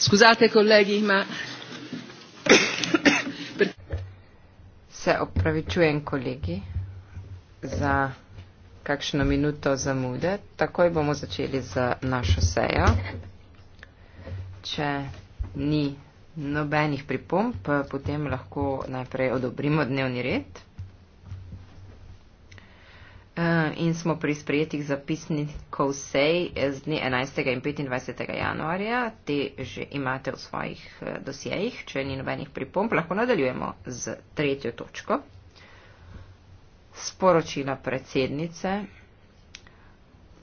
Scusate colleghi, ma. Se opravičujem kolegi za kakšno minuto zamude. Takoj bomo začeli z našo sejo. Če ni nobenih pripomb, potem lahko najprej odobrimo dnevni red. in smo pri sprejetih zapisnikov sej z dne 11. in 25. januarja. Te že imate v svojih eh, dosjejih, če ni nobenih pripomp. Lahko nadaljujemo z tretjo točko. Sporočila predsednice.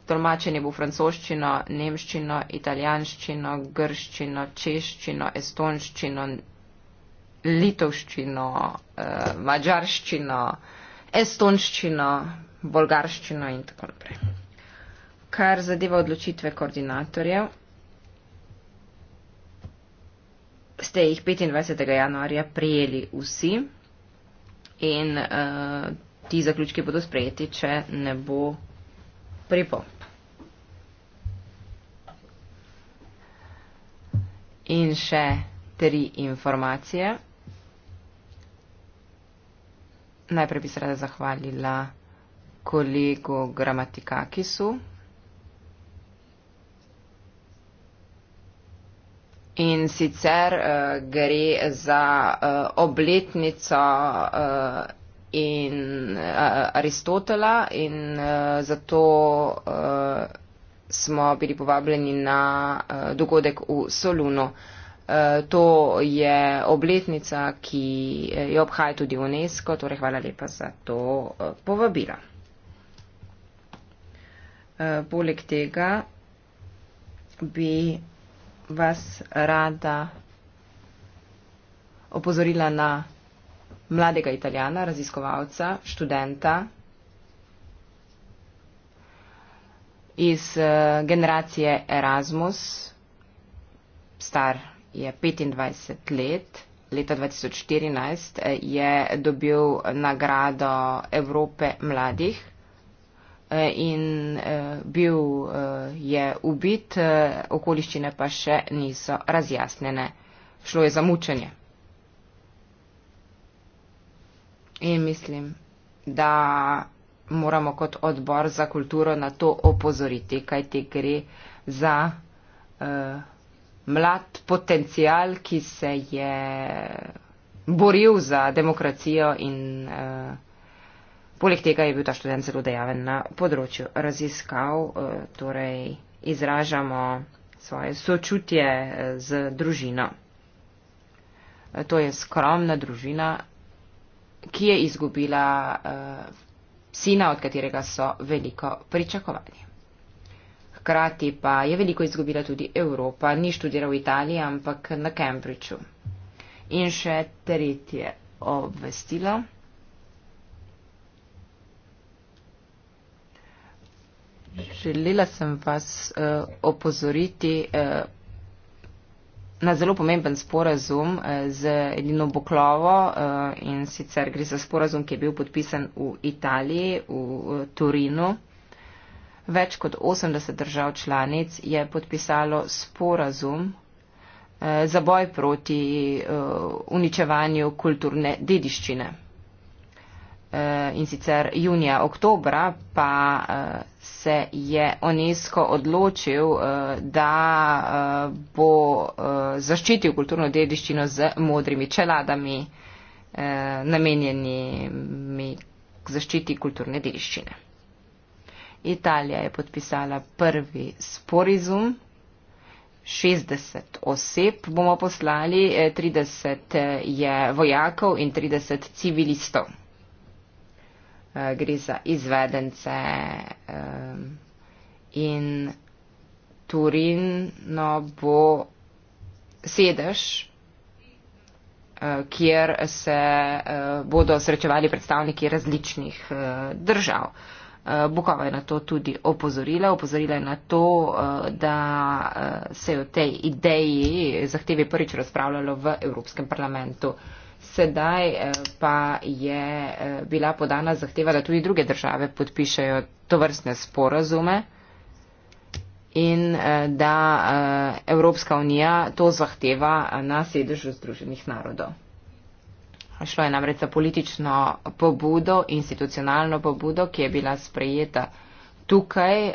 Tolmačenje bo francoščino, nemščino, italijanščino, grščino, češčino, estonščino, litovščino, eh, mađarščino, estonščino, bolgarščino in tako naprej. Kar zadeva odločitve koordinatorjev, ste jih 25. januarja prijeli vsi in uh, ti zaključki bodo sprejeti, če ne bo pripomp. In še tri informacije. Najprej bi se rada zahvalila kolegu Gramatikakisu. In sicer uh, gre za uh, obletnico uh, in, uh, Aristotela in uh, zato uh, smo bili povabljeni na uh, dogodek v Solunu. Uh, to je obletnica, ki jo obhaja tudi UNESCO, torej hvala lepa za to uh, povabilo. Eh, poleg tega bi vas rada opozorila na mladega italijana, raziskovalca, študenta iz eh, generacije Erasmus, star je 25 let, leta 2014 eh, je dobil nagrado Evrope mladih. Eh, in eh, bil eh, je ubit, okoliščine pa še niso razjasnjene. Šlo je za mučenje. In mislim, da moramo kot odbor za kulturo na to opozoriti, kaj ti gre za uh, mlad potencial, ki se je boril za demokracijo in uh, Poleg tega je bil ta študent zelo dejaven na področju raziskav, eh, torej izražamo svoje sočutje eh, z družino. Eh, to je skromna družina, ki je izgubila sina, od katerega so veliko pričakovali. Hkrati pa je veliko izgubila tudi Evropa, ni študiral v Italiji, ampak na Cambridgeu. In še tretje obvestilo. Želela sem vas uh, opozoriti uh, na zelo pomemben sporazum uh, z Edino Boklovo uh, in sicer gre za sporazum, ki je bil podpisan v Italiji, v uh, Turinu. Več kot 80 držav članic je podpisalo sporazum uh, za boj proti uh, uničevanju kulturne dediščine. Uh, in sicer junija, oktobra pa. Uh, se je UNESCO odločil, eh, da eh, bo eh, zaščitil kulturno dediščino z modrimi čeladami, namenjenimi zaščiti kulturne dediščine. Italija je podpisala prvi sporizum. 60 oseb bomo poslali, 30 je vojakov in 30 civilistov. Eh, gre za izvedence in Turino bo sedež, eh, kjer se eh, bodo srečevali predstavniki različnih držav. Bukova je na to tudi opozorila. Opozorila je na to, da se je o tej ideji zahtevi prvič razpravljalo v Evropskem parlamentu sedaj eh, pa je eh, bila podana zahteva, da tudi druge države podpišajo to vrstne sporazume in eh, da Evropska unija to zahteva na sedežu Združenih narodov. Šlo je namreč za politično pobudo, institucionalno pobudo, ki je bila sprejeta tukaj.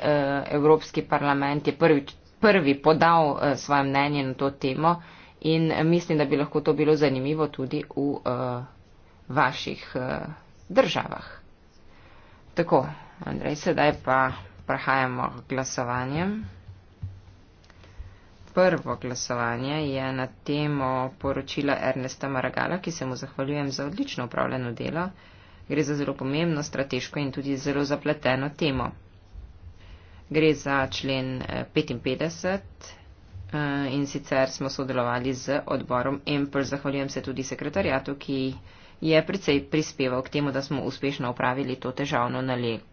Evropski parlament je prvi, prvi podal svoje mnenje na to temo in mislim, da bi lahko to bilo zanimivo tudi v uh, vaših uh, državah. Tako, Andrej, sedaj pa prehajamo k glasovanjem. Prvo glasovanje je na temo poročila Ernesta Maragala, ki se mu zahvaljujem za odlično upravljeno delo. Gre za zelo pomembno, strateško in tudi zelo zapleteno temo. Gre za člen 55 eh, Eh, in sicer smo sodelovali z odborom EMPL. Zahvaljujem se tudi sekretarjatu, ki je precej prispeval k temu, da smo uspešno upravili to težavno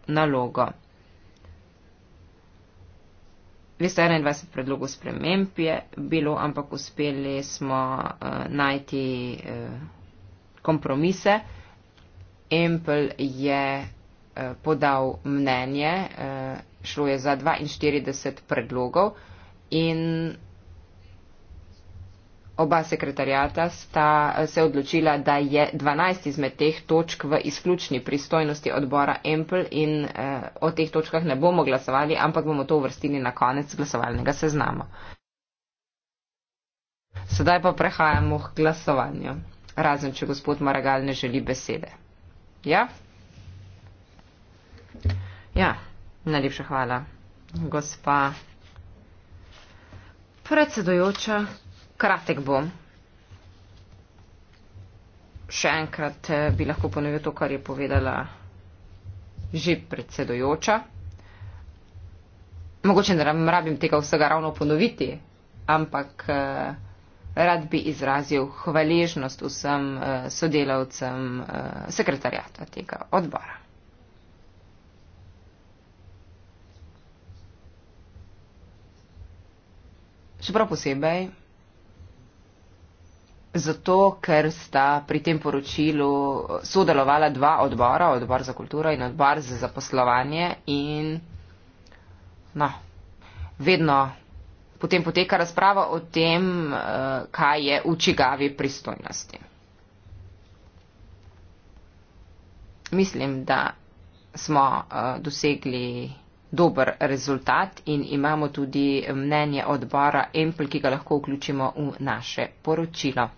nalogo. Veste, 21 predlogov sprememb je bilo, ampak uspeli smo uh, najti uh, kompromise. EMPL je uh, podal mnenje, uh, šlo je za 42 predlogov in oba sekretarjata sta eh, se odločila, da je 12 izmed teh točk v izključni pristojnosti odbora Empl in eh, o teh točkah ne bomo glasovali, ampak bomo to uvrstili na konec glasovalnega seznama. Sedaj pa prehajamo k glasovanju, razen če gospod Maragal ne želi besede. Ja? Ja, najlepša hvala. Gospa predsedujoča, Kratek bom. Še enkrat eh, bi lahko ponovil to, kar je povedala že predsedojoča. Mogoče ne rabim tega vsega ravno ponoviti, ampak eh, rad bi izrazil hvaležnost vsem eh, sodelavcem sekretarjata tega odbora. Še prav posebej Zato, ker sta pri tem poročilu sodelovala dva odbora, odbor za kulturo in odbor za zaposlovanje in no, vedno potem poteka razprava o tem, eh, kaj je v čigavi pristojnosti. Mislim, da smo eh, dosegli dober rezultat in imamo tudi mnenje odbora Empl, ki ga lahko vključimo v naše poročilo.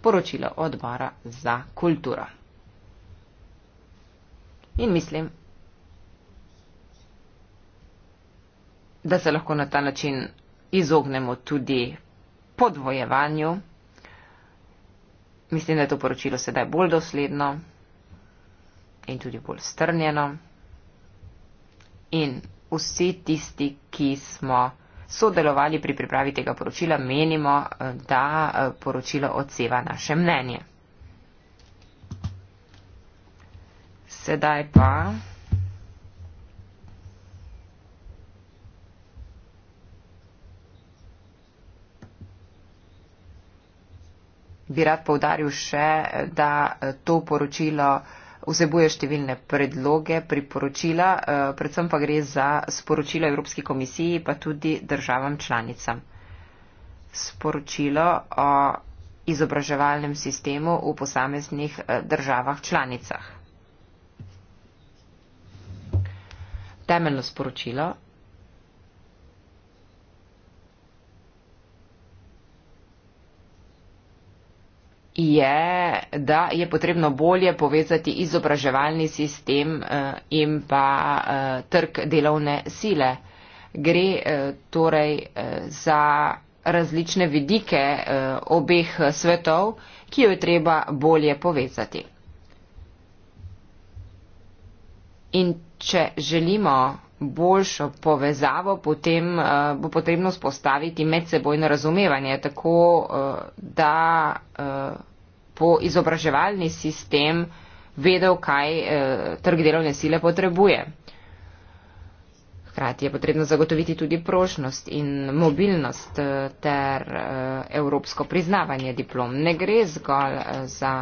Poročilo odbora za kulturo. In mislim, da se lahko na ta način izognemo tudi podvojevanju. Mislim, da je to poročilo sedaj bolj dosledno in tudi bolj strnjeno. In vsi tisti, ki smo sodelovali pri pripravi tega poročila, menimo, eh, da eh, poročilo odseva naše mnenje. Sedaj pa. Bi rad poudaril še, eh, da to poročilo vsebuje številne predloge, priporočila, eh, predvsem pa gre za sporočilo Evropski komisiji, pa tudi državam članicam. Sporočilo o izobraževalnem sistemu v posameznih eh, državah članicah. Temeljno sporočilo je, da je potrebno bolje povezati izobraževalni sistem eh, in pa eh, trg delovne sile. Gre eh, torej za različne vidike obeh svetov, ki jo je treba bolje povezati. In če želimo boljšo povezavo, potem uh, bo potrebno spostaviti medsebojno razumevanje, tako uh, da uh, bo izobraževalni sistem vedel, kaj eh, trg delovne sile potrebuje. Hkrati je potrebno zagotoviti tudi prošnost in mobilnost eh, ter eh, evropsko priznavanje diplom. Ne gre zgolj eh, za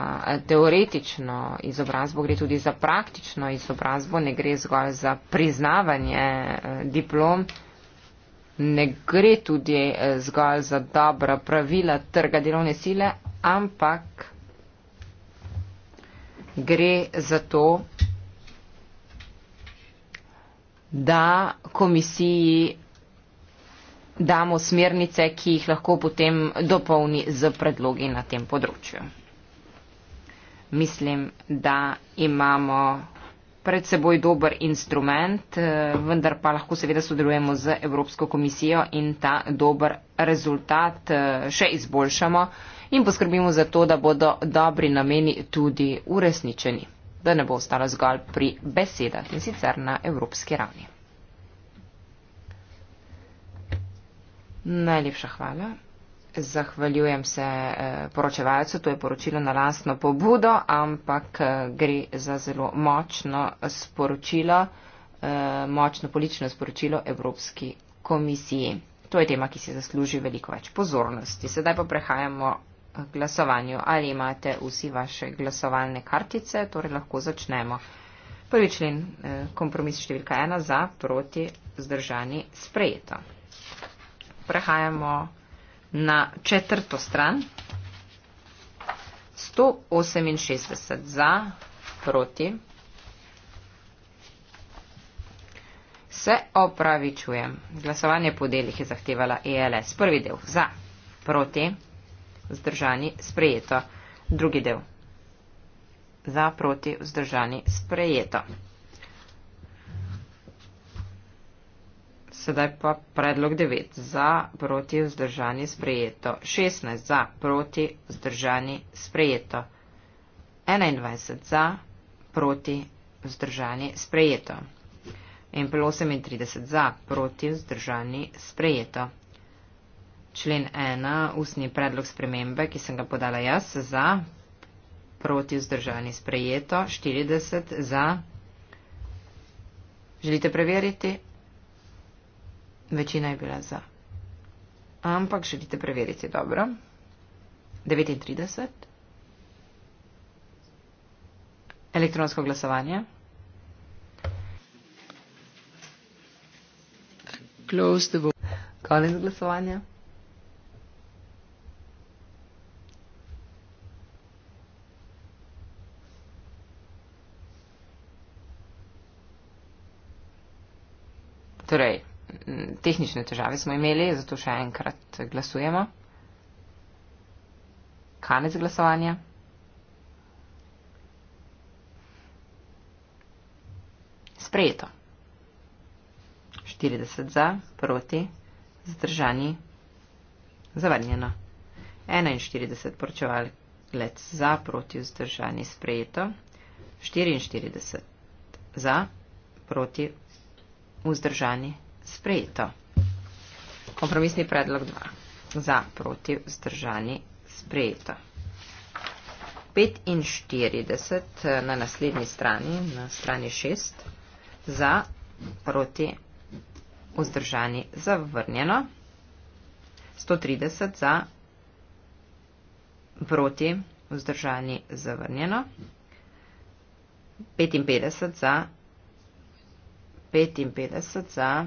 teoretično izobrazbo, gre tudi za praktično izobrazbo, ne gre zgolj za priznavanje diplom, ne gre tudi zgolj za dobra pravila trga delovne sile, ampak gre za to, da komisiji damo smernice, ki jih lahko potem dopolni z predlogi na tem področju. Mislim, da imamo pred seboj dober instrument, vendar pa lahko seveda sodelujemo z Evropsko komisijo in ta dober rezultat eh, še izboljšamo in poskrbimo za to, da bodo dobri nameni tudi uresničeni, da ne bo ostalo zgolj pri besedah in sicer na evropski ravni. Najlepša hvala. Zahvaljujem se eh, poročevalcu, to je poročilo na lastno pobudo, ampak eh, gre za zelo močno sporočilo, eh, močno politično sporočilo Evropski komisiji. To je tema, ki si zasluži veliko več pozornosti. Sedaj pa prehajamo glasovanju. Ali imate vsi vaše glasovalne kartice, torej lahko začnemo. Prvi člen, eh, kompromis številka ena, za, proti, zdržani, sprejeto. Prehajamo na četrto stran. 168 za, proti. Se opravičujem. Glasovanje po delih je zahtevala ELS. Prvi del za, proti vzdržani, sprejeto. Drugi del. Za, proti, vzdržani, sprejeto. Sedaj pa predlog 9. Za, proti, vzdržani, sprejeto. 16. Za, proti, vzdržani, sprejeto. 21. Za, proti, vzdržani, sprejeto. In pa 38. Za, proti, vzdržani, sprejeto člen ena, ustni predlog spremembe, ki sem ga podala jaz, za, proti vzdržani sprejeto, 40 za. Želite preveriti? Večina je bila za. Ampak želite preveriti dobro? 39. Elektronsko glasovanje. Close the vote. Konec glasovanja. tehnične težave smo imeli, zato še enkrat glasujemo. Kanec glasovanja. Sprejeto. 40 za, proti, zdržani, zavrnjeno. 41 poročeval, let za, proti, zdržani, sprejeto. 44 za, proti, vzdržani, zavrnjeno sprejeto. Kompromisni predlog 2. Za, proti, vzdržani, sprejeto. 45 eh, na naslednji strani, na strani 6. Za, proti, vzdržani, zavrnjeno. 130 za, proti, vzdržani, zavrnjeno. 55 za, 55 za,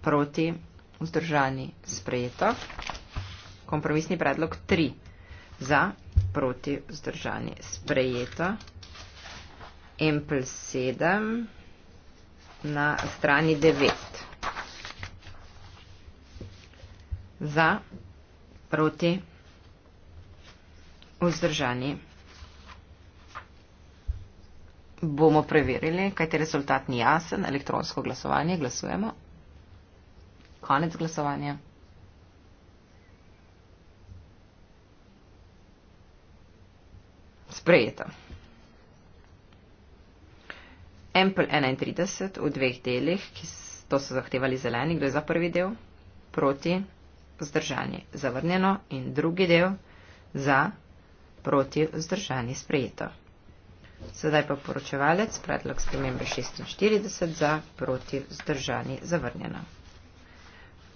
proti vzdržani sprejeto. Kompromisni predlog 3 za proti vzdržani sprejeto. Empl 7 na strani 9. Za proti vzdržani bomo preverili, kajte rezultat ni jasen, elektronsko glasovanje glasujemo. Konec glasovanja. Sprejeta. Ampel 31 v dveh delih, ki to so zahtevali zeleni, kdo je za prvi del, proti, vzdržanje, zavrnjeno in drugi del, za, proti, vzdržanje, sprejeto. Sedaj pa poročevalec, predlog spremembe 46 za, proti, vzdržanje, zavrnjeno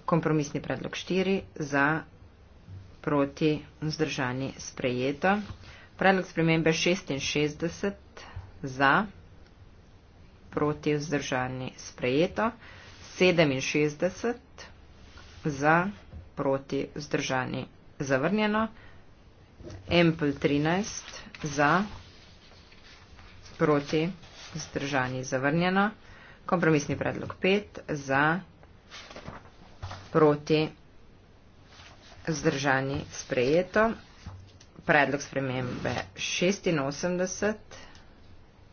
kompromisni predlog 4 za proti vzdržani sprejeto. Predlog spremembe 66 za proti vzdržani sprejeto. 67 za proti vzdržani zavrnjeno. Empl 13 za proti vzdržani zavrnjeno. Kompromisni predlog 5 za proti vzdržani zavrnjeno proti zdržani sprejeto. Predlog spremembe 86,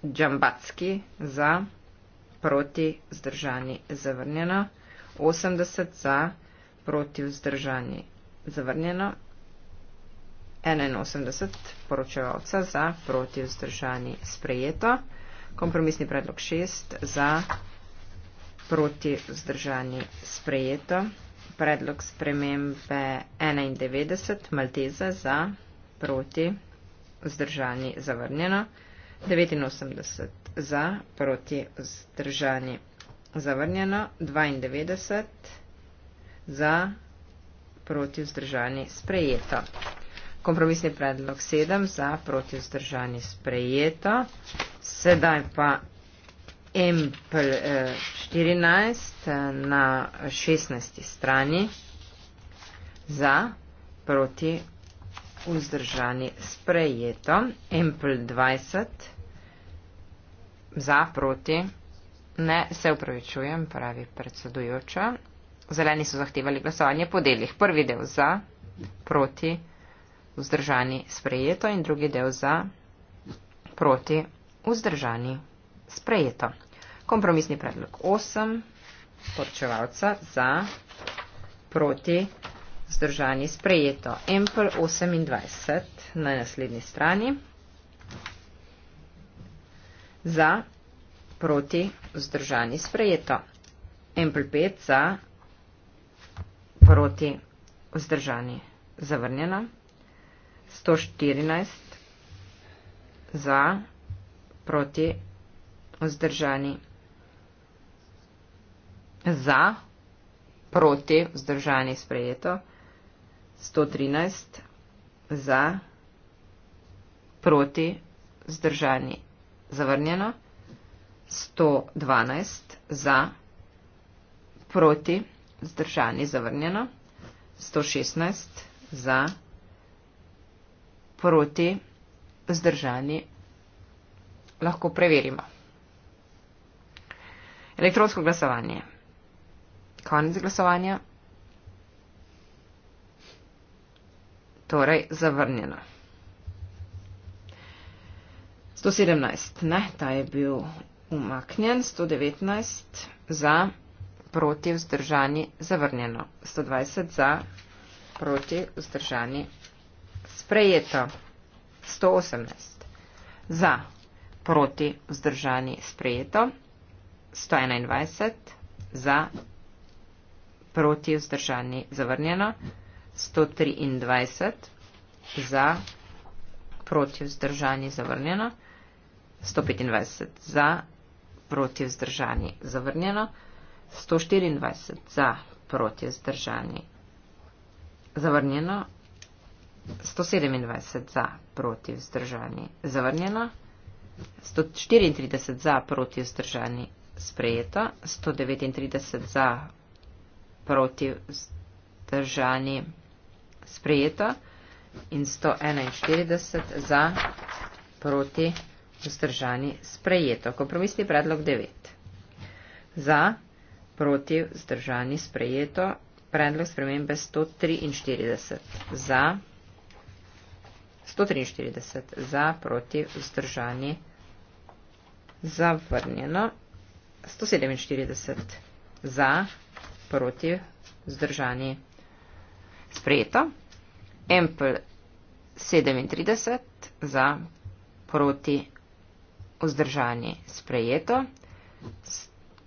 džambatski za, proti zdržani zavrnjeno, 80 za, proti vzdržani zavrnjeno, 81 poročevalca za, proti vzdržani sprejeto, kompromisni predlog 6 za, proti vzdržani sprejeto predlog spremembe 91, Malteza za, proti, vzdržani, zavrnjeno, 89 za, proti, vzdržani, zavrnjeno, 92 za, proti, vzdržani, sprejeto. Kompromisni predlog 7 za, proti, vzdržani, sprejeto. Sedaj pa empl, eh, 14 eh, na 16 strani za proti vzdržani sprejeto, Empl 20 za proti, ne, se upravičujem, pravi predsedujoča. Zeleni so zahtevali glasovanje po delih. Prvi del za, proti, vzdržani sprejeto in drugi del za, proti, vzdržani sprejeto. Kompromisni predlog 8, podčevalca za, proti, zdržani, sprejeto. Empel 28 na naslednji strani, za, proti, zdržani, sprejeto. Empel 5 za, proti, zdržani, zavrnjena. 114 za, proti, zdržani, sprejeto. Za, proti, vzdržani sprejeto. 113, za, proti, vzdržani zavrnjeno. 112, za, proti, vzdržani zavrnjeno. 116, za, proti, vzdržani lahko preverimo. Elektronsko glasovanje. Konec glasovanja. Torej, zavrnjeno. 117, ne, ta je bil umaknjen. 119 za, proti vzdržani, zavrnjeno. 120 za, proti vzdržani, sprejeto. 118 za, proti vzdržani, sprejeto. 121 za, proti vzdržani zavrnjeno, 123 za proti vzdržani zavrnjeno, 125 za proti vzdržani zavrnjeno, 124 za proti vzdržani zavrnjeno, 127 za proti vzdržani zavrnjeno, 134 za proti vzdržani sprejeto, 139 za proti zdržani sprejeto in 141 za proti vzdržani sprejeto. Kompromisni predlog 9. Za proti vzdržani sprejeto. Predlog spremembe 143 za 143 za proti vzdržani zavrnjeno. 147 za proti zdržani. Sprejeto. Empl 37 za proti vzdržani sprejeto,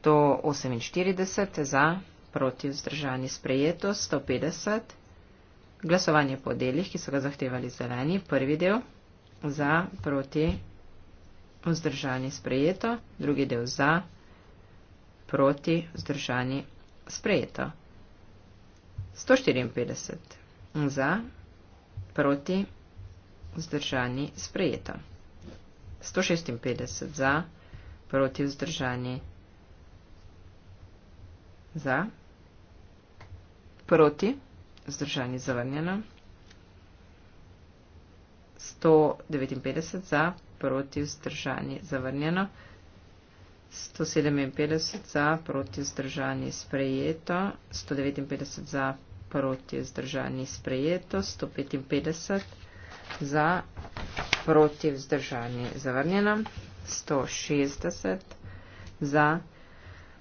148 za proti vzdržani sprejeto, 150 glasovanje po delih, ki so ga zahtevali zeleni, prvi del za proti vzdržani sprejeto, drugi del za proti vzdržani sprejeto. 154 za, proti, vzdržani, sprejeto. 156 za, proti, vzdržani, za, proti, vzdržani, zavrnjeno. 159 za, proti, vzdržani, zavrnjeno. 157 za, proti zdržani sprejeto, 159 za, proti zdržani sprejeto, 155 za, proti vzdržani zavrnjeno, 160 za,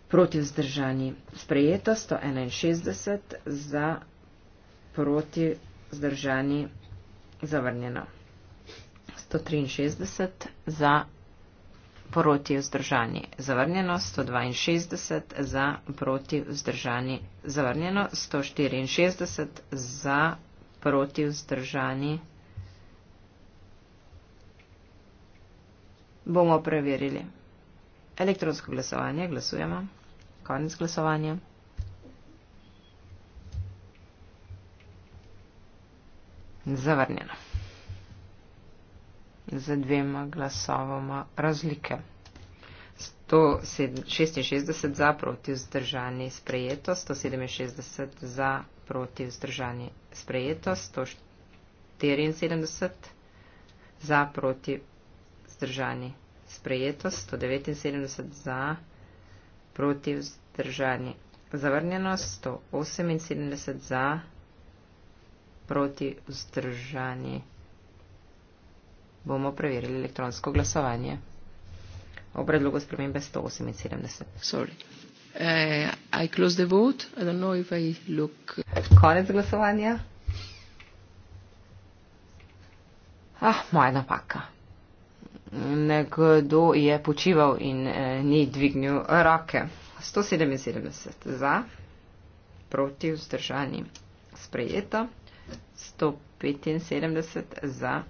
proti vzdržani sprejeto, 161 za, proti vzdržani zavrnjeno, 163 za, proti vzdržani, zavrnjeno 162 za proti vzdržani, zavrnjeno 164 za proti vzdržani. Bomo preverili. Elektronsko glasovanje, glasujemo. Konec glasovanja. Zavrnjeno z dvema glasovoma razlike. 166 za proti vzdržani sprejeto, 167 za proti vzdržani sprejeto, 174 za proti vzdržani sprejeto, 179 za proti vzdržani zavrnjeno, 178 za proti vzdržani sprejeto bomo preverili elektronsko glasovanje o predlogu spremembe 178. Uh, eh, look... Konec glasovanja. Ah, moja napaka. Nekdo je počival in eh, ni dvignil roke. 177 za, proti vzdržani. Sprejeta. 175 za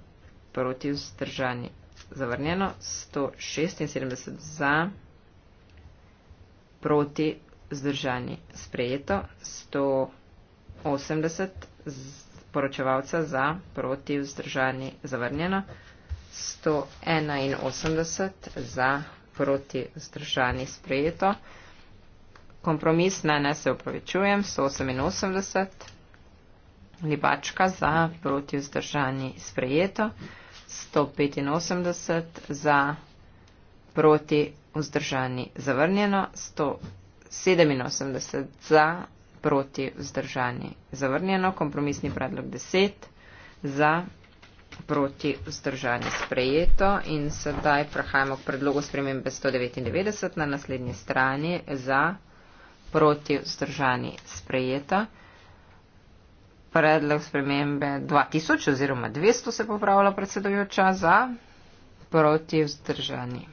proti vzdržani. Zavrnjeno 176 za, proti vzdržani. Sprejeto 180 poročevalca za, proti vzdržani. Zavrnjeno 181 za, proti vzdržani. Sprejeto. Kompromis ne, ne se upravičujem, 188. Libačka za, proti vzdržani. Sprejeto. 185 za, proti vzdržani zavrnjeno, 187 za, proti vzdržani zavrnjeno, kompromisni predlog 10 za, proti vzdržani sprejeto in sedaj prehajamo k predlogu spremembe 199 na naslednji strani za, proti vzdržani sprejeto predlog spremembe 2000 oziroma 200 se popravlja predsedujoča za proti vzdržani.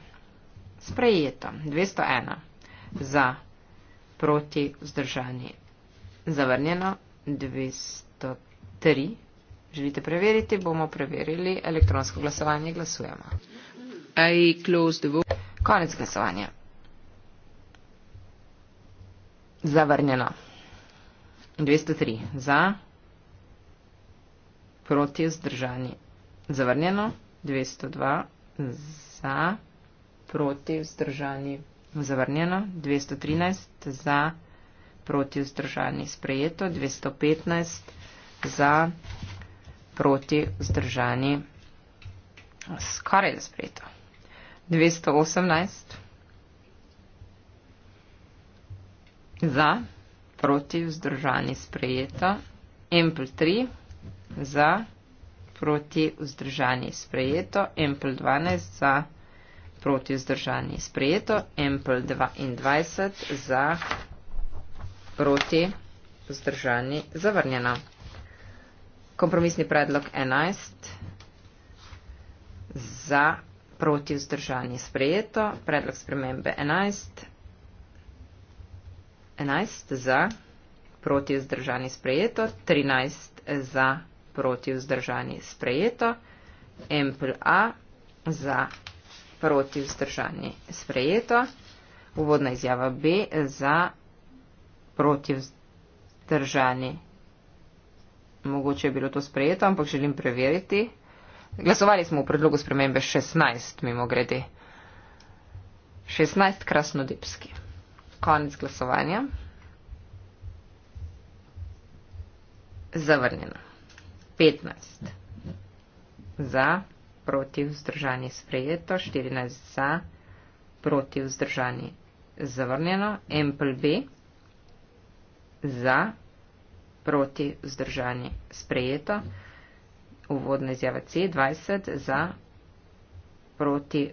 Sprejeto 201 za proti vzdržani. Zavrnjeno 203. Želite preveriti? Bomo preverili elektronsko glasovanje. Glasujemo. Konec glasovanja. Zavrnjeno. 203 za proti vzdržani. Zavrnjeno 202 za proti vzdržani. Zavrnjeno 213 za proti vzdržani. Sprejeto 215 za proti vzdržani. Skoraj da sprejeto. 218 za proti vzdržani. Sprejeto. Ampl 3 za, proti vzdržani sprejeto, Ampel 12 za, proti vzdržani sprejeto, Ampel 22 za, proti vzdržani zavrnjeno. Kompromisni predlog 11 za, proti vzdržani sprejeto, predlog spremembe 11, 11 za, proti vzdržani sprejeto, 13 za, proti vzdržani sprejeto proti vzdržani sprejeto, M plus A za proti vzdržani sprejeto, uvodna izjava B za proti vzdržani. Mogoče je bilo to sprejeto, ampak želim preveriti. Glasovali smo v predlogu spremembe 16, mimo grede. 16 krasnodepski. Konec glasovanja. Zavrnjeno. 15 za, proti vzdržani sprejeto, 14 za, proti vzdržani zavrnjeno, MPL B za, proti vzdržani sprejeto, uvodna izjava C 20 za, proti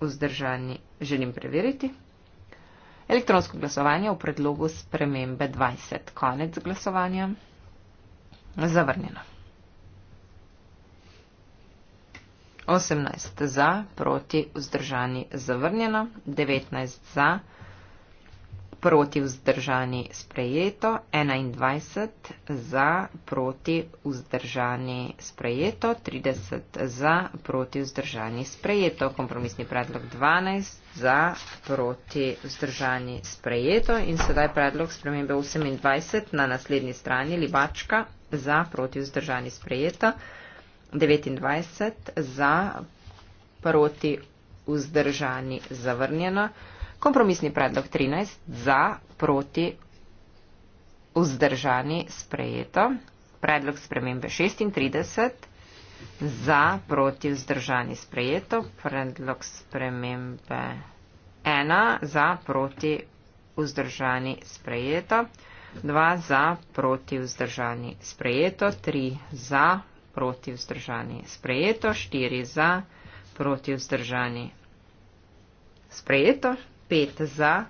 vzdržani želim preveriti. Elektronsko glasovanje v predlogu spremembe 20. Konec glasovanja. Zavrnjeno. 18 za, proti, vzdržani, zavrnjeno. 19 za, proti, vzdržani, sprejeto. 21 za, proti, vzdržani, sprejeto. 30 za, proti, vzdržani, sprejeto. Kompromisni predlog 12 za, proti, vzdržani, sprejeto. In sedaj predlog spremembe 28 na naslednji strani, Libačka za, proti vzdržani sprejeta, 29 za, proti vzdržani zavrnjena, kompromisni predlog 13 za, proti vzdržani sprejeta, predlog spremembe 36 za, proti vzdržani sprejeto, predlog spremembe 1 za, proti vzdržani sprejeto. 2 za, proti vzdržani sprejeto, 3 za, proti vzdržani sprejeto, 4 za, proti vzdržani sprejeto, 5 za,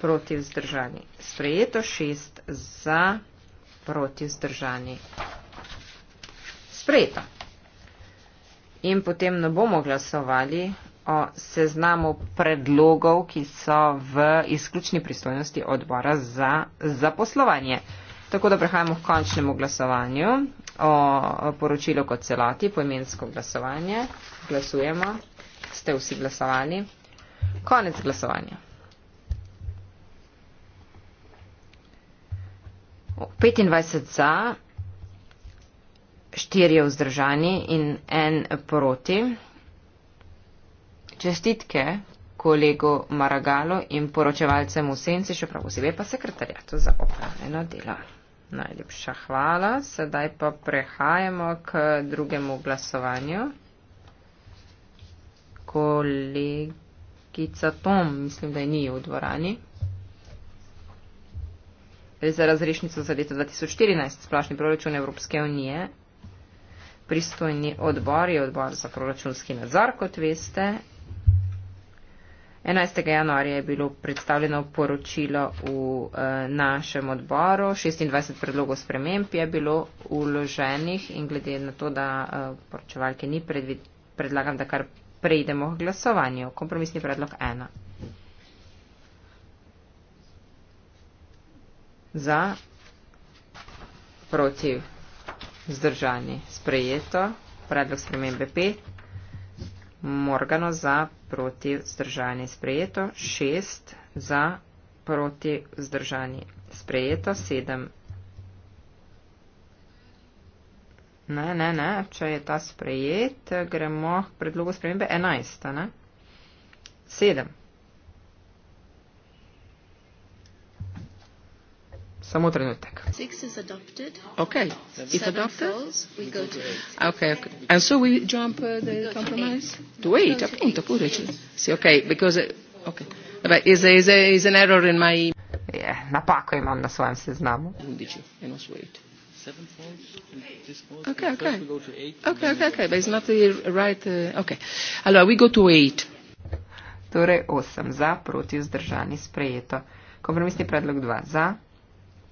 proti vzdržani sprejeto, 6 za, proti vzdržani sprejeto. In potem ne bomo glasovali o seznamu predlogov, ki so v izključni pristojnosti odbora za zaposlovanje. Tako da prehajamo k končnemu glasovanju o poročilu kot celoti, poimensko glasovanje. Glasujemo. Ste vsi glasovali? Konec glasovanja. 25 za, 4 vzdržani in 1 proti čestitke kolegu Maragalo in poročevalcem v senci, še prav posebej pa sekretarjatu za opravljeno delo. Najlepša hvala. Sedaj pa prehajamo k drugemu glasovanju. Kolegica Tom, mislim, da je ni v dvorani. Gre za razrešnico za leto 2014, splošni proračun Evropske unije. Pristojni odbor je odbor za proračunski nadzor, kot veste, 11. januarja je bilo predstavljeno poročilo v uh, našem odboru, 26 predlogov sprememb je bilo uloženih in glede na to, da uh, poročevalke ni predvid, predlagam, da kar preidemo k glasovanju. Kompromisni predlog 1. Za, proti, zdržani, sprejeto, predlog spremembe 5, Morgano za, proti vzdržani sprejeto, 6 za proti vzdržani sprejeto, 7. Ne, ne, ne, če je ta sprejet, gremo k predlogu spremembe 11, ne? 7. Samo trenutek. Six is adopted. Okay. Seven it's adopted. Falls, we go to eight. Okay, okay. And so we jump uh, the we compromise? To eight. To eight. To eight. See, okay, because. Uh, okay. But is, is, is an error in my. Yeah, napako imam na svojem seznamu. Torej 8 za, proti vzdržani sprejeto. Kompromisni predlog 2 za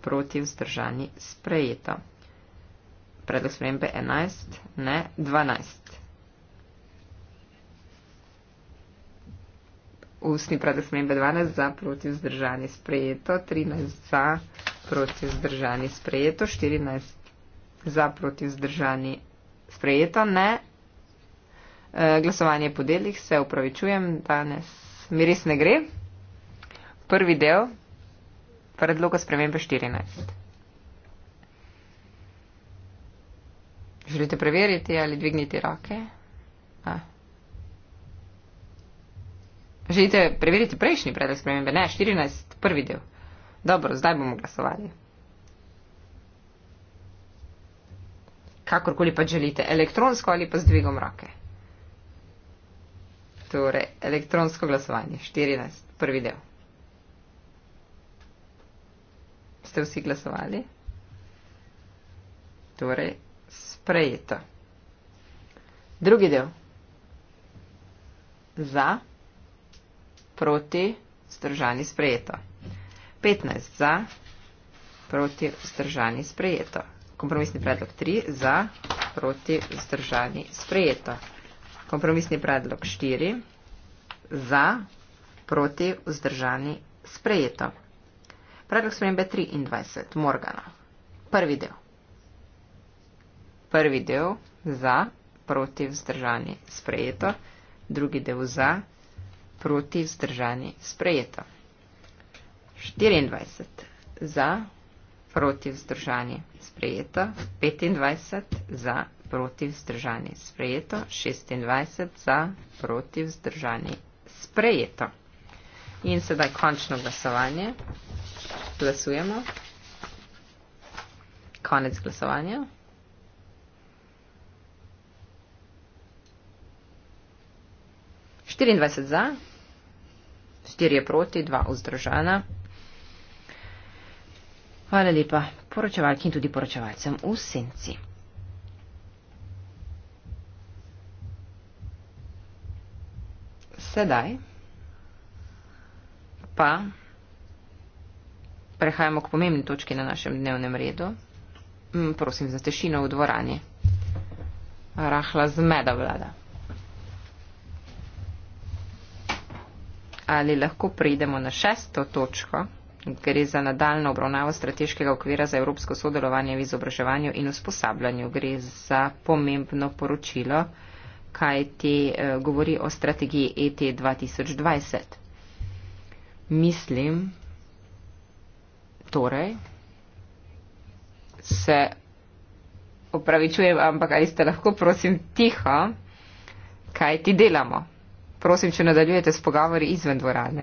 proti vzdržani sprejeto. Predlog spremembe 11, ne 12. Ustni predlog spremembe 12 za proti vzdržani sprejeto, 13 za proti vzdržani sprejeto, 14 za proti vzdržani sprejeto, ne. E, glasovanje po delih se upravičujem danes. Mi res ne gre. Prvi del, predloga spremembe 14. Želite preveriti ali dvigniti roke? A. Želite preveriti prejšnji predlog spremembe? Ne, 14, prvi del. Dobro, zdaj bomo glasovali. Kakorkoli pa želite, elektronsko ali pa z dvigom roke. Torej, elektronsko glasovanje, 14, prvi del. ste vsi glasovali. Torej, sprejeto. Drugi del. Za, proti, zdržani, sprejeto. 15 za, proti, zdržani, sprejeto. Kompromisni predlog 3 za, proti, zdržani, sprejeto. Kompromisni predlog 4 za, proti, zdržani, sprejeto. Predlog spremembe 23. Morgana. Prvi del. Prvi del za, proti vzdržani sprejeto. Drugi del za, proti vzdržani sprejeto. 24. Za, proti vzdržani sprejeto. 25. Za, proti vzdržani sprejeto. 26. Za, proti vzdržani sprejeto. In sedaj končno glasovanje. Glasujemo. Konec glasovanja. Štiriindvajset za, štiri je proti, dva vzdržana. Hvala lepa poročevalki in tudi poročevalcem v senci. Sedaj pa Prehajamo k pomembni točki na našem dnevnem redu. Mm, prosim za tešino v dvorani. Rahla zmeda vlada. Ali lahko prejdemo na šesto točko? Gre za nadaljno obravnavo strateškega okvira za evropsko sodelovanje v izobraževanju in usposabljanju. Gre za pomembno poročilo, kaj ti eh, govori o strategiji e ET 2020. Mislim, torej se opravičujem, ampak ali ste lahko, prosim, tiho, kaj ti delamo? Prosim, če nadaljujete s pogovori izven dvorane.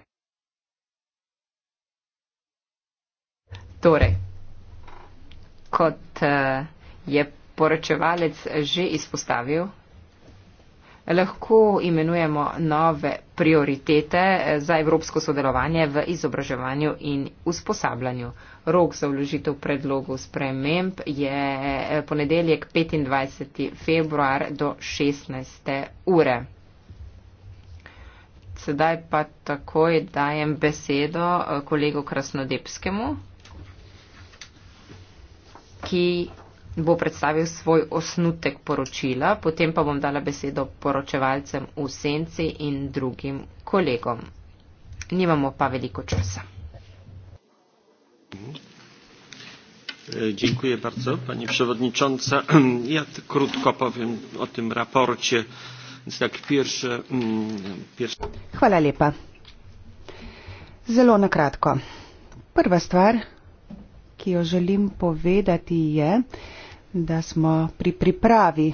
Torej, kot eh, je poročevalec že izpostavil, lahko imenujemo nove prioritete eh, za evropsko sodelovanje v izobraževanju in usposabljanju. Rok za vložitev predlogov sprememb je eh, ponedeljek 25. februar do 16. ure. Sedaj pa takoj dajem besedo eh, kolegu Krasnodepskemu, ki bo predstavil svoj osnutek poročila, potem pa bom dala besedo poročevalcem v senci in drugim kolegom. Nimamo pa veliko časa. Dziękuję bardzo Pani Przewodnicząca. Ja krótko powiem o tym raporcie. Więc tak pierwsze, mm, pierwsze... Hvala lepa. Zelo na kratko. Prva stvar, ki jo želim povedati je, da smo pri pripravi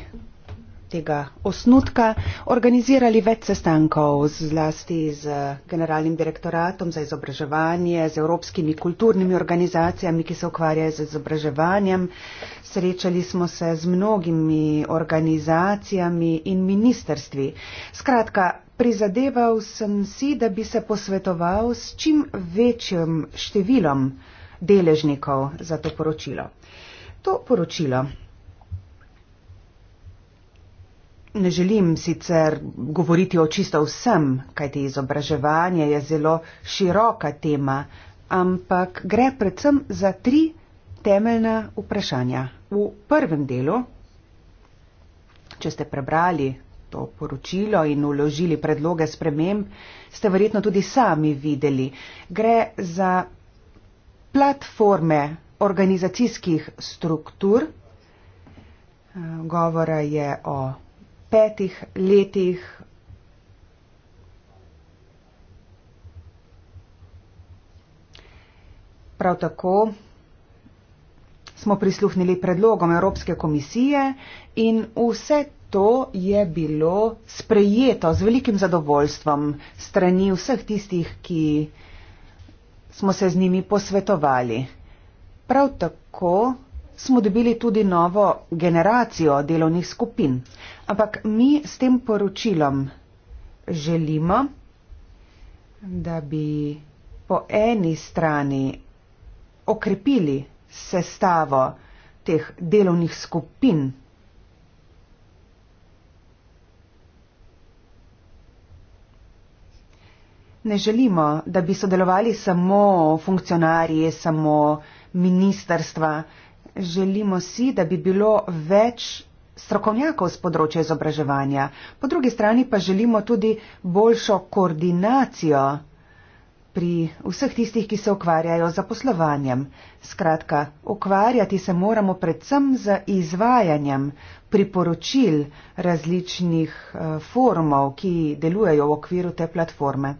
tega osnutka organizirali več sestankov z zlasti z Generalnim direktoratom za izobraževanje, z evropskimi kulturnimi organizacijami, ki se ukvarjajo z izobraževanjem. Srečali smo se z mnogimi organizacijami in ministerstvi. Skratka, prizadeval sem si, da bi se posvetoval s čim večjim številom deležnikov za to poročilo to poročilo. Ne želim sicer govoriti o čisto vsem, kajti izobraževanje je zelo široka tema, ampak gre predvsem za tri temeljna vprašanja. V prvem delu, če ste prebrali to poročilo in uložili predloge sprememb, ste verjetno tudi sami videli, gre za platforme organizacijskih struktur. Govora je o petih letih Prav tako smo prisluhnili predlogom Evropske komisije in vse to je bilo sprejeto z velikim zadovoljstvom strani vseh tistih, ki smo se z njimi posvetovali. Prav tako smo dobili tudi novo generacijo delovnih skupin. Ampak mi s tem poročilom želimo, da bi po eni strani okrepili sestavo teh delovnih skupin. Ne želimo, da bi sodelovali samo funkcionarji, samo uh, ministerstva. Želimo si, da bi bilo več strokovnjakov z področja izobraževanja. Po drugi strani pa želimo tudi boljšo koordinacijo pri vseh tistih, ki se ukvarjajo z zaposlovanjem. Skratka, ukvarjati se moramo predvsem z izvajanjem priporočil različnih eh, forumov, ki delujejo v okviru te platforme.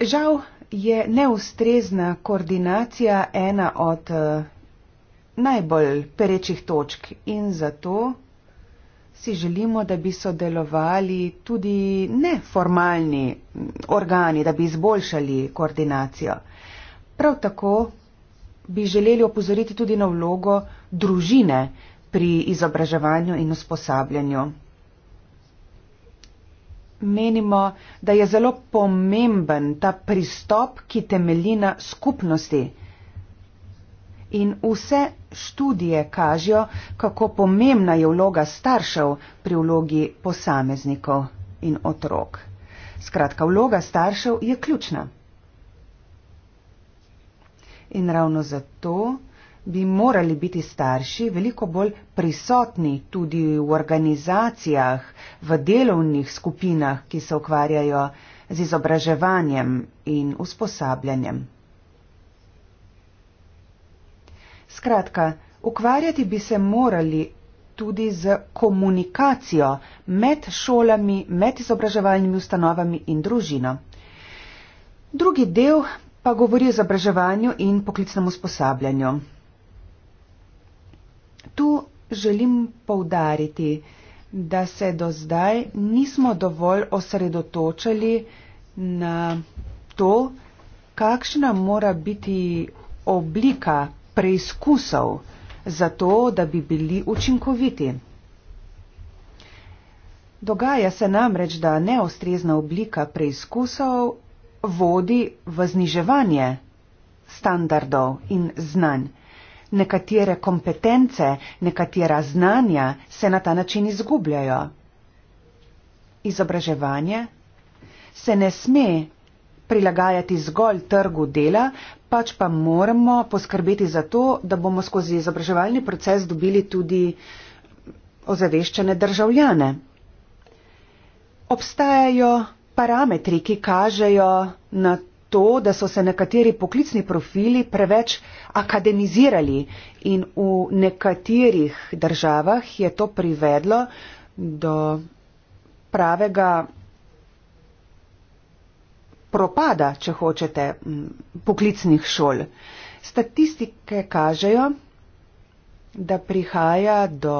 Žal je neustrezna koordinacija ena od eh, najbolj perečih točk in zato si želimo, da bi sodelovali tudi neformalni mm, organi, da bi izboljšali koordinacijo. Prav tako bi želeli opozoriti tudi na vlogo družine pri izobraževanju in usposabljanju menimo, da je zelo pomemben ta pristop, ki temelji na skupnosti. In vse študije kažejo, kako pomembna je vloga staršev pri vlogi posameznikov in otrok. Skratka, vloga staršev je ključna. In ravno zato bi morali biti starši veliko bolj prisotni tudi v organizacijah, v delovnih skupinah, ki se ukvarjajo z izobraževanjem in usposabljanjem. Skratka, ukvarjati bi se morali tudi z komunikacijo med šolami, med izobraževalnimi ustanovami in družino. Drugi del pa govori o izobraževanju in poklicnem usposabljanju tu želim povdariti, da se do zdaj nismo dovolj osredotočali na to, kakšna mora biti oblika preizkusov za to, da bi bili učinkoviti. Dogaja se namreč, da neostrezna oblika preizkusov vodi v zniževanje standardov in znanj nekatere kompetence, nekatera znanja se na ta način izgubljajo. Izobraževanje se ne sme prilagajati zgolj trgu dela, pač pa moramo poskrbeti za to, da bomo skozi izobraževalni proces dobili tudi ozaveščene državljane. Obstajajo parametri, ki kažejo na to, da so se nekateri poklicni profili preveč akademizirali in v nekaterih državah je to privedlo do pravega propada, če hočete, poklicnih šol. Statistike kažejo, da prihaja do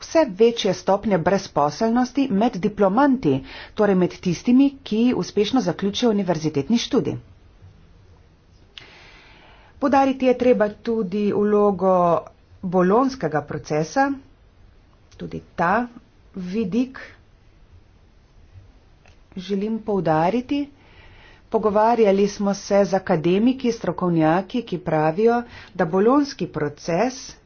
vse večje stopnje brezposelnosti med diplomanti, torej med tistimi, ki uspešno zaključijo univerzitetni študij. Podariti je treba tudi ulogo bolonskega procesa, tudi ta vidik želim poudariti. Pogovarjali smo se z akademiki, strokovnjaki, ki pravijo, da bolonski proces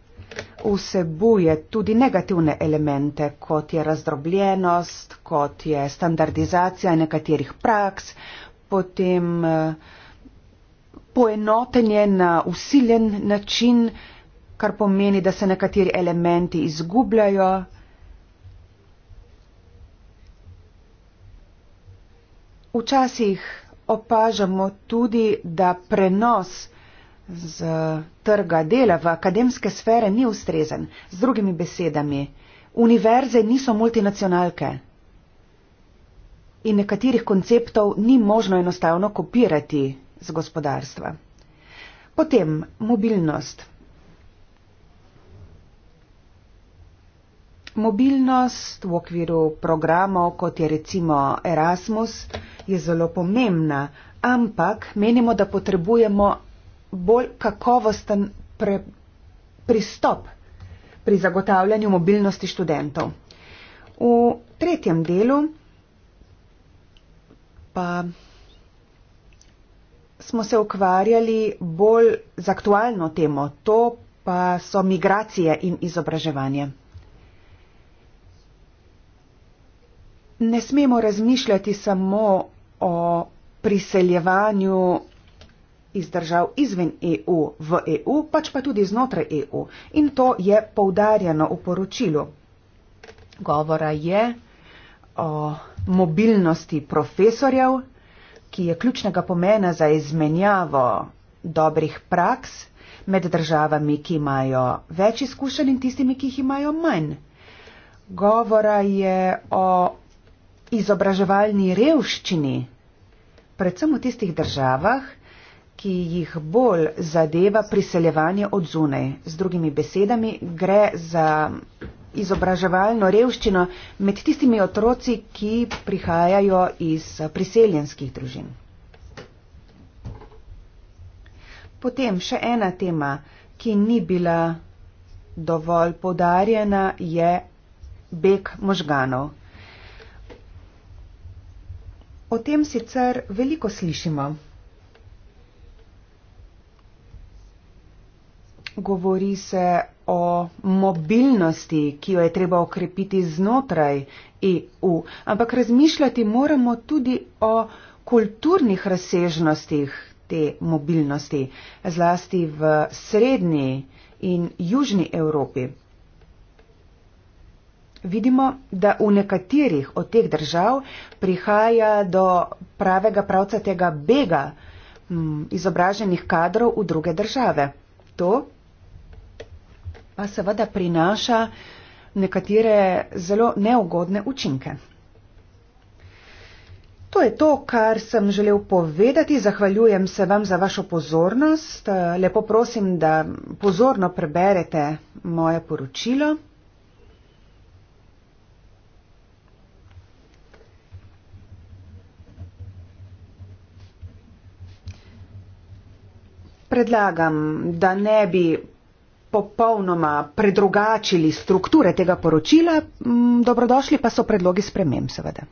vsebuje tudi negativne elemente, kot je razdrobljenost, kot je standardizacija nekaterih praks, potem eh, poenotenje na usiljen način, kar pomeni, da se nekateri elementi izgubljajo. Včasih opažamo tudi, da prenos z trga dela v akademske sfere ni ustrezen. Z drugimi besedami, univerze niso multinacionalke in nekaterih konceptov ni možno enostavno kopirati z gospodarstva. Potem mobilnost. Mobilnost v okviru programov, kot je recimo Erasmus, je zelo pomembna, ampak menimo, da potrebujemo bolj kakovosten pre, pristop pri zagotavljanju mobilnosti študentov. V tretjem delu pa smo se ukvarjali bolj z aktualno temo, to pa so migracije in izobraževanje. Ne smemo razmišljati samo o priseljevanju iz držav izven EU v EU, pač pa tudi znotraj EU. In to je poudarjeno v poročilu. Govora je o mobilnosti profesorjev, ki je ključnega pomena za izmenjavo dobrih praks med državami, ki imajo več izkušenj in tistimi, ki jih imajo manj. Govora je o izobraževalni revščini, predvsem v tistih državah, ki jih bolj zadeva priseljevanje od zunaj. Z drugimi besedami gre za izobraževalno revščino med tistimi otroci, ki prihajajo iz priseljenskih družin. Potem še ena tema, ki ni bila dovolj podarjena, je beg možganov. O tem sicer veliko slišimo. govori se o mobilnosti, ki jo je treba okrepiti znotraj EU, ampak razmišljati moramo tudi o kulturnih razsežnostih te mobilnosti, zlasti v srednji in južni Evropi. Vidimo, da v nekaterih od teh držav prihaja do pravega pravca tega bega mm, izobraženih kadrov v druge države. To pa seveda prinaša nekatere zelo neugodne učinke. To je to, kar sem želel povedati. Zahvaljujem se vam za vašo pozornost. Lepo prosim, da pozorno preberete moje poročilo. Predlagam, da ne bi popolnoma predrugačili strukture tega poročila, mm, dobrodošli pa so predlogi sprememb, seveda.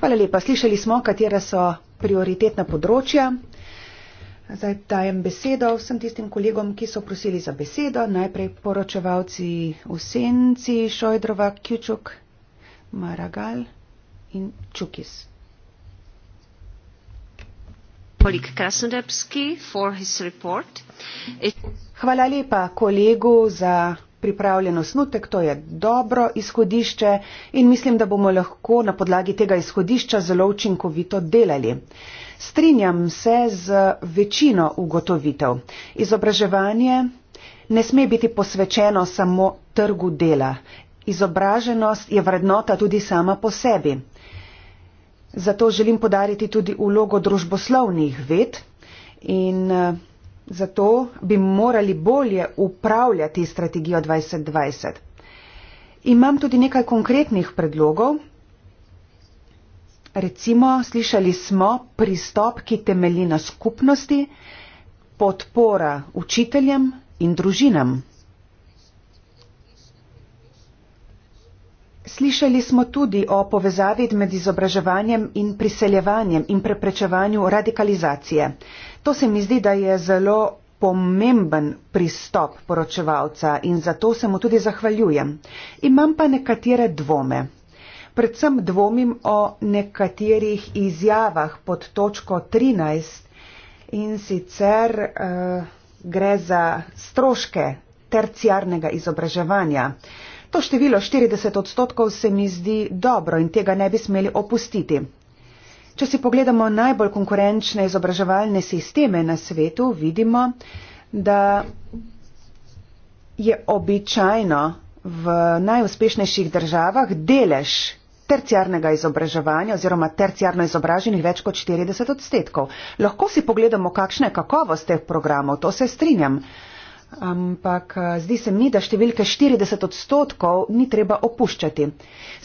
Hvala lepa. Slišali smo, katera so prioritetna področja. Zdaj dajem besedo vsem tistim kolegom, ki so prosili za besedo. Najprej poročevalci v senci Šojdrova, Kjučuk, Maragal in Čukis. Hvala lepa kolegu za pripravljen osnutek. To je dobro izhodišče in mislim, da bomo lahko na podlagi tega izhodišča zelo učinkovito delali. Strinjam se z večino ugotovitev. Izobraževanje ne sme biti posvečeno samo trgu dela. Izobraženost je vrednota tudi sama po sebi. Zato želim podariti tudi ulogo družboslovnih ved in eh, zato bi morali bolje upravljati strategijo 2020. Imam tudi nekaj konkretnih predlogov. Recimo, slišali smo pristop, ki temelji na skupnosti, podpora učiteljem in družinam. Slišali smo tudi o povezavi med izobraževanjem in priseljevanjem in preprečevanju radikalizacije. To se mi zdi, da je zelo pomemben pristop poročevalca in zato se mu tudi zahvaljujem. Imam pa nekatere dvome. Predvsem dvomim o nekaterih izjavah pod točko 13 in sicer uh, gre za stroške terciarnega izobraževanja. Uh, To število 40 odstotkov se mi zdi dobro in tega ne bi smeli opustiti. Če si pogledamo najbolj konkurenčne izobraževalne sisteme na svetu, vidimo, da je običajno v najuspešnejših državah delež terciarnega izobraževanja oziroma terciarno izobraženih več kot 40 odstotkov. Lahko si pogledamo, kakšna je kakovost teh programov, to se strinjam. Ampak eh, zdi se mi, da številke 40 odstotkov ni treba opuščati.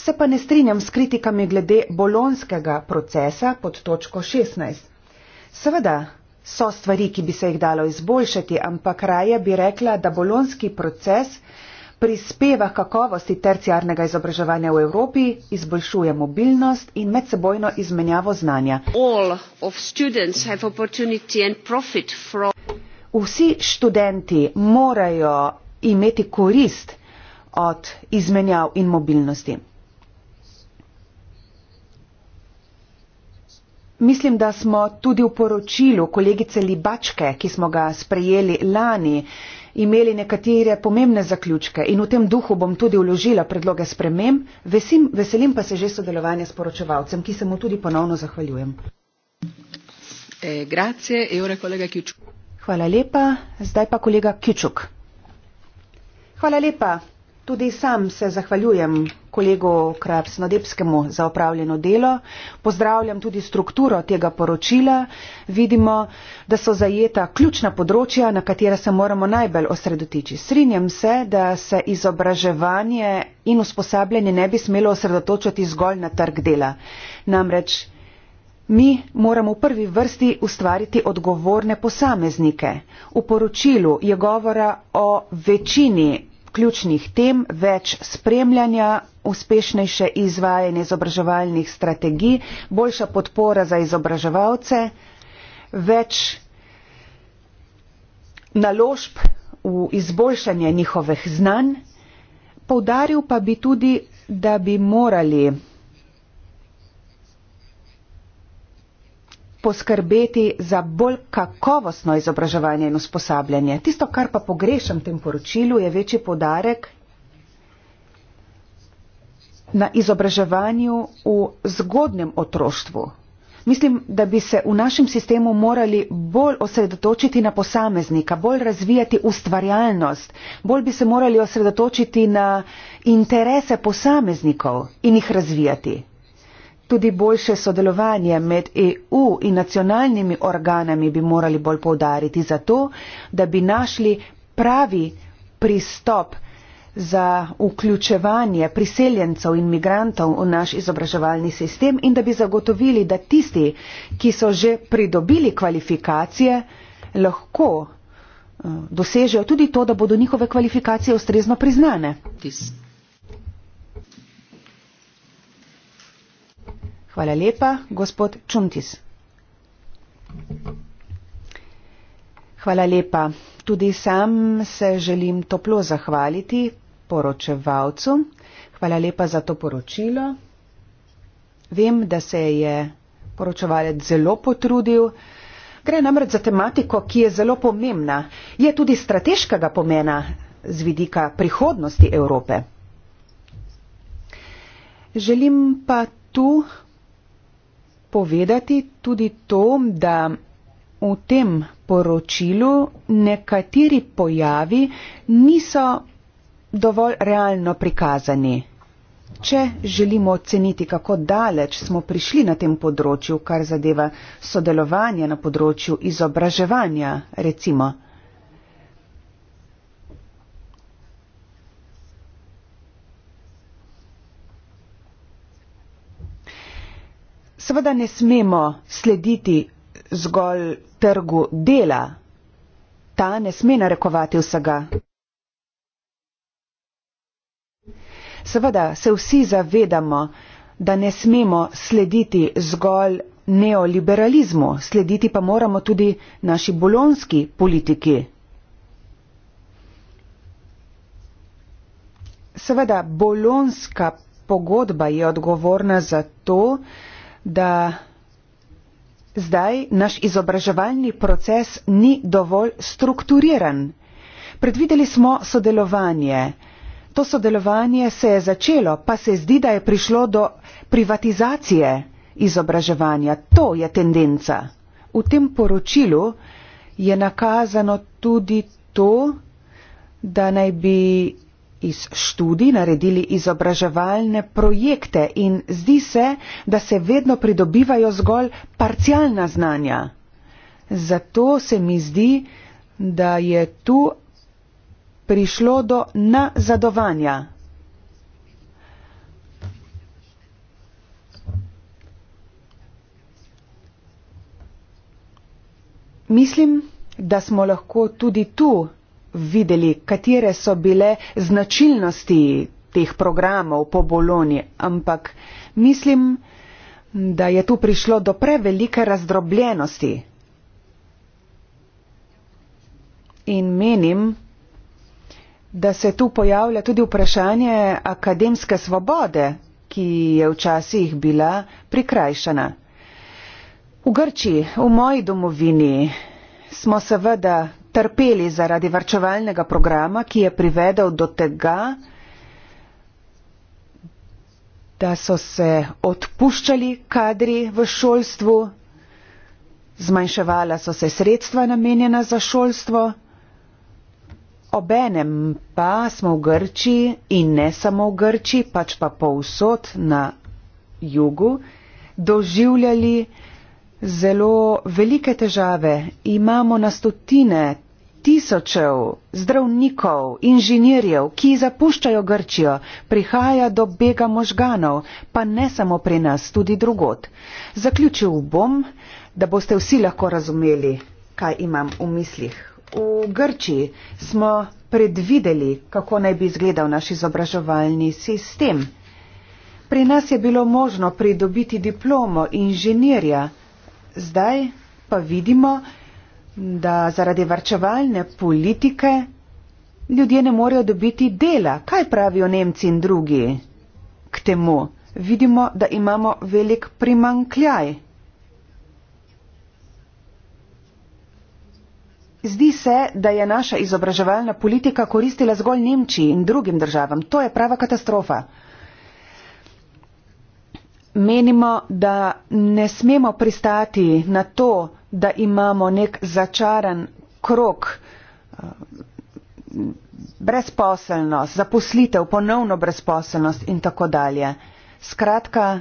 Se pa ne strinjam s kritikami glede bolonskega procesa pod točko 16. Seveda so stvari, ki bi se jih dalo izboljšati, ampak raje bi rekla, da bolonski proces prispeva kakovosti terciarnega izobraževanja v Evropi, izboljšuje mobilnost in medsebojno izmenjavo znanja vsi študenti morajo imeti korist od izmenjav in mobilnosti. Mislim, da smo tudi v poročilu kolegice Libačke, ki smo ga sprejeli lani, imeli nekatere pomembne zaključke in v tem duhu bom tudi uložila predloge sprememb. Vesim, veselim pa se že sodelovanja s poročevalcem, ki se mu tudi ponovno zahvaljujem. Eh, e, grazie, Eure, kolega Kjučko. Hvala lepa. Zdaj pa kolega Kičuk. Hvala lepa. Tudi sam se zahvaljujem kolegu Krapsnodebskemu za opravljeno delo. Pozdravljam tudi strukturo tega poročila. Vidimo, da so zajeta ključna področja, na katera se moramo najbolj osredotiči. Srinjam se, da se izobraževanje in usposabljanje ne bi smelo osredotočiti zgolj na trg dela. Namreč Mi moramo v prvi vrsti ustvariti odgovorne posameznike. V poročilu je govora o večini ključnih tem več spremljanja, uspešnejše izvajanje izobraževalnih strategij, boljša podpora za izobraževalce, več naložb v izboljšanje njihovih znanj. Poudaril pa bi tudi, da bi morali poskrbeti za bolj kakovostno izobraževanje in usposabljanje. Tisto, kar pa pogrešam v tem poročilu, je večji podarek na izobraževanju v zgodnem otroštvu. Mislim, da bi se v našem sistemu morali bolj osredotočiti na posameznika, bolj razvijati ustvarjalnost, bolj bi se morali osredotočiti na interese posameznikov in jih razvijati. Tudi boljše sodelovanje med EU in nacionalnimi organami bi morali bolj povdariti za to, da bi našli pravi pristop za vključevanje priseljencev in migrantov v naš izobraževalni sistem in da bi zagotovili, da tisti, ki so že pridobili kvalifikacije, lahko eh, dosežejo tudi to, da bodo njihove kvalifikacije ustrezno priznane. Tis. Hvala lepa, gospod Čuntis. Hvala lepa. Tudi sam se želim toplo zahvaliti poročevalcu. Hvala lepa za to poročilo. Vem, da se je poročevalec zelo potrudil. Gre namreč za tematiko, ki je zelo pomembna. Je tudi strateškega pomena z vidika prihodnosti Evrope. Želim pa tu povedati tudi to, da v tem poročilu nekateri pojavi niso dovolj realno prikazani. Če želimo oceniti, kako daleč smo prišli na tem področju, kar zadeva sodelovanje na področju izobraževanja, recimo. Seveda ne smemo slediti zgolj trgu dela. Ta ne sme narekovati vsega. Seveda se vsi zavedamo, da ne smemo slediti zgolj neoliberalizmu, slediti pa moramo tudi naši bolonski politiki. Seveda bolonska pogodba je odgovorna za to, da da zdaj naš izobraževalni proces ni dovolj strukturiran. Predvideli smo sodelovanje. To sodelovanje se je začelo, pa se zdi, da je prišlo do privatizacije izobraževanja. To je tendenca. V tem poročilu je nakazano tudi to, da naj bi iz študij naredili izobraževalne projekte in zdi se, da se vedno pridobivajo zgolj parcialna znanja. Zato se mi zdi, da je tu prišlo do nazadovanja. Mislim, da smo lahko tudi tu videli, katere so bile značilnosti teh programov po Bologni, ampak mislim, da je tu prišlo do prevelike razdrobljenosti. In menim, da se tu pojavlja tudi vprašanje akademske svobode, ki je včasih bila prikrajšana. V Grči, v moji domovini, smo seveda trpeli zaradi varčevalnega programa, ki je privedel do tega, da so se odpuščali kadri v šolstvu, zmanjševala so se sredstva namenjena za šolstvo, obenem pa smo v Grčiji in ne samo v Grčiji, pač pa povsod na jugu doživljali zelo velike težave. Imamo na stotine tisočev zdravnikov, inženirjev, ki zapuščajo Grčijo, prihaja do bega možganov, pa ne samo pri nas, tudi drugot. Zaključil bom, da boste vsi lahko razumeli, kaj imam v mislih. V Grčiji smo predvideli, kako naj bi izgledal naš izobraževalni sistem. Pri nas je bilo možno pridobiti diplomo inženirja, zdaj pa vidimo, da zaradi varčevalne politike ljudje ne morejo dobiti dela. Kaj pravijo Nemci in drugi k temu? Vidimo, da imamo velik primankljaj. Zdi se, da je naša izobraževalna politika koristila zgolj Nemčiji in drugim državam. To je prava katastrofa menimo, da ne smemo pristati na to, da imamo nek začaran krok eh, brezposelnost, zaposlitev, ponovno brezposelnost in tako dalje. Skratka,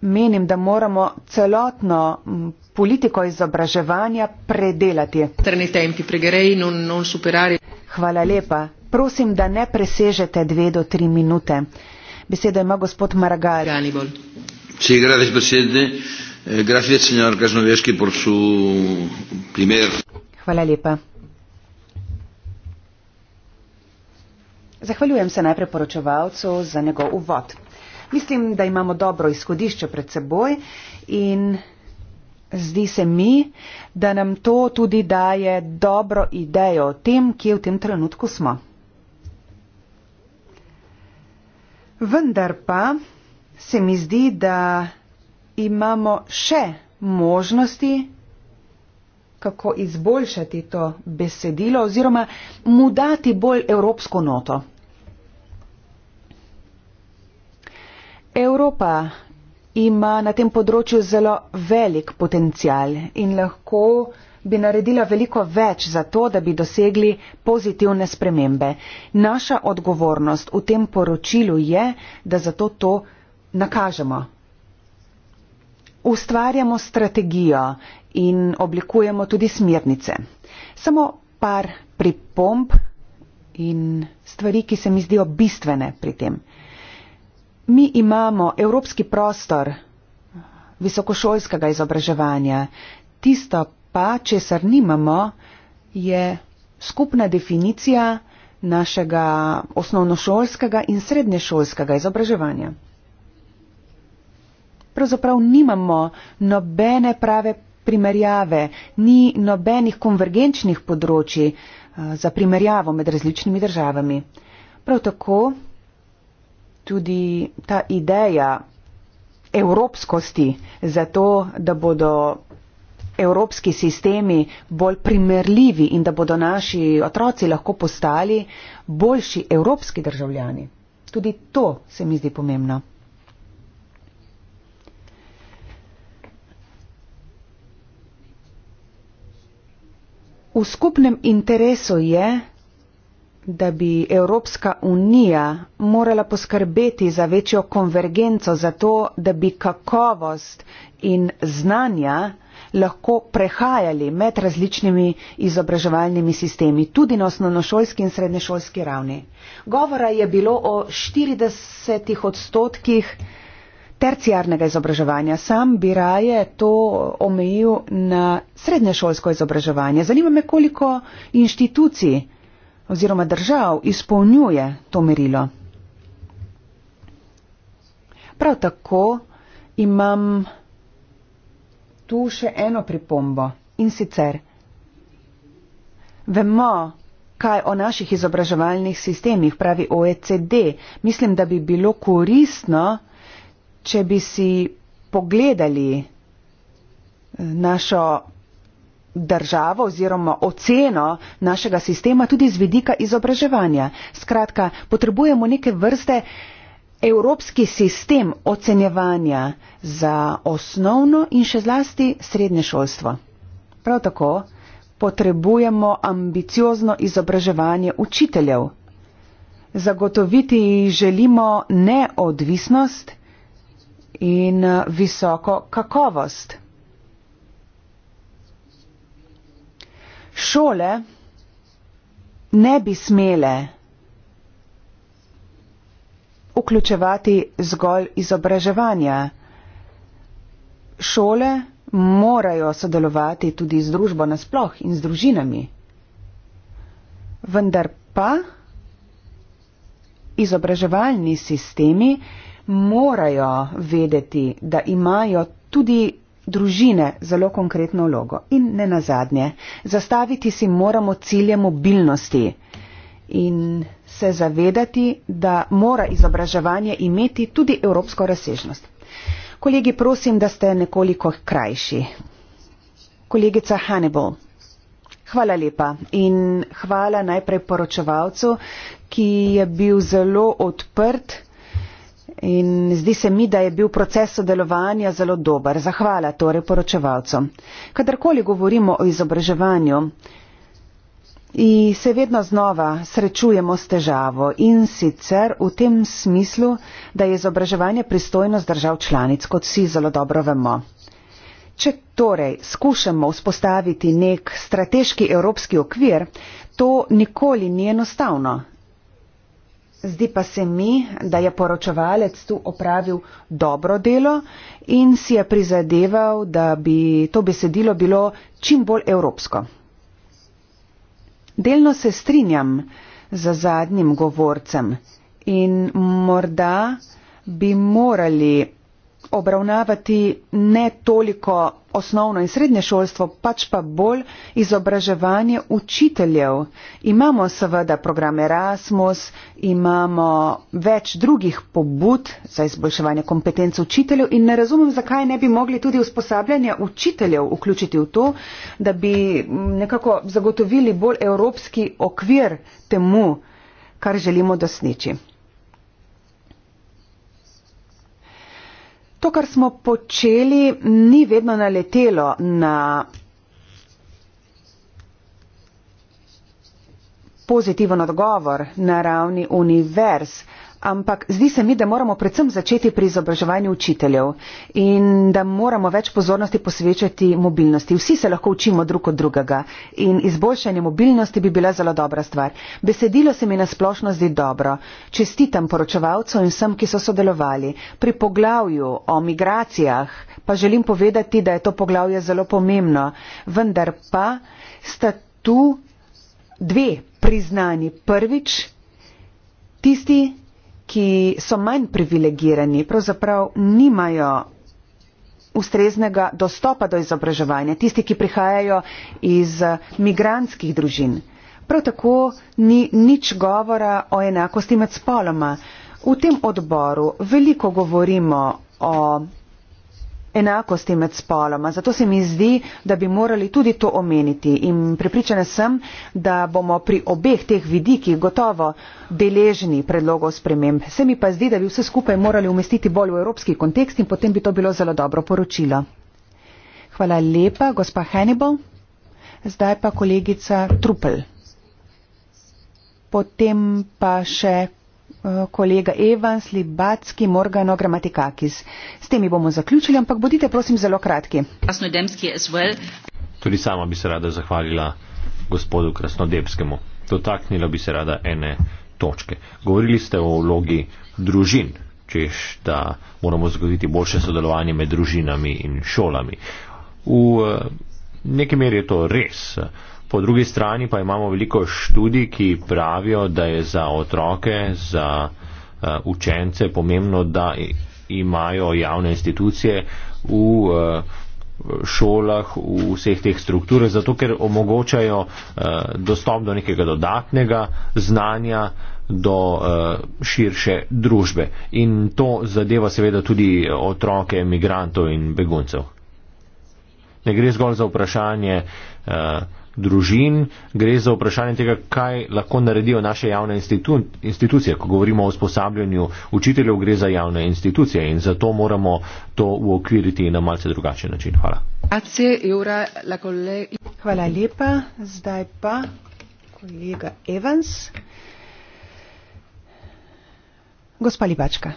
menim, da moramo celotno mm, politiko izobraževanja predelati. Hvala lepa. Prosim, da ne presežete dve do tri minute. Besedo ima gospod Maragal. Sí, gracias, presidente. Eh, gracias, señor Krasnovieski, por su primer. Hvala lepa. Zahvaljujem se najprej poročevalcu za njegov uvod. Mislim, da imamo dobro izhodišče pred seboj in zdi se mi, da nam to tudi daje dobro idejo o tem, kje v tem trenutku smo. Vendar pa se mi zdi, da imamo še možnosti, kako izboljšati to besedilo oziroma mu dati bolj evropsko noto. Evropa ima na tem področju zelo velik potencial in lahko bi naredila veliko več za to, da bi dosegli pozitivne spremembe. Naša odgovornost v tem poročilu je, da zato to nakažemo. Ustvarjamo strategijo in oblikujemo tudi smernice. Samo par pripomb in stvari, ki se mi zdijo bistvene pri tem. Mi imamo evropski prostor visokošolskega izobraževanja, tisto, pa, če sr nimamo, je skupna definicija našega osnovnošolskega in srednješolskega izobraževanja. Pravzaprav nimamo nobene prave primerjave, ni nobenih konvergenčnih področji eh, za primerjavo med različnimi državami. Prav tako tudi ta ideja evropskosti za to, da bodo evropski sistemi bolj primerljivi in da bodo naši otroci lahko postali boljši evropski državljani. Tudi to se mi zdi pomembno. V skupnem interesu je, da bi Evropska unija morala poskrbeti za večjo konvergenco, zato da bi kakovost in znanja lahko prehajali med različnimi izobraževalnimi sistemi, tudi na osnovnošolski in srednješolski ravni. Govora je bilo o 40 odstotkih tercijarnega izobraževanja. Sam bi raje to omejil na srednješolsko izobraževanje. Zanima me, koliko inštitucij oziroma držav izpolnjuje to merilo. Prav tako imam tu še eno pripombo in sicer vemo, kaj o naših izobraževalnih sistemih pravi OECD. Mislim, da bi bilo koristno, če bi si pogledali eh, našo državo oziroma oceno našega sistema tudi z vidika izobraževanja. Skratka, potrebujemo neke vrste Evropski sistem ocenjevanja za osnovno in še zlasti srednje šolstvo. Prav tako potrebujemo ambiciozno izobraževanje učiteljev. Zagotoviti želimo neodvisnost in eh, visoko kakovost. Šole ne bi smele vključevati zgolj izobraževanja. Šole morajo sodelovati tudi z družbo nasploh in z družinami. Vendar pa izobraževalni sistemi morajo vedeti, da imajo tudi družine zelo konkretno vlogo. In ne nazadnje, zastaviti si moramo cilje mobilnosti. In se zavedati, da mora izobraževanje imeti tudi evropsko razsežnost. Kolegi, prosim, da ste nekoliko krajši. Kolegica Hannibal. Hvala lepa in hvala najprej poročevalcu, ki je bil zelo odprt in zdi se mi, da je bil proces sodelovanja zelo dober. Zahvala torej poročevalcu. Kadarkoli govorimo o izobraževanju, In se vedno znova srečujemo s težavo in sicer v tem smislu, da je izobraževanje pristojnost držav članic, kot vsi zelo dobro vemo. Če torej skušamo vzpostaviti nek strateški evropski okvir, to nikoli ni enostavno. Zdi pa se mi, da je poročevalec tu opravil dobro delo in si je prizadeval, da bi to besedilo bilo čim bolj evropsko. Delno se strinjam za zadnjim govorcem in morda bi morali obravnavati ne toliko osnovno in srednje šolstvo, pač pa bolj izobraževanje učiteljev. Imamo seveda program Erasmus, imamo več drugih pobud za izboljševanje kompetenc učiteljev in ne razumem, zakaj ne bi mogli tudi usposabljanje učiteljev vključiti v to, da bi nekako zagotovili bolj evropski okvir temu, kar želimo dosneči. to, kar smo počeli, ni vedno naletelo na pozitiven odgovor na ravni univerz, ampak zdi se mi, da moramo predvsem začeti pri izobraževanju učiteljev in da moramo več pozornosti posvečati mobilnosti. Vsi se lahko učimo drug od drugega in izboljšanje mobilnosti bi bila zelo dobra stvar. Besedilo se mi nasplošno zdi dobro. Čestitam poročevalcu in vsem, ki so sodelovali. Pri poglavju o migracijah pa želim povedati, da je to poglavje zelo pomembno, vendar pa sta tu dve priznani. Prvič, Tisti, ki so manj privilegirani, pravzaprav nimajo ustreznega dostopa do izobraževanja, tisti, ki prihajajo iz migranskih družin. Prav tako ni nič govora o enakosti med spoloma. V tem odboru veliko govorimo o enakosti med spoloma. Zato se mi zdi, da bi morali tudi to omeniti in pripričana sem, da bomo pri obeh teh vidikih gotovo deležni predlogov sprememb. Se mi pa zdi, da bi vse skupaj morali umestiti bolj v evropski kontekst in potem bi to bilo zelo dobro poročilo. Hvala lepa, gospa Hannibal. Zdaj pa kolegica Trupel. Potem pa še Eh, kolega Evans Libatski Morgano Grammatikakis. S temi bomo zaključili, ampak bodite prosim zelo kratki. Tudi sama bi se rada zahvalila gospodu Krasnodebskemu. Dotaknila bi se rada ene točke. Govorili ste o vlogi družin, češ da moramo zgoditi boljše sodelovanje med družinami in šolami. V eh, neki meri je to res. Po drugi strani pa imamo veliko študij, ki pravijo, da je za otroke, za uh, učence pomembno, da imajo javne institucije v uh, šolah, v vseh teh strukturah, zato ker omogočajo uh, dostop do nekega dodatnega znanja, do uh, širše družbe. In to zadeva seveda tudi otroke, migrantov in beguncev. Ne gre zgolj za vprašanje. Uh, družin, gre za vprašanje tega, kaj lahko naredijo naše javne institu institucije. Ko govorimo o usposabljanju učiteljev, gre za javne institucije in zato moramo to uokviriti na malce drugačen način. Hvala. Hvala lepa. Zdaj pa kolega Evans. Gospa Libačka.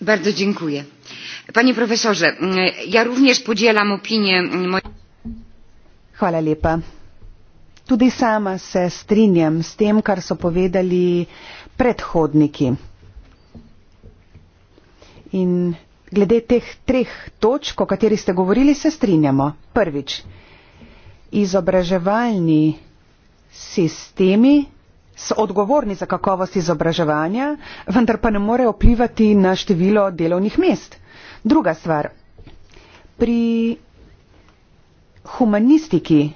Bardzo dziękuję panie profesorze mm, ja również podzielam opinię mm, tudi sama se strinjam s tem kar so povedali predhodniki in glede teh treh točk o katerih ste govorili se strinjamo prvič izobraževalni sistemi so odgovorni za kakovost izobraževanja vendar pa ne morejo vplivati na število delovnih mest Druga stvar. Pri humanistiki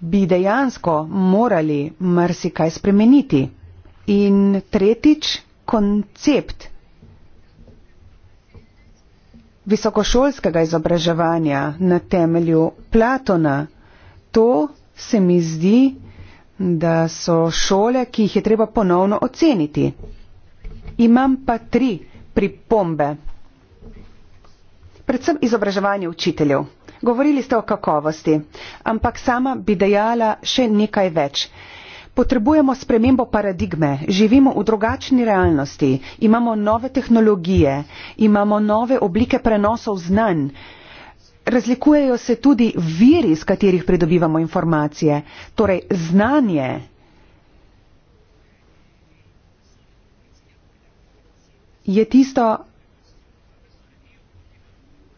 bi dejansko morali marsikaj spremeniti. In tretjič, koncept visokošolskega izobraževanja na temelju Platona. To se mi zdi, da so šole, ki jih je treba ponovno oceniti. Imam pa tri pripombe predvsem izobraževanje učiteljev. Govorili ste o kakovosti, ampak sama bi dejala še nekaj več. Potrebujemo spremembo paradigme, živimo v drugačni realnosti, imamo nove tehnologije, imamo nove oblike prenosov znanj. Razlikujejo se tudi viri, z katerih pridobivamo informacije, torej znanje. Je tisto,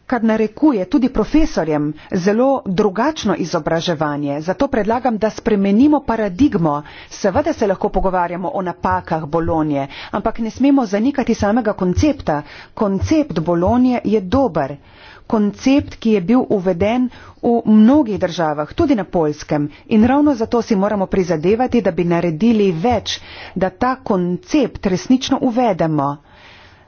kar narekuje tudi profesorjem zelo drugačno izobraževanje. Zato predlagam, da spremenimo paradigmo. Seveda se lahko pogovarjamo o napakah Bolonje, ampak ne smemo zanikati samega koncepta. Koncept Bolonje je dober. Koncept, ki je bil uveden v mnogih državah, tudi na polskem. In ravno zato si moramo prizadevati, da bi naredili več, da ta koncept resnično uvedemo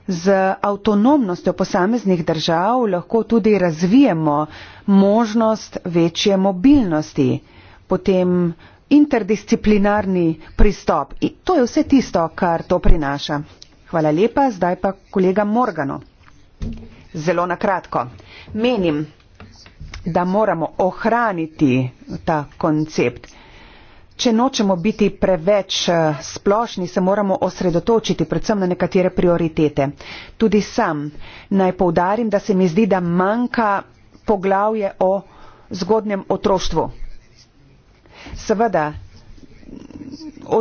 z avtonomnostjo posameznih držav lahko tudi razvijemo možnost večje mobilnosti, potem interdisciplinarni pristop. In to je vse tisto, kar to prinaša. Hvala lepa, zdaj pa kolega Morgano. Zelo na kratko. Menim, da moramo ohraniti ta koncept. Če nočemo biti preveč eh, splošni, se moramo osredotočiti predvsem na nekatere prioritete. Tudi sam naj poudarim, da se mi zdi, da manjka poglavje o zgodnjem otroštvu. Seveda,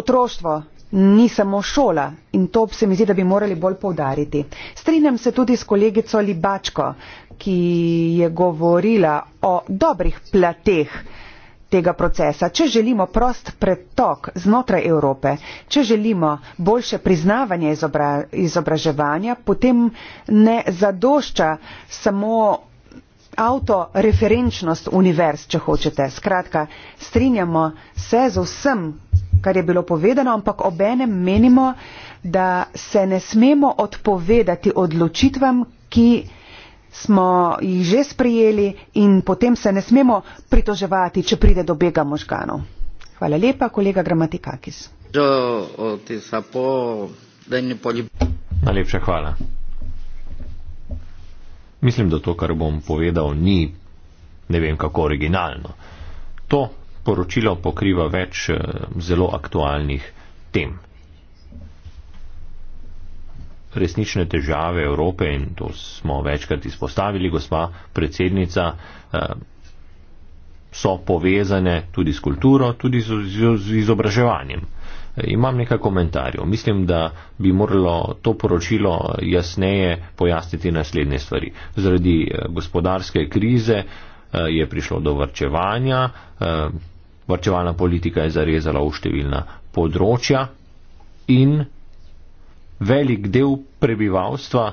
otroštvo ni samo šola in to se mi zdi, da bi morali bolj poudariti. Strinjam se tudi s kolegico Libačko, ki je govorila o dobrih plateh tega procesa, če želimo prost pretok znotraj Evrope, če želimo boljše priznavanje izobra, izobraževanja, potem ne zadošča samo autoreferenčnost univerz, če hočete. Skratka, strinjamo se z vsem, kar je bilo povedano, ampak obenem menimo, da se ne smemo odpovedati odločitvam, ki smo jih že sprijeli in potem se ne smemo pritoževati, če pride do bega možganov. Hvala lepa, kolega Gramatikakis. Najlepša hvala. Mislim, da to, kar bom povedal, ni ne vem kako originalno. To poročilo pokriva več eh, zelo aktualnih tem resnične težave Evrope in to smo večkrat izpostavili, gospa predsednica, eh, so povezane tudi s kulturo, tudi z izobraževanjem. Eh, imam nekaj komentarjev. Mislim, da bi moralo to poročilo jasneje pojasniti naslednje stvari. Zaradi eh, gospodarske krize je prišlo do vrčevanja, vrčevalna politika je zarezala v številna področja in velik del prebivalstva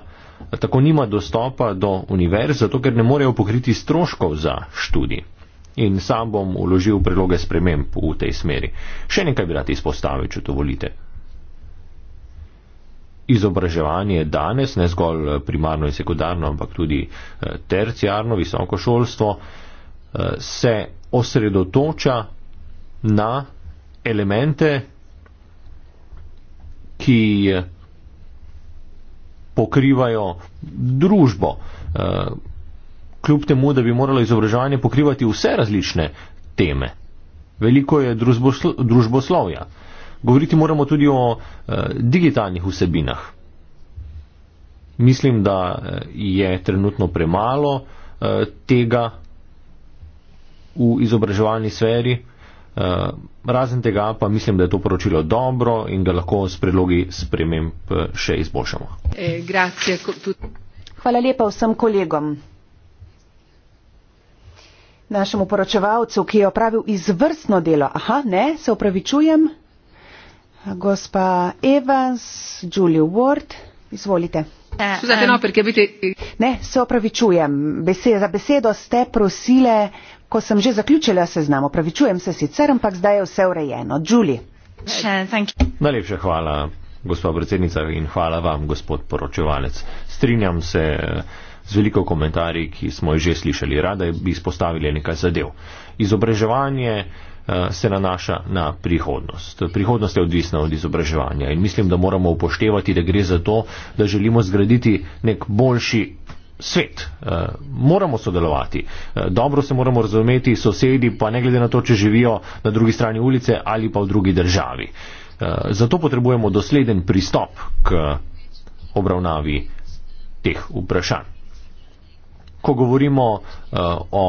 tako nima dostopa do univerz, zato ker ne morejo pokriti stroškov za študij. In sam bom uložil predloge sprememb v tej smeri. Še nekaj bi rad izpostavil, če to volite. Izobraževanje danes, ne zgolj eh, primarno in sekundarno, ampak tudi eh, terciarno visoko šolstvo, eh, se osredotoča na elemente, ki pokrivajo družbo. Eh, kljub temu, da bi moralo izobraževanje pokrivati vse različne teme. Veliko je družboslovja. Govoriti moramo tudi o eh, digitalnih vsebinah. Mislim, da eh, je trenutno premalo tega v izobraževalni sferi. Eh, razen tega pa mislim, da je to poročilo dobro in ga lahko s predlogi sprememb eh, še izboljšamo. E, Hvala lepa vsem kolegom. Našemu poročevalcu, ki je opravil izvrstno delo. Aha, ne, se upravičujem. Gospa Evans, Julie Ward, izvolite. Uh, um, ne, se opravičujem. Bese, za besedo ste prosile ko sem že zaključila seznam, opravičujem se sicer, ampak zdaj je vse urejeno. Julie. Najlepša hvala, gospod predsednica, in hvala vam, gospod poročevalec. Strinjam se eh, z veliko komentarji, ki smo jih že slišali. Rada bi izpostavili nekaj zadev. Izobraževanje eh, se nanaša na prihodnost. Prihodnost je odvisna od izobraževanja in mislim, da moramo upoštevati, da gre za to, da želimo zgraditi nek boljši svet. Eh, moramo sodelovati, eh, dobro se moramo razumeti sosedi, pa ne glede na to, če živijo na drugi strani ulice ali pa v drugi državi. Eh, zato potrebujemo dosleden pristop k obravnavi teh vprašanj. Ko govorimo o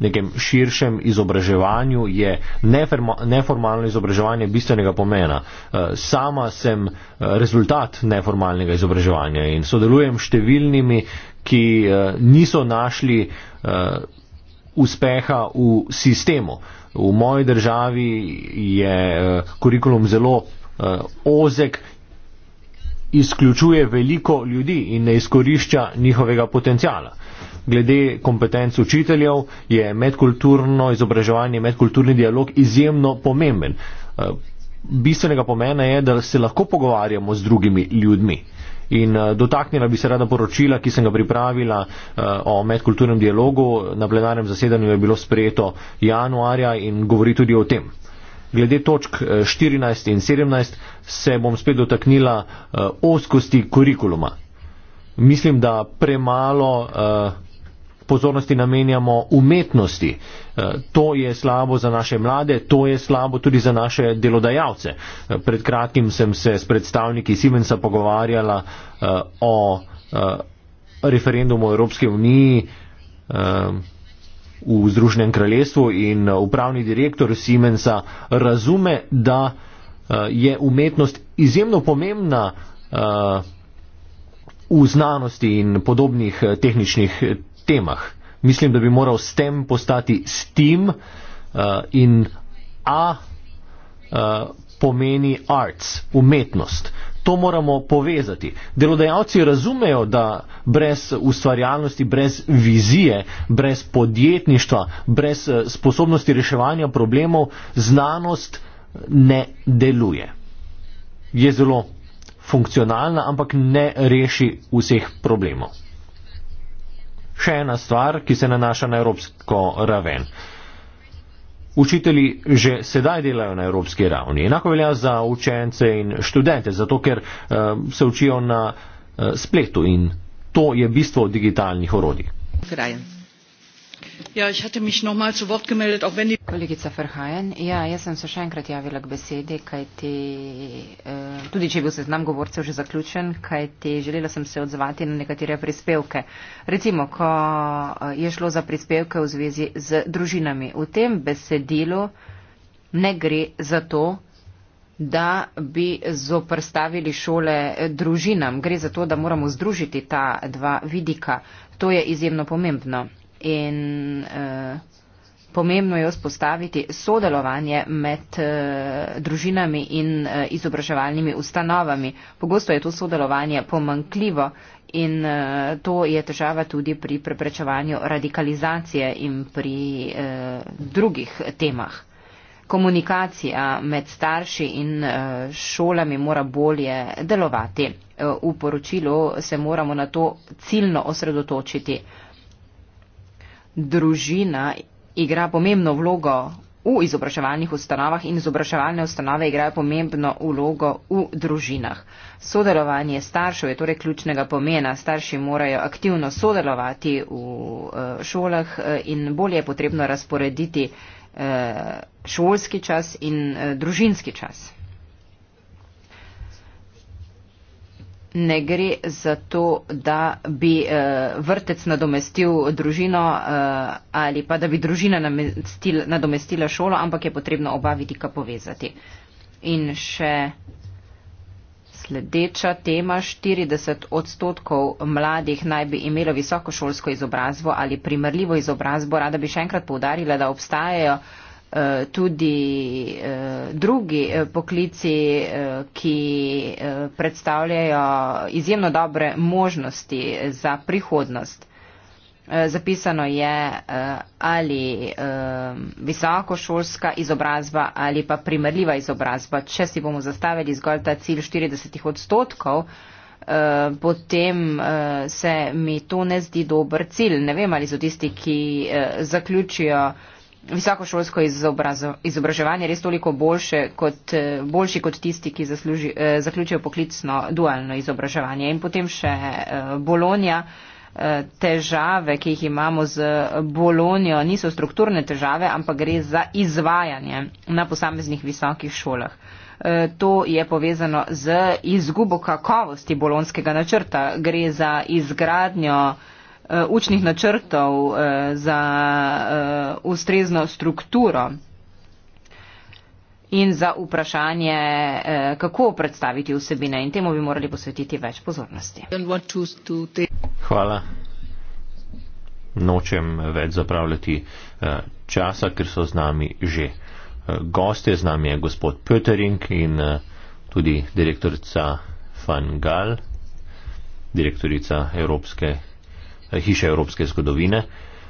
nekem širšem izobraževanju je neforma, neformalno izobraževanje bistvenega pomena. Eh, sama sem eh, rezultat neformalnega izobraževanja in sodelujem s številnimi, ki eh, niso našli uspeha v sistemu. V moji državi je kurikulum zelo ozek, izključuje veliko ljudi in ne izkorišča njihovega potencijala glede kompetenc učiteljev je medkulturno izobraževanje, medkulturni dialog izjemno pomemben. Eh, bistvenega pomena je, da se lahko pogovarjamo z drugimi ljudmi. In eh, dotaknila bi se rada poročila, ki sem ga pripravila eh, o medkulturnem dialogu. Na plenarnem zasedanju je bilo sprejeto januarja in govori tudi o tem. Glede točk 14 in 17 se bom spet dotaknila oskosti kurikuluma. Mislim, da premalo pozornosti namenjamo umetnosti. Eh, to je slabo za naše mlade, to je slabo tudi za naše delodajalce. Eh, pred kratkim sem se s predstavniki Siemensa pogovarjala eh, o referendumu Evropske unije v Združenem kraljestvu in upravni direktor Siemensa razume, da je umetnost izjemno pomembna v znanosti in podobnih tehničnih temah. Mislim, da bi moral s tem postati STEAM uh, in A uh, pomeni arts, umetnost. To moramo povezati. Delodajalci razumejo, da brez ustvarjalnosti, brez vizije, brez podjetništva, brez uh, sposobnosti reševanja problemov znanost ne deluje. Je zelo funkcionalna, ampak ne reši vseh problemov še ena stvar, ki se nanaša na evropsko raven. Učitelji že sedaj delajo na evropski ravni. Enako velja za učence in študente, zato ker uh, se učijo na uh, spletu in to je bistvo digitalnih orodij. Krajem. Ja, kolegica verheyen ja jaz sem se še enkrat javila k besedi kajti eh, tudi če je bil seznam govorcev že zaključen kajti želela sem se odzvati na nekatere prispevke recimo ko eh, je šlo za prispevke v zvezi z družinami v tem besedilu ne gre za to da bi zoprstavili šole eh, družinam gre za to da moramo združiti ta dva vidika to je izjemno pomembno in eh, pomembno je vzpostaviti sodelovanje med eh, družinami in eh, izobraževalnimi ustanovami. Pogosto je to sodelovanje pomankljivo in to je težava tudi pri preprečevanju radikalizacije in pri drugih temah. Komunikacija med starši in šolami mora bolje delovati. V poročilu se moramo na to ciljno osredotočiti družina igra pomembno vlogo v izobraževalnih ustanovah in izobraževalne ustanove igrajo pomembno vlogo v družinah. Sodelovanje staršev je torej ključnega pomena. Starši morajo aktivno sodelovati v eh, šolah eh, in bolje je potrebno razporediti eh, šolski čas in družinski čas. ne gre za to, da bi eh, vrtec nadomestil družino eh, ali pa da bi družina nadomestila šolo, ampak je potrebno oba vidika povezati. In še sledeča tema, 40 odstotkov mladih naj bi imelo visokošolsko izobrazbo ali primerljivo izobrazbo. Rada bi še enkrat povdarila, da obstajajo Eh, tudi eh, drugi eh, poklici, ki predstavljajo izjemno dobre možnosti za prihodnost. Zapisano je ali visokošolska izobrazba ali pa primerljiva izobrazba. Če si bomo zastavili zgolj ta cilj 40 odstotkov, potem se mi to ne zdi dober cilj. Ne vem, ali so tisti, ki zaključijo visokošolsko izobraževanje res toliko boljše kot, eh, boljši kot tisti, ki zasluži, eh, zaključijo poklicno dualno izobraževanje. In potem še eh, Bolonija. Eh, težave, ki jih imamo z Bolonijo, niso strukturne težave, ampak gre za izvajanje na posameznih visokih šolah. Eh, to je povezano z izgubo kakovosti bolonskega načrta. Gre za izgradnjo Eh, učnih načrtov eh, za eh, ustrezno strukturo in za vprašanje, kako predstaviti vsebine in temu bi morali posvetiti več pozornosti. Hvala. Nočem več zapravljati časa, ker so z nami že goste. Z nami je gospod Pötering in tudi direktorica Fangal, direktorica Evropske hiše evropske zgodovine.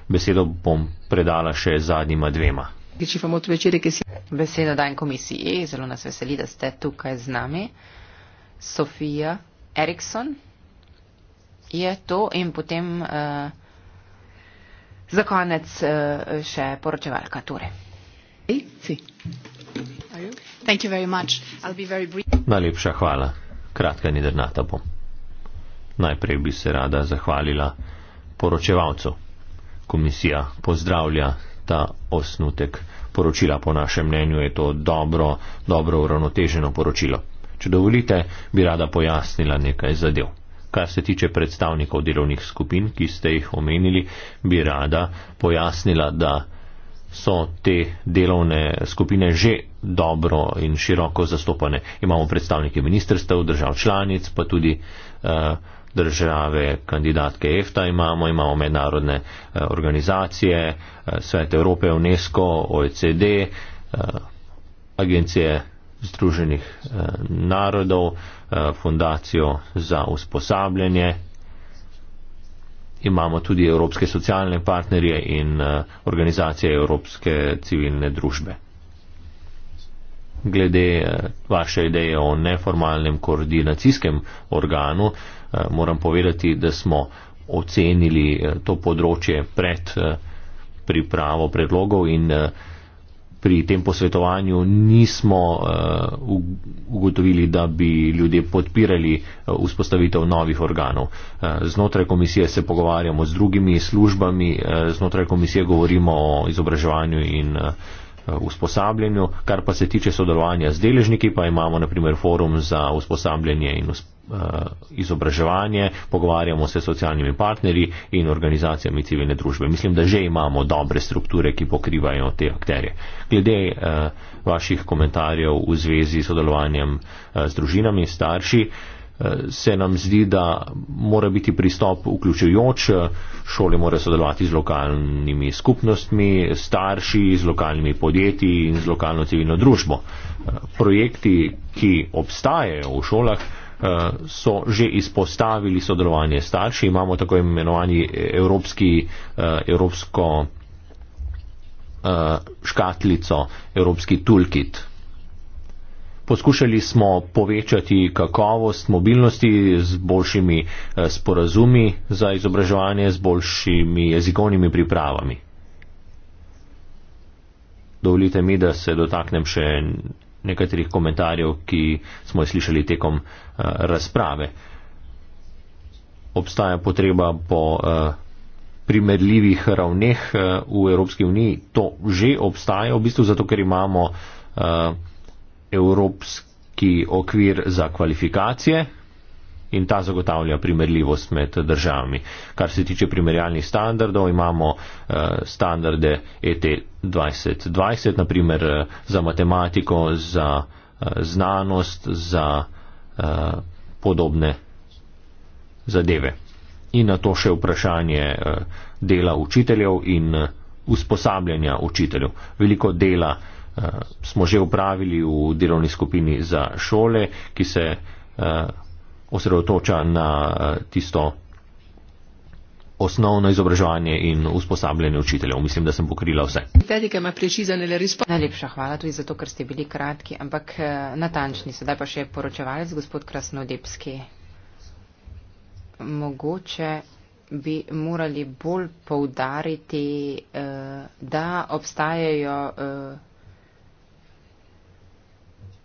Besedo bom predala še zadnjima dvema. Beseda dajem komisiji, zelo nas veseli, da ste tukaj z nami. Sofija Eriksson je to in potem uh, za konec uh, še poročevalka. Torej. Najlepša hvala. Kratka nidernata bom. Najprej bi se rada zahvalila poročevalcu. Komisija pozdravlja ta osnutek poročila. Po našem mnenju je to dobro, dobro uravnoteženo poročilo. Če dovolite, bi rada pojasnila nekaj zadev. Kar se tiče predstavnikov delovnih skupin, ki ste jih omenili, bi rada pojasnila, da so te delovne skupine že dobro in široko zastopane. Imamo predstavnike ministrstev, držav članic, pa tudi uh, države kandidatke EFTA imamo, imamo mednarodne eh, organizacije, eh, Svet Evrope, UNESCO, OECD, eh, Agencije združenih narodov, Fundacijo za usposabljanje. Imamo tudi evropske socialne partnerje in organizacije evropske civilne družbe glede eh, vaše ideje o neformalnem koordinacijskem organu. Eh, moram povedati, da smo ocenili eh, to področje pred pripravo predlogov in pri tem posvetovanju nismo ugotovili, da bi ljudje podpirali vzpostavitev novih organov. Znotraj komisije se pogovarjamo z drugimi službami, znotraj komisije govorimo o izobraževanju in Eh, usposabljanju. Kar pa se tiče sodelovanja z deležniki, pa imamo naprimer forum za usposabljanje in usp eh, izobraževanje, pogovarjamo se s socialnimi partnerji in organizacijami civilne družbe. Mislim, da že imamo dobre strukture, ki pokrivajo te akterje. Glede eh, vaših komentarjev v zvezi s sodelovanjem eh, z družinami in starši, eh, se nam zdi, da mora biti pristop vključujoč, šole mora sodelovati z lokalnimi skupnostmi, starši, z lokalnimi podjetji in z lokalno civilno družbo. Projekti, ki obstajajo v šolah, so že izpostavili sodelovanje starši, imamo tako imenovani evropski, evropsko eh, škatlico, evropski toolkit Poskušali smo povečati kakovost mobilnosti z boljšimi eh, sporazumi za izobraževanje, z boljšimi jezikovnimi pripravami. Dovolite mi, da se dotaknem še nekaterih komentarjev, ki smo jih slišali tekom eh, razprave. Obstaja potreba po eh, primerljivih ravneh v Evropski uniji. To že obstaja, v bistvu zato, ker imamo evropski okvir za kvalifikacije in ta zagotavlja primerljivost med državami. Kar se tiče primerjalnih standardov, imamo eh, standarde ET 2020, naprimer za matematiko, za eh, znanost, za eh, podobne zadeve. In na to še vprašanje dela učiteljev in usposabljanja učiteljev. Veliko dela Eh, smo že upravili v delovni skupini za šole, ki se eh, osredotoča na eh, tisto osnovno izobraževanje in usposabljanje učiteljev. Mislim, da sem pokrila vse. Najlepša hvala tudi zato, ker ste bili kratki, ampak natančni. Sedaj pa še poročevalec, gospod Krasnodepski. Mogoče bi morali bolj poudariti, da obstajajo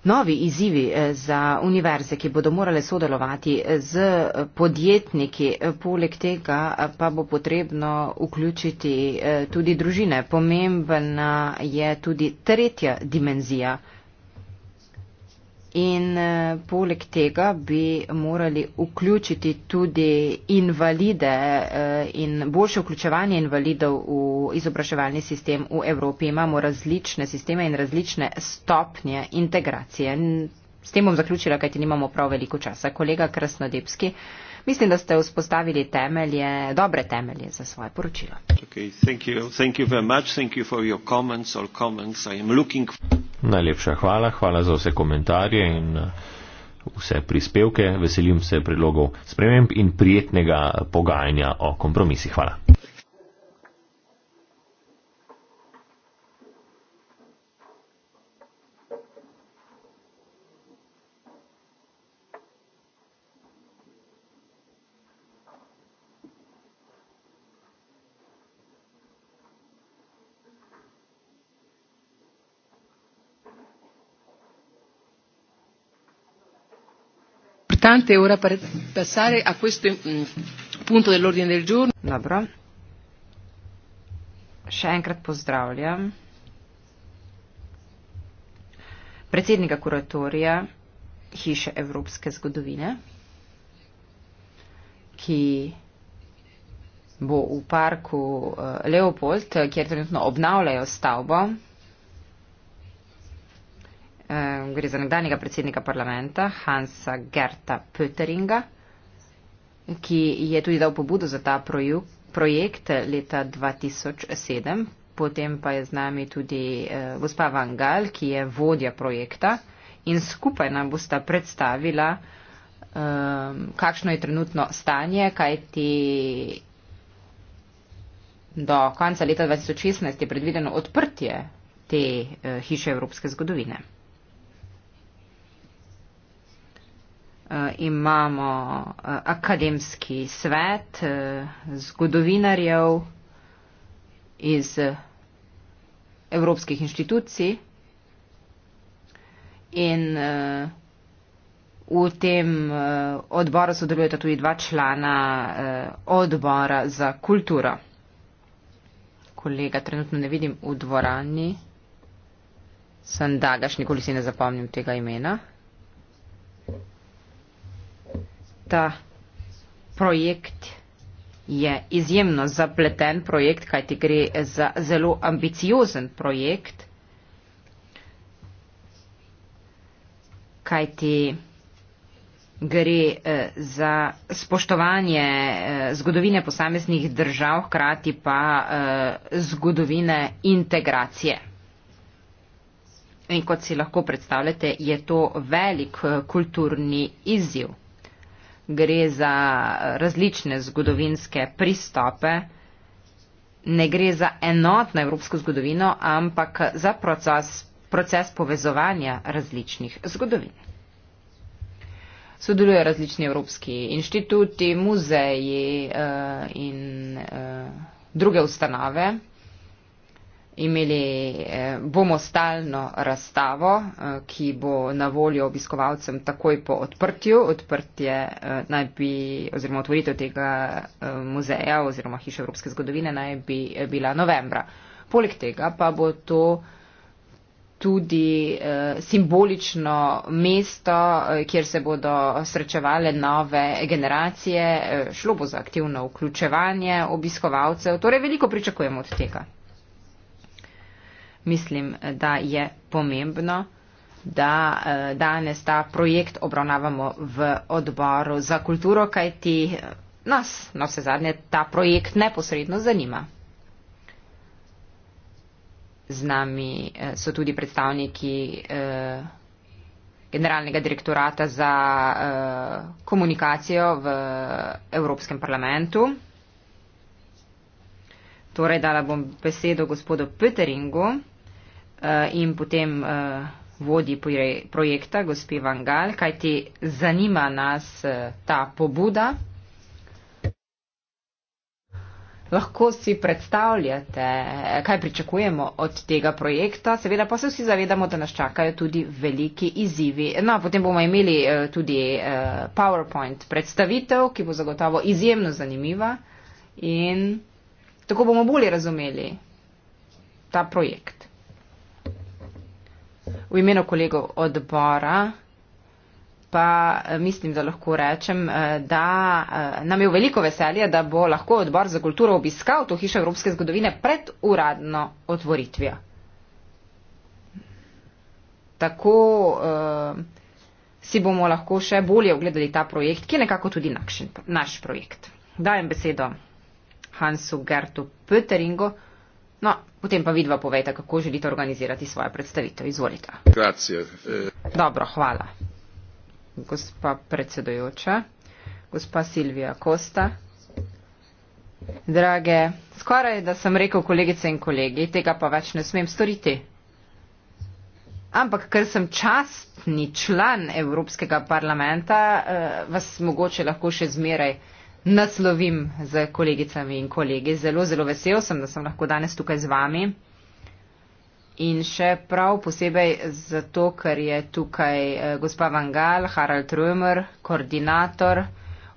Novi izzivi eh, za univerze, ki bodo morale sodelovati eh, z podjetniki, eh, poleg tega pa bo potrebno vključiti tudi družine. Pomembna je tudi tretja dimenzija In eh, poleg tega bi morali vključiti tudi invalide eh, in boljše vključevanje invalidov v izobraževalni sistem v Evropi. Imamo različne sisteme in različne stopnje integracije. S tem bom zaključila, kajti nimamo prav veliko časa. Kolega Krasnodebski, Mislim, da ste vzpostavili temelje, dobre temelje za svoje poročilo. Najlepša hvala, hvala za vse komentarje in uh, vse prispevke. Veselim se predlogov sprememb in prijetnega pogajanja o kompromisih. Hvala. importante e ora per passare a questo mm, punto dell'ordine del giorno. Dobro. Шенкрат поздравлям. Predsednika kuratorija Hiše evropske zgodovine, ki bo v parku eh, Leopold, kjer trenutno obnavljajo stavbo, Ehm, gre za nekdanjega predsednika parlamenta Hansa Gerta Pöteringa, ki je tudi dal pobudo za ta projekt leta 2007. Potem pa je z nami tudi uh, gospa Van Gal, ki je vodja projekta in skupaj nam bosta predstavila, um, kakšno je trenutno stanje, kaj ti do konca leta 2016 je predvideno odprtje te uh, hiše evropske zgodovine. Eh, imamo eh, akademski svet eh, zgodovinarjev iz evropskih inštitucij in v tem odboru sodelujeta tudi dva člana odbora za kulturo. Kolega trenutno ne vidim v dvorani. Sandagaš, nikoli si ne zapomnim tega imena. ta projekt je izjemno zapleten projekt, kajti gre za zelo ambiciozen projekt, kajti gre eh, za spoštovanje eh, zgodovine posameznih držav, hkrati pa eh, zgodovine integracije. In kot si lahko predstavljate, je to velik kulturni izziv gre za različne zgodovinske pristope, ne gre za enotno evropsko zgodovino, ampak za proces, proces povezovanja različnih zgodovin. Sodeluje različni evropski inštituti, muzeji uh, in uh, druge ustanove imeli, eh, bomo stalno razstavo, eh, ki bo na voljo obiskovalcem takoj po odprtju. Odprtje eh, naj bi, oziroma otvoritev tega muzeja oziroma hiše Evropske zgodovine naj bi bila novembra. Poleg tega pa bo to tudi simbolično mesto, kjer se bodo srečevale nove generacije. Šlo bo za aktivno vključevanje obiskovalcev, torej veliko pričakujemo od tega mislim, da je pomembno, da eh, danes ta projekt obravnavamo v odboru za kulturo, kajti eh, nas, na vse zadnje, ta projekt neposredno zanima. Z nami eh, so tudi predstavniki generalnega direktorata za komunikacijo v Evropskem parlamentu. Torej, dala bom besedo gospodu Peteringu. Eh, in potem eh, vodji projekta, gospe Van Gal, kajti zanima nas eh, ta pobuda. Lahko si predstavljate, kaj pričakujemo od tega projekta, seveda pa se vsi zavedamo, da nas čakajo tudi veliki izzivi. No, potem bomo imeli tudi PowerPoint predstavitev, ki bo zagotovo izjemno zanimiva in tako bomo bolje razumeli ta projekt v imenu kolegov odbora pa eh, mislim, da lahko rečem, eh, da eh, nam je v veliko veselje, da bo lahko odbor za kulturo obiskal to hišo Evropske zgodovine pred uradno otvoritvijo. Tako uh, si bomo lahko še bolje ogledali ta projekt, ki je nekako tudi nakšen, naš projekt. Dajem besedo Hansu Gertu Pöteringu. No, Potem pa vidva povejte, kako želite organizirati svojo predstavitev. Izvolite. Grazie. Eh. Dobro, hvala. Gospa predsedojoča, gospa Silvija Kosta. Drage, skoraj da sem rekel kolegice in kolegi, tega pa več ne smem storiti. Ampak, ker sem častni član Evropskega parlamenta, eh, vas mogoče lahko še zmeraj naslovim z kolegicami in kolegi. Zelo, zelo vesel sem, da sem lahko danes tukaj z vami. In še prav posebej zato, ker je tukaj eh, gospa Vangal, Harald Römer, koordinator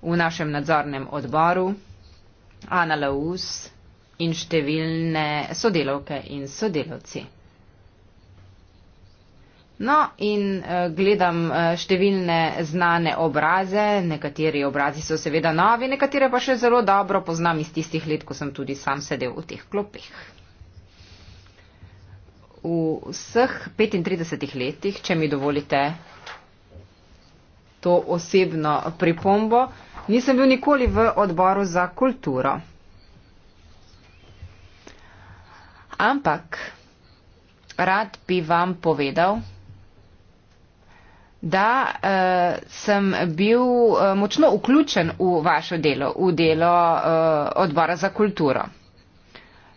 v našem nadzornem odboru, Ana Laus in številne sodelovke in sodelovci. No, in uh, gledam uh, številne znane obraze, nekateri obrazi so seveda novi, nekatere pa še zelo dobro poznam iz tistih let, ko sem tudi sam sedel v teh klopih. V vseh 35 letih, če mi dovolite to osebno pripombo, nisem bil nikoli v odboru za kulturo. Ampak rad bi vam povedal, da uh, sem bil uh, močno vključen v vaše delo, v delo uh, odbora za kulturo.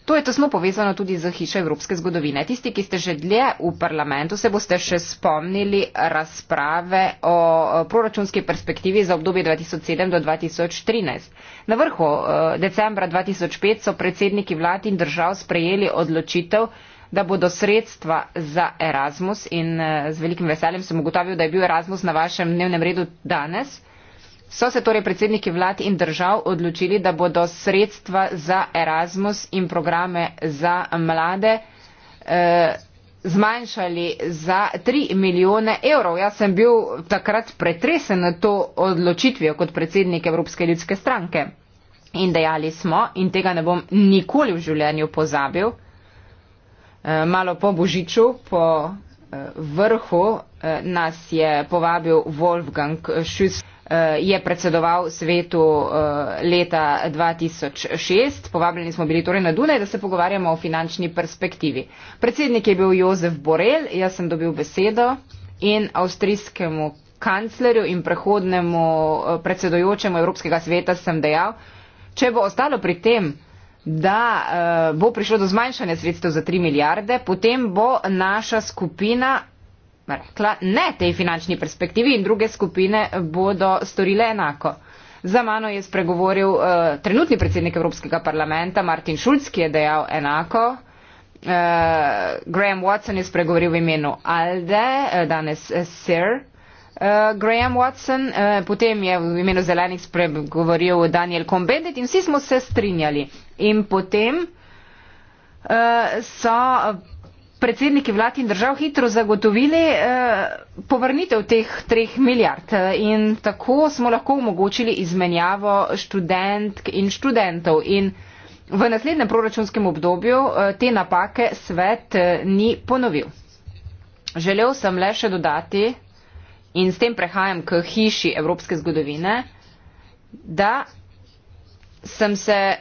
To je tesno povezano tudi z hišo evropske zgodovine. Tisti, ki ste že dlje v parlamentu, se boste še spomnili razprave o proračunski perspektivi za obdobje 2007 do 2013. Na vrhu decembra 2005 so predsedniki vlad in držav sprejeli odločitev, da bodo sredstva za Erasmus in eh, z velikim veseljem sem ugotovil, da je bil Erasmus na vašem dnevnem redu danes. So se torej predsedniki vlad in držav odločili, da bodo sredstva za Erasmus in programe za mlade eh, zmanjšali za 3 milijone evrov. Jaz sem bil takrat pretresen na to odločitvijo kot predsednik Evropske ljudske stranke. In dejali smo, in tega ne bom nikoli v življenju pozabil, Eh, malo po božiču, po eh, vrhu eh, nas je povabil Wolfgang Schütz, je predsedoval svetu leta 2006. Povabljeni smo bili torej na Dunaj, da se pogovarjamo o finančni perspektivi. Predsednik je bil Jozef Borel, jaz sem dobil besedo in avstrijskemu kanclerju in prehodnemu predsedojočemu Evropskega sveta sem dejal, če bo ostalo pri tem, da eh, bo prišlo do zmanjšanja sredstev za 3 milijarde, potem bo naša skupina rekla ne tej finančni perspektivi in druge skupine bodo storile enako. Za mano je spregovoril uh, trenutni predsednik Evropskega parlamenta Martin Schulz, ki je dejal enako. Uh, Graham Watson je spregovoril v imenu Alde, uh, danes uh, Sir. Uh, uh, Graham Watson, uh, potem je v imenu zelenih spregovoril Daniel Combendit in vsi smo se strinjali. In potem uh, so predsedniki vlad in držav hitro zagotovili uh, povrnitev teh treh milijard in tako smo lahko omogočili izmenjavo študentk in študentov. In V naslednjem proračunskem obdobju te napake svet ni ponovil. Želel sem le še dodati, in s tem prehajam k hiši evropske zgodovine, da sem se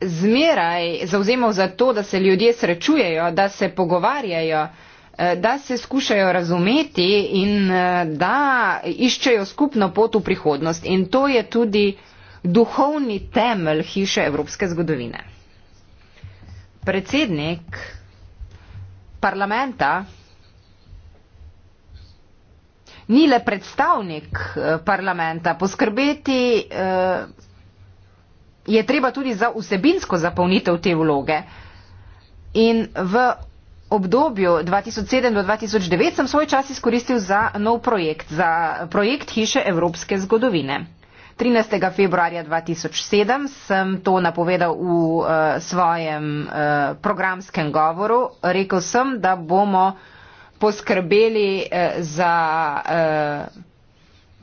zmeraj zauzemal za to, da se ljudje srečujejo, da se pogovarjajo, eh, da se skušajo razumeti in eh, da iščejo skupno pot v prihodnost. In to je tudi duhovni temelj hiše evropske zgodovine. Predsednik parlamenta ni le predstavnik eh, parlamenta. Poskrbeti eh, je treba tudi za vsebinsko zapolnitev te vloge. In v obdobju 2007 do 2009 sem svoj čas izkoristil za nov projekt, za projekt Hiše Evropske zgodovine. 13. februarja 2007 sem to napovedal v uh, svojem uh, programskem govoru. Rekl sem, da bomo uh, poskrbeli eh, za eh,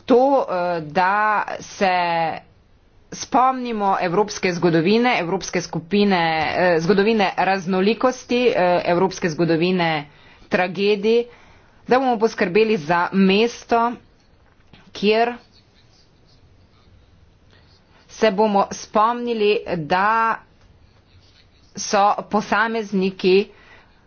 to, eh, da se spomnimo evropske zgodovine, evropske skupine, zgodovine raznolikosti, evropske zgodovine tragedij, da bomo poskrbeli za mesto, kjer se bomo spomnili, da so posamezniki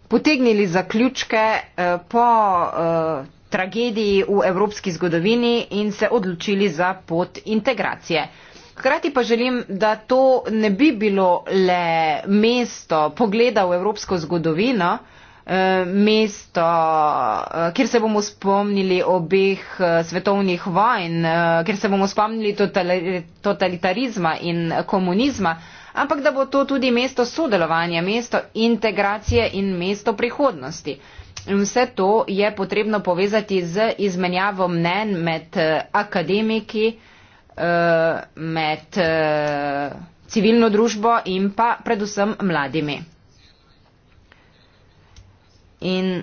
potegnili zaključke eh, po eh, tragediji v evropski zgodovini in se odločili za pot integracije. Hkrati pa želim, da to ne bi bilo le mesto pogleda v evropsko zgodovino, eh, mesto, kjer se bomo spomnili obeh svetovnih vojn, kjer se bomo spomnili totalitarizma in komunizma, ampak da bo to tudi mesto sodelovanja, mesto integracije in mesto prihodnosti. In vse to je potrebno povezati z izmenjavo mnen med eh, akademiki, eh, med eh, civilno družbo in pa predvsem mladimi. In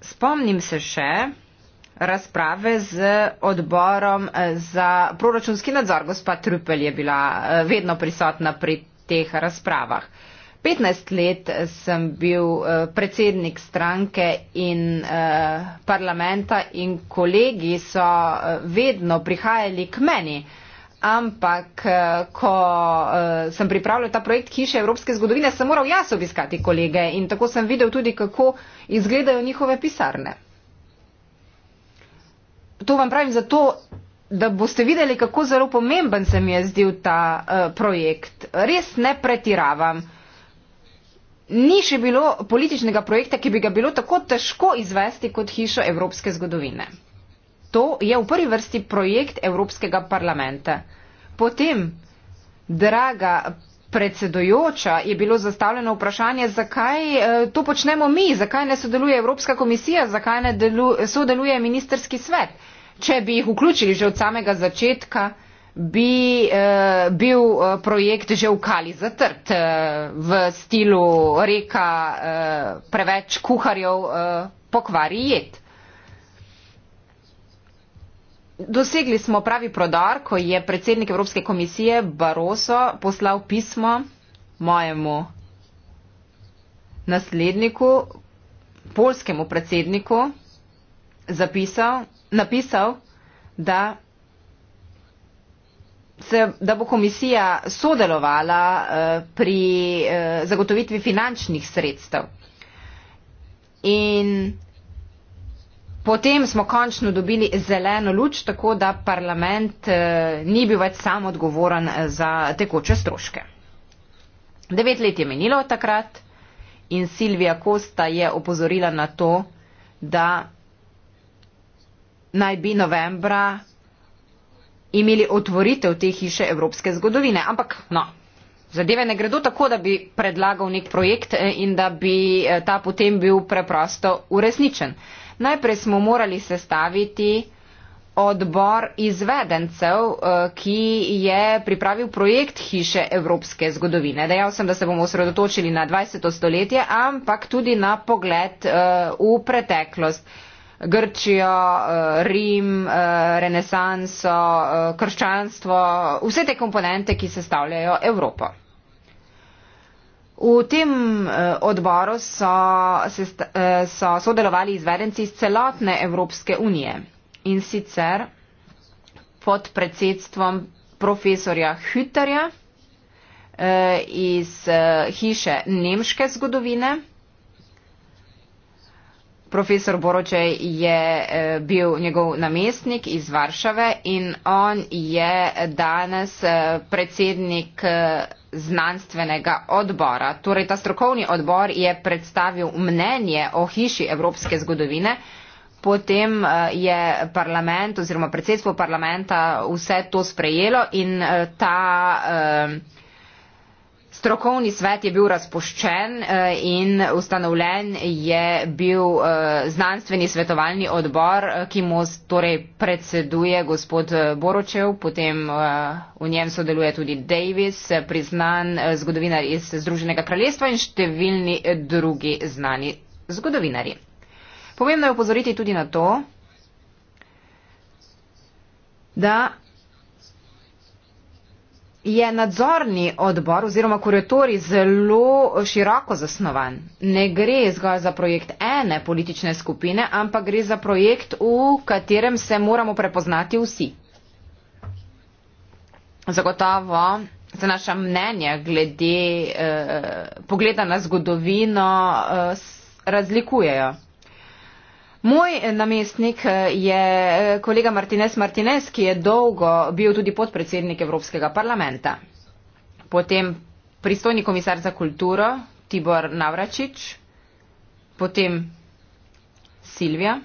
spomnim se še, razprave z odborom eh, za proračunski nadzor. Gospa Trupel je bila eh, vedno prisotna pri teh razpravah. 15 let eh, sem bil predsednik stranke in parlamenta in kolegi so vedno prihajali k meni. Ampak, ko sem pripravljal ta projekt Hiše Evropske zgodovine, sem moral jaz obiskati kolege in tako sem videl tudi, kako izgledajo njihove pisarne to vam pravim zato, da boste videli, kako zelo pomemben se mi je zdel ta uh, projekt. Res ne pretiravam. Ni še bilo političnega projekta, ki bi ga bilo tako težko izvesti kot hišo Evropske zgodovine. To je v prvi vrsti projekt Evropskega parlamenta. Potem, draga predsedojoča, je bilo zastavljeno vprašanje, zakaj eh, to počnemo mi, zakaj ne sodeluje Evropska komisija, zakaj ne delu, sodeluje ministerski svet. Uh, Če bi jih vključili že od samega začetka, bi eh, bil eh, projekt že vkali za trd eh, v stilu reka eh, preveč kuharjev eh, pokvari jed. Dosegli smo pravi prodar, ko je predsednik Evropske komisije Barroso poslal pismo mojemu nasledniku, polskemu predsedniku, zapisal, napisal, da, se, da bo komisija sodelovala eh, pri eh, zagotovitvi finančnih sredstev. In potem smo končno dobili zeleno luč, tako da parlament eh, ni bil več sam odgovoren eh, za tekoče stroške. Devet let je minilo takrat in Silvija Kosta je opozorila na to, da naj bi novembra imeli otvoritev te hiše evropske zgodovine. Ampak, no, zadeve ne gredo tako, da bi predlagal nek projekt eh, in da bi eh, ta potem bil preprosto uresničen. Najprej smo morali sestaviti odbor izvedencev, eh, ki je pripravil projekt hiše evropske zgodovine. Dejal sem, da se bomo osredotočili na 20. stoletje, ampak tudi na pogled v preteklost. Grčijo, eh, Rim, eh, renesanso, eh, krščanstvo, vse te komponente, ki sestavljajo Evropo. V tem odboru so, so sodelovali izvedenci iz celotne Evropske unije in sicer pod predsedstvom profesorja Hüterja iz hiše nemške zgodovine Profesor Boročej je eh, bil njegov namestnik iz Varšave in on je danes eh, predsednik eh, znanstvenega odbora. Torej, ta strokovni odbor je predstavil mnenje o hiši evropske zgodovine, potem je parlament oziroma predsedstvo parlamenta vse to sprejelo in ta. Uh, Strokovni svet je bil razpoščen eh, in ustanovljen je bil eh, znanstveni svetovalni odbor, eh, ki mu torej predseduje gospod Boročev, potem v njem sodeluje tudi Davis, priznan zgodovinar iz Združenega kraljestva in številni drugi znani zgodovinari. Pomembno je upozoriti tudi na to, da je nadzorni odbor oziroma kuratori zelo široko zasnovan. Ne gre zgolj za projekt ene politične skupine, ampak gre za projekt, v katerem se moramo prepoznati vsi. Zagotovo se naša mnenja glede eh, pogleda na zgodovino eh, razlikujejo. Moj eh, namestnik eh, je eh, kolega Martinez Martinez, ki je dolgo bil tudi podpredsednik Evropskega parlamenta. Potem pristojni komisar za kulturo Tibor Navračič, potem Silvija.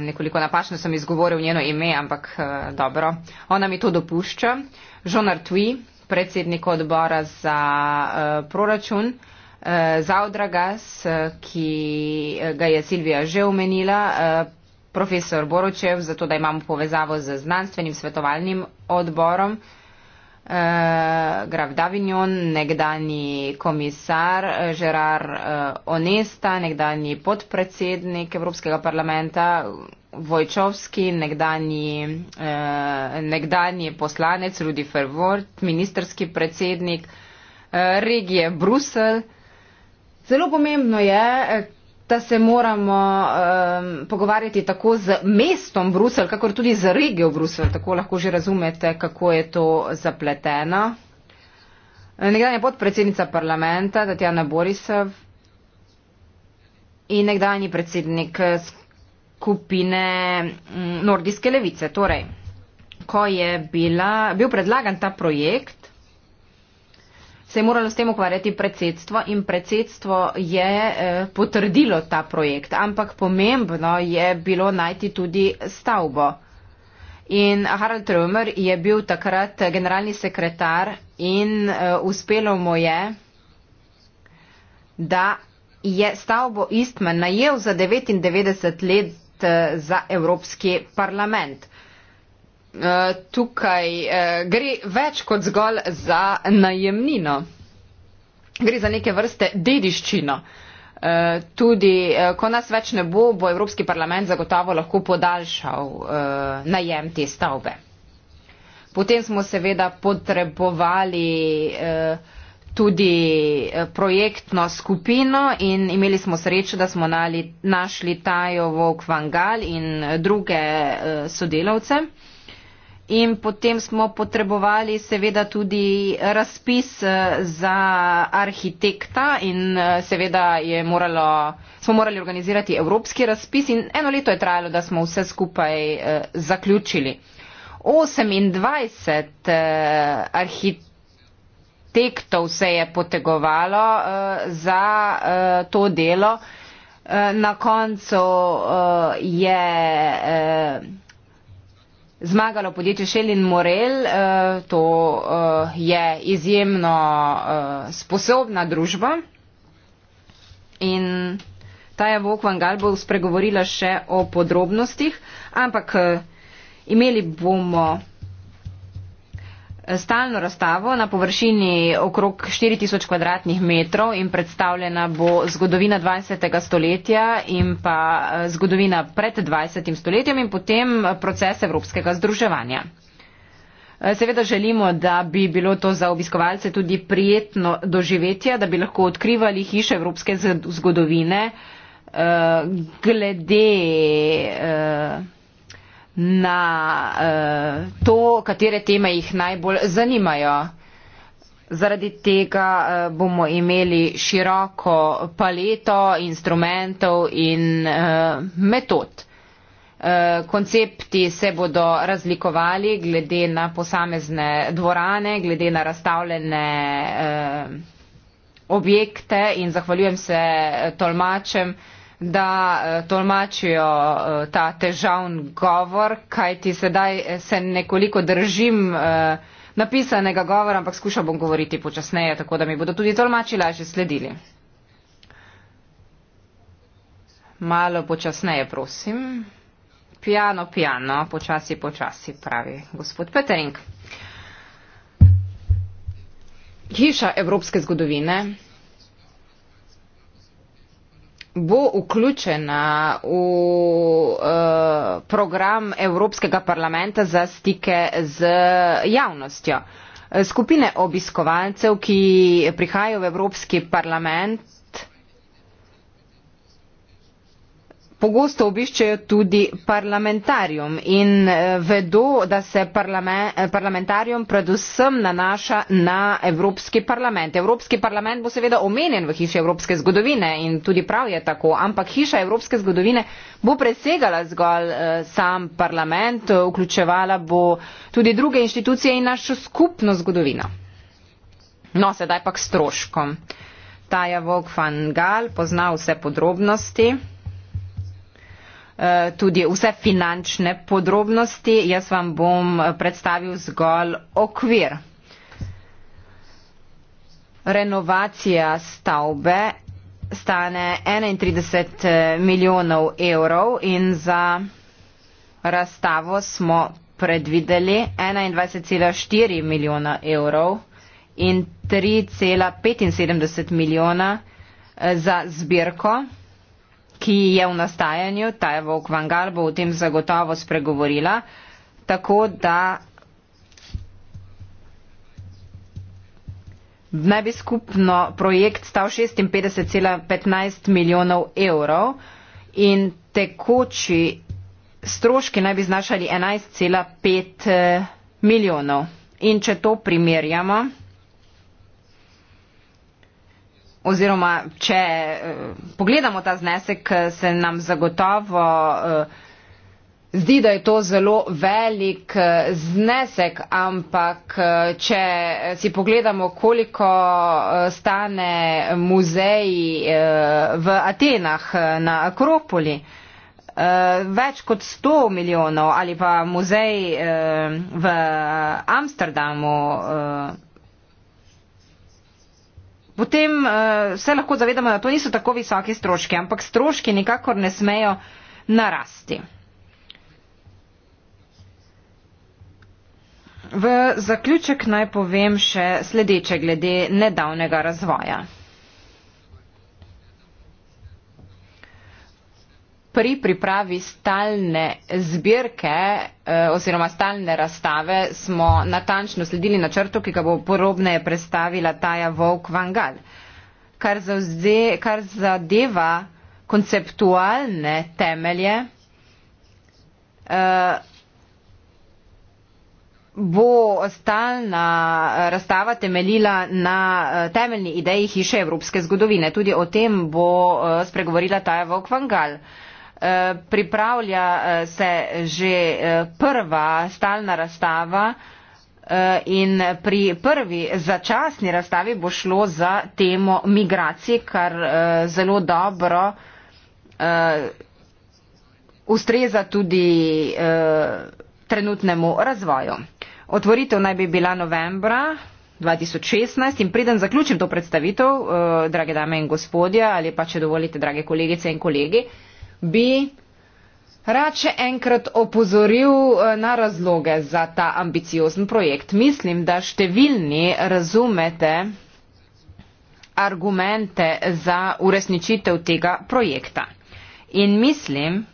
Nekoliko napačno sem izgovoril njeno ime, ampak dobro. Ona mi to dopušča. Žonar Tui, predsednik odbora za proračun. Eh, Zaudragas, eh, ki eh, ga je Silvija že omenila, profesor Boročev, zato da imamo povezavo z znanstvenim svetovalnim odborom, Graf Davignon, nekdani komisar Gerard Onesta, nekdani podpredsednik Evropskega parlamenta, Vojčovski, nekdani, nekdani poslanec Rudi Fervort, ministerski predsednik regije Brusel, Zelo pomembno je, eh, da se moramo um, pogovarjati tako z mestom Brusel, kakor tudi z regijo Brusel. Tako lahko že razumete, kako je to zapleteno. Eh, nekdanja podpredsednica parlamenta Tatjana Borisov in nekdanji predsednik eh, skupine mm, nordijske levice. Torej, ko je bila, bil predlagan ta projekt, se je moralo s tem ukvarjati predsedstvo in predsedstvo je eh, potrdilo ta projekt, ampak pomembno je bilo najti tudi stavbo. In Harald Römer je bil takrat eh, generalni sekretar in eh, uspelo mu je, da je stavbo Istman najel za 99 let eh, za Evropski parlament. Eh, tukaj uh, gre več kot zgolj za najemnino. Gre za neke vrste dediščino. Eh, tudi, ko nas več ne bo, bo Evropski parlament zagotovo lahko podaljšal najem te stavbe. Potem smo seveda potrebovali tudi projektno skupino in imeli smo srečo, da smo našli Tajo Vokvangal in druge sodelavce. In potem smo potrebovali seveda tudi razpis eh, za arhitekta in eh, seveda moralo, smo morali organizirati evropski razpis in eno leto je trajalo, da smo vse skupaj eh, zaključili. 28 arhitektov se je potegovalo za to delo. Na koncu je zmagalo podjetje Shell in Morel. Uh, to uh, je izjemno uh, sposobna družba. In Taja Vokvangal bo spregovorila še o podrobnostih, ampak uh, imeli bomo stalno razstavo na površini okrog 4000 kvadratnih metrov in predstavljena bo zgodovina 20. stoletja in pa eh, zgodovina pred 20. stoletjem in potem eh, proces evropskega združevanja. Eh, seveda želimo, da bi bilo to za obiskovalce tudi prijetno doživetje, da bi lahko odkrivali hiše evropske zgodovine glede na uh, to, katere teme jih najbolj zanimajo. Zaradi tega uh, bomo imeli široko paleto instrumentov in uh, metod. Koncepti se bodo razlikovali glede na posamezne dvorane, glede na razstavljene eh, objekte in zahvaljujem se tolmačem eh, da eh, tolmačijo eh, ta težavn govor, kajti sedaj eh, se nekoliko držim napisanega govora, ampak skušal bom govoriti počasneje, tako da mi bodo tudi tolmači lažje sledili. Malo počasneje, prosim. Piano, piano, počasi, počasi, pravi gospod Petering. Hiša evropske zgodovine bo vključena v uh, program Evropskega parlamenta za stike z javnostjo. Skupine obiskovalcev, ki prihajajo v Evropski parlament, pogosto obiščejo tudi parlamentarjum in eh, vedo, da se eh, parlamentarjum predvsem nanaša na Evropski parlament. Evropski parlament bo seveda omenjen v hiši Evropske zgodovine in tudi prav je tako, ampak hiša Evropske zgodovine bo presegala zgolj eh, sam parlament, vključevala bo tudi druge inštitucije in našo skupno zgodovino. No, sedaj pa k stroškom. Taja Vogfangal pozna vse podrobnosti. Eh, tudi vse finančne podrobnosti. Jaz vam bom eh, predstavil zgolj okvir. Renovacija stavbe stane 31 eh, milijonov evrov in za razstavo smo predvideli 21,4 milijona evrov in 3,75 milijona za zbirko ki je v nastajanju, ta je Vok Vangal, bo o tem zagotovo spregovorila, tako da naj bi skupno projekt stal 56,15 milijonov evrov in tekoči stroški naj bi znašali 11,5 eh, milijonov. In če to primerjamo, oziroma če eh, pogledamo ta znesek, eh, se nam zagotovo eh, zdi, da je to zelo velik znesek, ampak če si pogledamo, koliko stane muzej v Atenah na Akropoli, več kot 100 milijonov ali pa muzej v Amsterdamu, potem uh, se lahko zavedamo, da to niso tako visoki stroški, ampak stroški nikakor ne smejo narasti. V zaključek naj povem še sledeče glede nedavnega razvoja. pri pripravi stalne zbirke eh, oziroma stalne razstave smo natančno sledili načrtu, ki ga bo porobneje predstavila Taja Vauk Vangal. Kar, zavze, kar zadeva konceptualne temelje, eh, bo stalna razstava temeljila na eh, temeljni ideji hiše evropske zgodovine. Tudi o tem bo spregovorila Taja Vauk Vangal. Eh, pripravlja eh, se že eh, prva stalna razstava in pri prvi začasni razstavi bo šlo za temo migracije, kar zelo dobro ustreza tudi trenutnemu razvoju. Otvoritev naj bi bila novembra. 2016 in preden zaključim to predstavitev, eh, drage dame in gospodje, ali pa če dovolite, drage kolegice in kolegi, eh, bi rad še enkrat opozoril eh, na razloge za ta ambiciozen projekt. Mislim, da številni razumete argumente za uresničitev tega projekta. In mislim,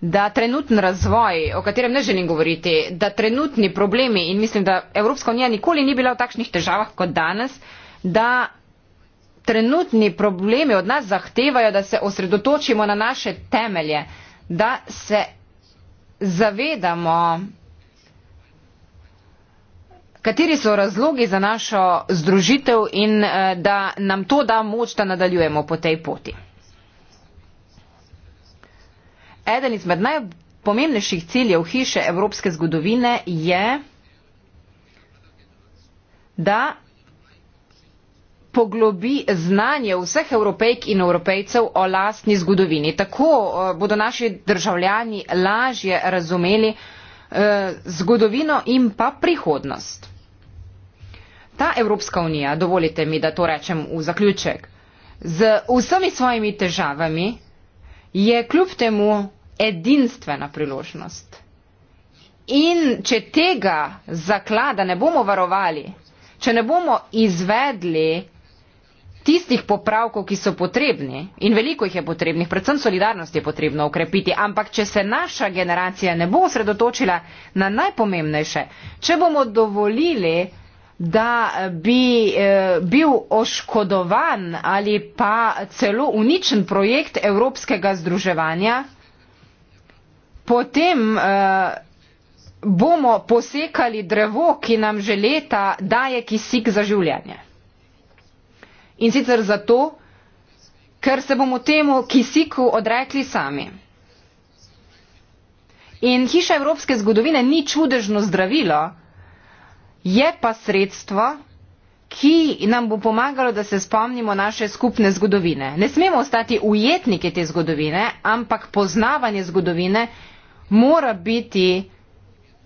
da trenutni razvoj, o katerem ne želim govoriti, da trenutni problemi in mislim, da Evropska unija nikoli ni bila v takšnih težavah kot danes, da trenutni problemi od nas zahtevajo, da se osredotočimo na naše temelje, da se zavedamo, kateri so razlogi za našo združitev in eh, da nam to da moč, da nadaljujemo po tej poti. Eden izmed najpomembnejših ciljev hiše evropske zgodovine je, da poglobi znanje vseh evropejk in evropejcev o lastni zgodovini. Tako eh, bodo naši državljani lažje razumeli eh, zgodovino in pa prihodnost. Ta Evropska unija, dovolite mi, da to rečem v zaključek, z vsemi svojimi težavami je kljub temu edinstvena priložnost. In če tega zaklada ne bomo varovali, če ne bomo izvedli tistih popravkov, ki so potrebni in veliko jih je potrebnih, predvsem solidarnost je potrebno ukrepiti, ampak če se naša generacija ne bo osredotočila na najpomembnejše, če bomo dovolili, da eh, bi eh, bil oškodovan ali pa celo uničen projekt evropskega združevanja, potem eh, bomo posekali drevo, ki nam že leta daje kisik za življenje. In sicer zato, ker se bomo temu kisiku odrekli sami. In hiša evropske zgodovine ni čudežno zdravilo, je pa sredstvo, ki nam bo pomagalo, da se spomnimo naše skupne zgodovine. Ne smemo ostati ujetniki te zgodovine, ampak poznavanje zgodovine mora biti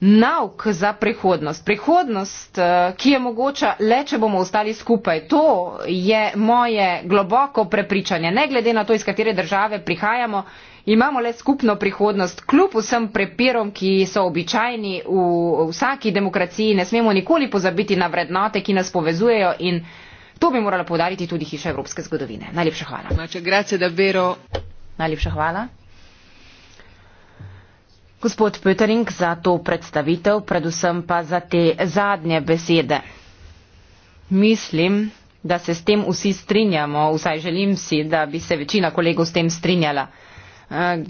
nauk za prihodnost. Prihodnost, eh, ki je mogoča le, če bomo ostali skupaj. To je moje globoko prepričanje. Ne glede na to, iz katere države prihajamo, imamo le skupno prihodnost. Kljub vsem prepirom, ki so običajni v vsaki demokraciji, ne smemo nikoli pozabiti na vrednote, ki nas povezujejo in to bi morala podariti tudi Hiša Evropske zgodovine. Najlepša hvala. Najlepša hvala. Gospod Pötering, za to predstavitev, predvsem pa za te zadnje besede. Mislim, da se s tem vsi strinjamo, vsaj želim si, da bi se večina kolegov s tem strinjala. Eh,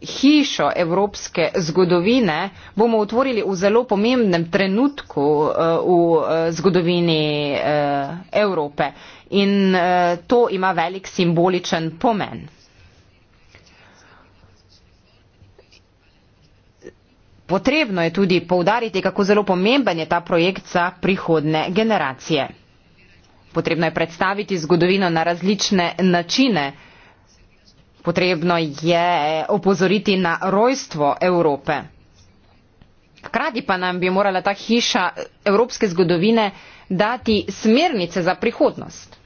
hišo evropske zgodovine bomo otvorili v zelo pomembnem trenutku eh, v eh, zgodovini Evrope in to ima velik simboličen pomen. Potrebno je tudi povdariti, kako zelo pomemben je ta projekt za prihodne generacije. Potrebno je predstaviti zgodovino na različne načine. Potrebno je opozoriti na rojstvo Evrope. Hkrati pa nam bi morala ta hiša evropske zgodovine dati smernice za prihodnost.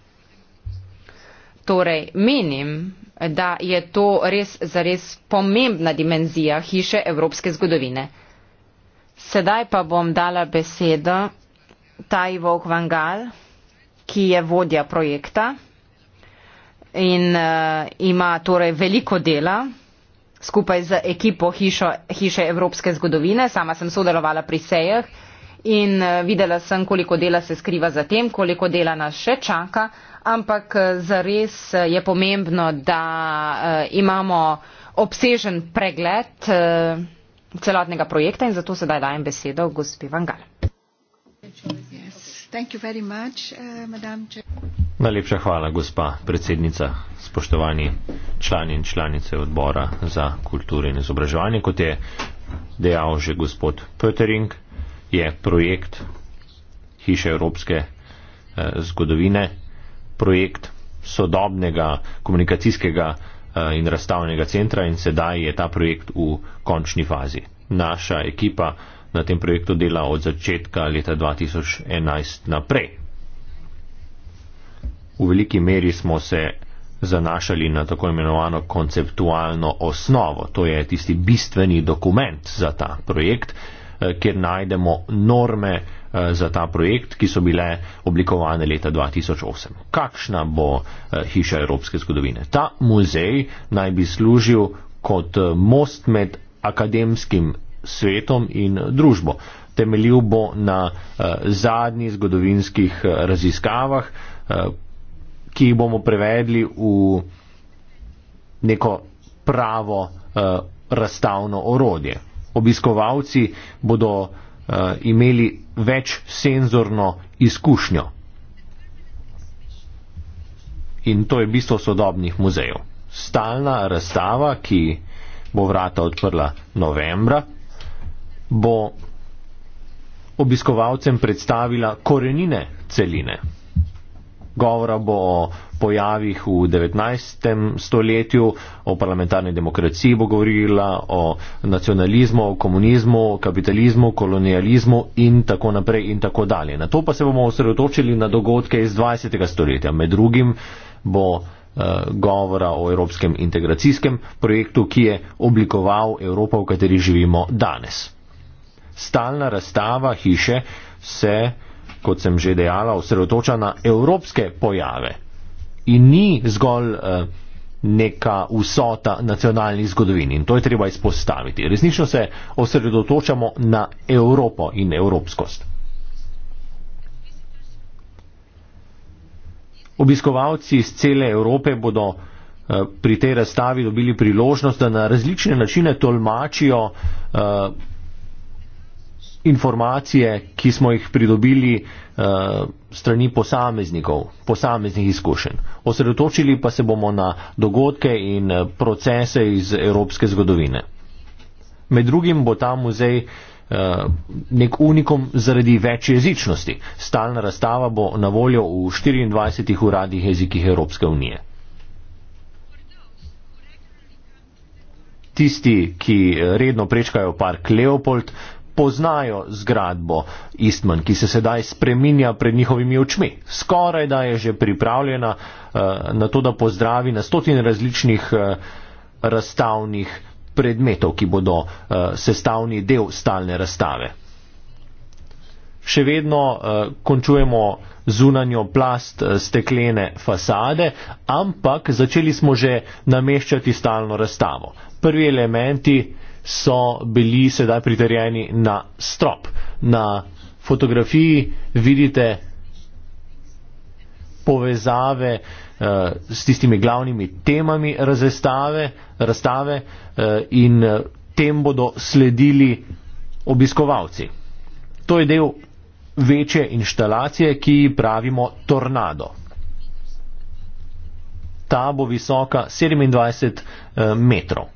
Torej, menim, da je to res zares pomembna dimenzija hiše evropske zgodovine. Sedaj pa bom dala besedo Taj Vok Vangal, ki je vodja projekta in uh, ima torej veliko dela skupaj z ekipo hišo, Hiše Evropske zgodovine. Sama sem sodelovala pri sejah in uh, videla sem, koliko dela se skriva za tem, koliko dela nas še čaka, ampak eh, zares eh, je pomembno, da eh, imamo obsežen pregled celotnega projekta in zato sedaj dajem besedo gospi Vangal. Yes. Najlepša hvala, gospa predsednica, spoštovani člani in članice odbora za kulturo in izobraževanje. Kot je dejal že gospod Pöttering, je projekt Hiše Evropske eh, zgodovine projekt sodobnega komunikacijskega eh, in razstavnega centra in sedaj je ta projekt v končni fazi. Naša ekipa na tem projektu dela od začetka leta 2011 naprej. V veliki meri smo se zanašali na tako imenovano konceptualno osnovo. To je tisti bistveni dokument za ta projekt, eh, kjer najdemo norme Eh, za ta projekt, ki so bile oblikovane leta 2008. Kakšna bo eh, hiša evropske zgodovine? Ta muzej naj bi služil kot eh, most med akademskim svetom in družbo. Temeljil bo na zadnjih zgodovinskih raziskavah, ki jih bomo prevedli v neko pravo razstavno orodje. Obiskovalci bodo imeli več senzorno izkušnjo. In to je bistvo sodobnih muzejev. Stalna razstava, ki bo vrata odprla novembra, bo obiskovalcem predstavila korenine celine govora bo o pojavih v 19. stoletju, o parlamentarni demokraciji bo govorila, o nacionalizmu, o komunizmu, kapitalizmu, kolonializmu in tako naprej in tako dalje. Na to pa se bomo osredotočili na dogodke iz 20. stoletja. Med drugim bo eh, govora o evropskem integracijskem projektu, ki je oblikoval Evropo, v kateri živimo danes. Stalna razstava hiše se kot sem že dejala, osredotoča na evropske pojave in ni zgolj eh, neka vsota nacionalnih zgodovin in to je treba izpostaviti. Resnično se osredotočamo na Evropo in evropskost. Obiskovalci iz cele Evrope bodo eh, pri tej razstavi dobili priložnost, da na različne načine tolmačijo eh, informacije, ki smo jih pridobili uh, strani posameznikov, posameznih izkušenj. Osredotočili pa se bomo na dogodke in eh, procese iz evropske zgodovine. Med drugim bo ta muzej eh, nek unikom zaradi večjezičnosti. Stalna razstava bo na voljo v 24 uradnih jezikih Evropske unije. Tisti, ki redno prečkajo park Leopold, poznajo zgradbo Istman, ki se sedaj spreminja pred njihovimi očmi. Skoraj da je že pripravljena uh, na to, da pozdravi na stotine različnih uh, razstavnih predmetov, ki bodo uh, sestavni del stalne razstave. Še vedno uh, končujemo zunanjo plast steklene fasade, ampak začeli smo že nameščati stalno razstavo. Prvi elementi uh, so bili sedaj pritrjeni na strop. Na fotografiji vidite povezave uh, s tistimi glavnimi temami razstave, razstave uh, in eh, tem bodo sledili obiskovalci. To je del večje inštalacije, ki ji pravimo tornado. Ta bo visoka 27 eh, metrov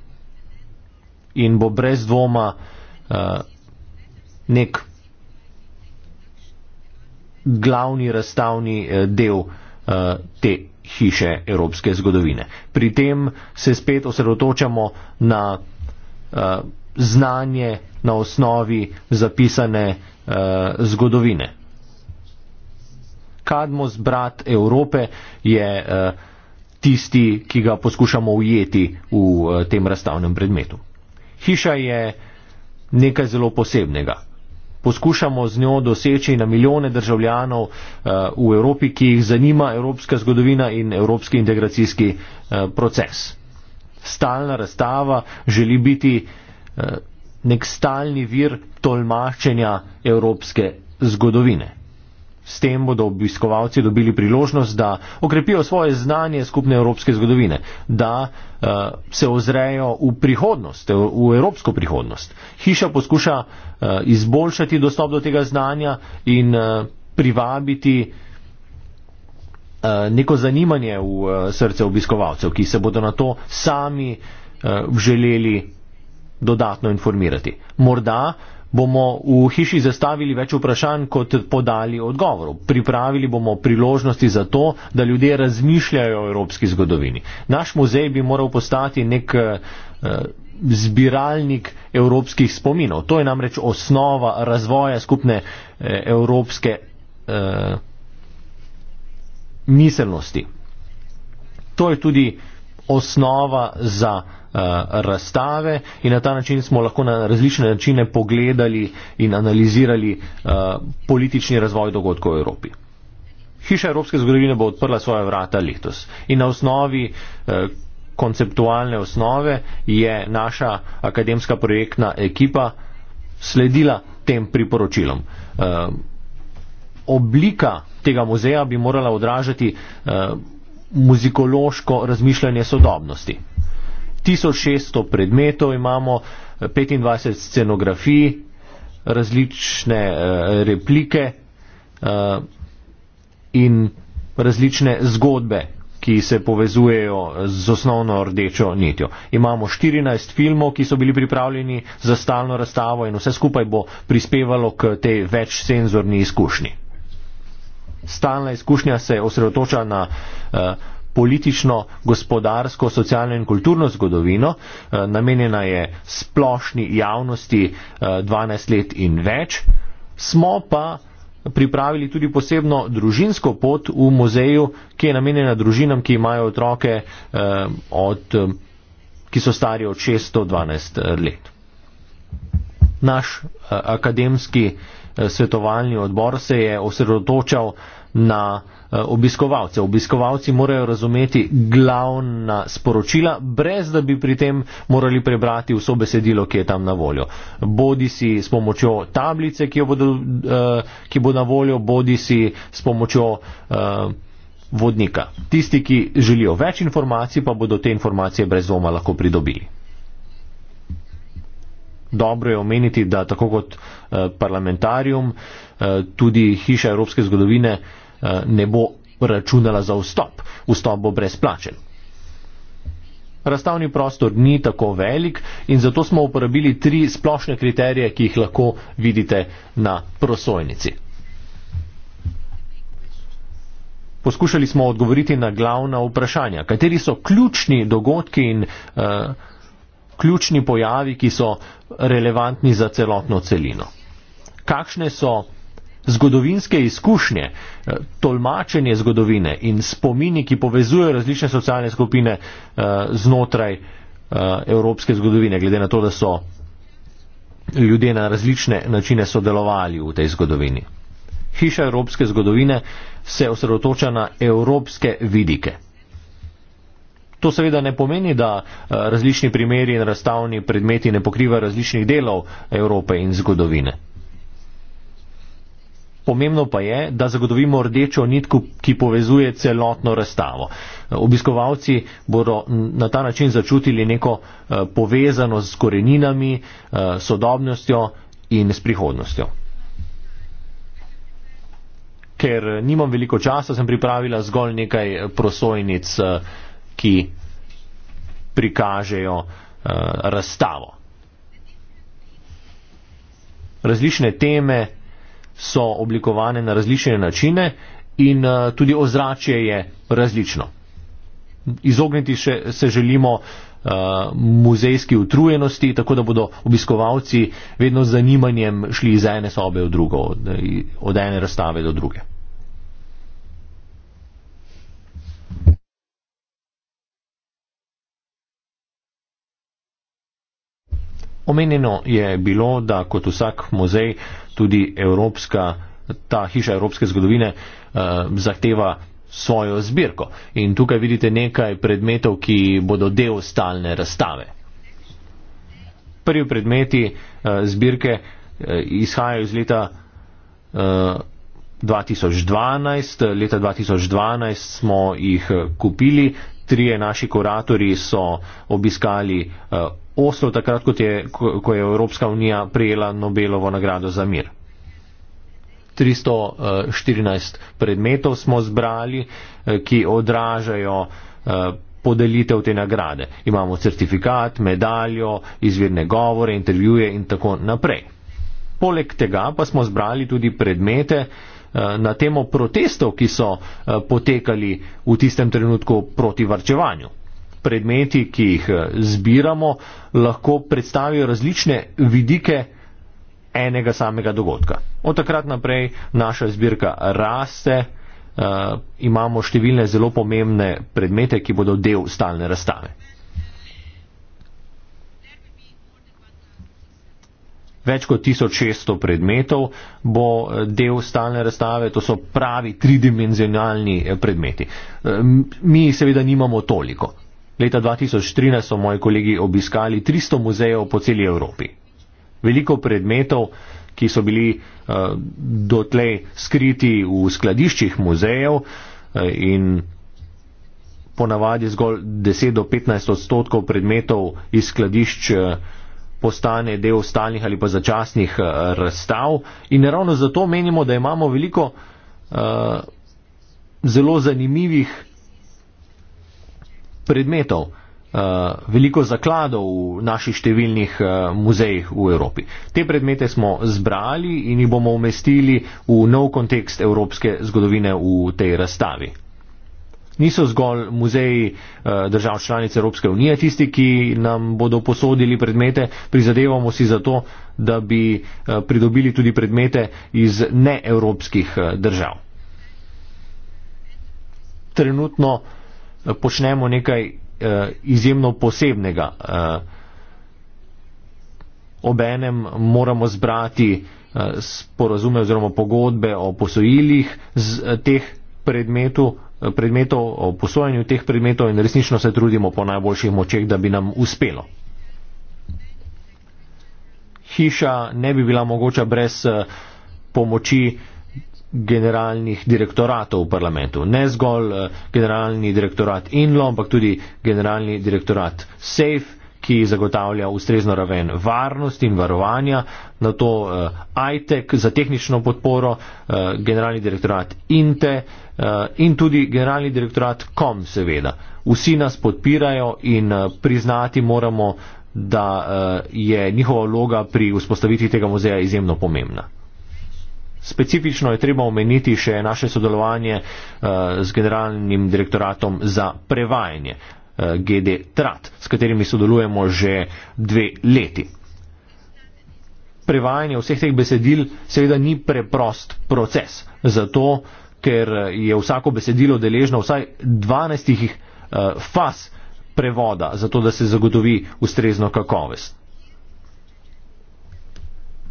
in bo brez dvoma uh, nek glavni razstavni eh, del uh, te hiše evropske zgodovine. Pri tem se spet osredotočamo na uh, znanje na osnovi zapisane uh, zgodovine. Kadmos, brat Evrope, je uh, tisti, ki ga poskušamo ujeti v uh, tem razstavnem predmetu. Hiša je nekaj zelo posebnega. Poskušamo z njo doseči na milijone državljanov eh, v Evropi, ki jih zanima evropska zgodovina in evropski integracijski eh, proces. Stalna razstava želi biti eh, nek stalni vir tolmačenja evropske zgodovine. S tem bodo obiskovalci dobili priložnost, da okrepijo svoje znanje skupne evropske zgodovine, da uh, se ozrejo v prihodnost, v evropsko prihodnost. Hiša poskuša uh, izboljšati dostop do tega znanja in uh, privabiti neko zanimanje v srce obiskovalcev, ki se bodo na to sami želeli dodatno informirati. Morda bomo v hiši zastavili več vprašanj, kot podali odgovorov. Pripravili bomo priložnosti za to, da ljudje razmišljajo o evropski zgodovini. Naš muzej bi moral postati nek eh, zbiralnik evropskih spominov. To je namreč osnova razvoja skupne eh, evropske eh, miselnosti. To je tudi osnova za Eh, razstave in na ta način smo lahko na različne načine pogledali in analizirali eh, politični razvoj dogodkov v Evropi. Hiša Evropske zgodovine bo odprla svoje vrata letos in na osnovi eh, konceptualne osnove je naša akademska projektna ekipa sledila tem priporočilom. Oblika tega muzeja bi morala odražati muzikološko razmišljanje sodobnosti. 1600 predmetov imamo, 25 scenografij, različne eh, replike eh, in različne zgodbe, ki se povezujejo z osnovno rdečo nitjo. Imamo 14 filmov, ki so bili pripravljeni za stalno razstavo in vse skupaj bo prispevalo k tej večsenzorni izkušnji. Stalna izkušnja se osredotoča na uh, politično, gospodarsko, socialno in kulturno zgodovino, eh, namenjena je splošni javnosti 12 eh, let in več, smo pa pripravili tudi posebno družinsko pot v muzeju, ki je namenjena družinam, ki imajo otroke, eh, od, ki so stari od 612 let. Naš akademski svetovalni odbor se je osredotočal na Eh, obiskovalce. Obiskovalci morajo razumeti glavna sporočila, brez da bi pri tem morali prebrati vso besedilo, ki je tam na voljo. Bodi si s pomočjo tablice, ki, bodo, eh, ki bo na voljo, bodi si s pomočjo eh, vodnika. Tisti, ki želijo več informacij, pa bodo te informacije brez dvoma lahko pridobili. Dobro je omeniti, da tako kot parlamentarium, tudi hiša evropske zgodovine, Eh, ne bo računala za vstop. Vstop bo brezplačen. Razstavni prostor ni tako velik in zato smo uporabili tri splošne kriterije, ki jih lahko vidite na prosojnici. Poskušali smo odgovoriti na glavna vprašanja, kateri so ključni dogodki in uh, ključni pojavi, ki so relevantni za celotno celino. Kakšne so zgodovinske izkušnje, eh, tolmačenje zgodovine in spomini, ki povezujejo različne socialne skupine eh, znotraj eh, evropske zgodovine, glede na to, da so ljudje na različne načine sodelovali v tej zgodovini. Hiša evropske zgodovine se osredotoča na evropske vidike. To seveda ne pomeni, da različni primeri in razstavni predmeti ne pokrivajo različnih delov Evrope in zgodovine. Pomembno pa je, da zagotovimo rdečo nitko, ki povezuje celotno razstavo. Obiskovalci bodo na ta način začutili neko eh, povezano z koreninami, eh, sodobnostjo in s prihodnostjo. Ker eh, nimam veliko časa, sem pripravila zgolj nekaj prosojnic, ki prikažejo razstavo. Različne teme, so oblikovane na različne načine in eh, tudi ozračje je različno. Izogniti še, se želimo uh, muzejski utrujenosti, tako da bodo obiskovalci vedno z zanimanjem šli iz ene sobe v drugo, od, eh, od ene razstave do druge. Omenjeno je bilo, da kot vsak muzej tudi Evropska, ta hiša Evropske zgodovine eh, zahteva svojo zbirko. In tukaj vidite nekaj predmetov, ki bodo del stalne razstave. Prvi predmeti eh, zbirke eh, izhajajo iz leta eh, 2012. Leta 2012 smo jih eh, kupili, trije naši kuratori so obiskali uh, Oslo takrat, ko je, ko, ko je Evropska unija prijela Nobelovo nagrado za mir. 314 eh, predmetov smo zbrali, eh, ki odražajo podelitev te nagrade. Imamo certifikat, medaljo, izvirne govore, intervjuje in tako naprej. Poleg tega pa smo zbrali tudi predmete, Eh, na temo protestov, ki so eh, potekali v tistem trenutku proti varčevanju. Predmeti, ki jih eh, zbiramo, lahko predstavijo različne vidike enega samega dogodka. Od takrat naprej naša zbirka raste, imamo številne zelo pomembne predmete, ki bodo del stalne razstave. več kot 1600 predmetov bo eh, del stalne razstave, to so pravi tridimenzionalni eh, predmeti. Eh, mi seveda nimamo toliko. Leta 2013 so moji kolegi obiskali 300 muzejev po celi Evropi. Veliko predmetov, ki so bili dotlej skriti v skladiščih muzejev in ponavadi zgolj 10 do 15 odstotkov predmetov iz skladišča postane del stalnih ali pa začasnih eh, razstav. In ravno zato menimo, da imamo veliko uh, zelo zanimivih predmetov, uh, veliko zakladov v naših številnih uh, muzejih v Evropi. Te predmete smo zbrali in jih bomo umestili v nov kontekst evropske zgodovine v tej razstavi niso zgolj muzeji eh, držav članic Evropske unije tisti, ki nam bodo posodili predmete, prizadevamo si za to, da bi eh, pridobili tudi predmete iz neevropskih eh, držav. Trenutno počnemo nekaj izjemno posebnega. Obenem moramo zbrati sporazume oziroma pogodbe o posojilih z teh predmetov, predmetov, o posojanju teh predmetov in resnično se trudimo po najboljših močeh, da bi nam uspelo. Hiša ne bi bila mogoča brez eh, pomoči generalnih direktoratov v parlamentu. Ne zgolj eh, generalni direktorat INLO, ampak tudi generalni direktorat SAFE ki zagotavlja ustrezno raven varnosti in varovanja, na to uh, eh, ITEC za tehnično podporo, uh, generalni direktorat INTE, uh, Eh, in tudi generalni direktorat kom seveda. Vsi nas podpirajo in eh, priznati moramo, da eh, je njihova vloga pri vzpostavitvi tega muzeja izjemno pomembna. Specifično je treba omeniti še naše sodelovanje z generalnim direktoratom za prevajanje GD Trat, s katerimi sodelujemo že dve leti. Prevajanje vseh teh besedil seveda ni preprost proces, zato uh, ker je vsako besedilo deležno vsaj 12 uh, eh, faz prevoda, zato da se zagotovi ustrezno kakovost.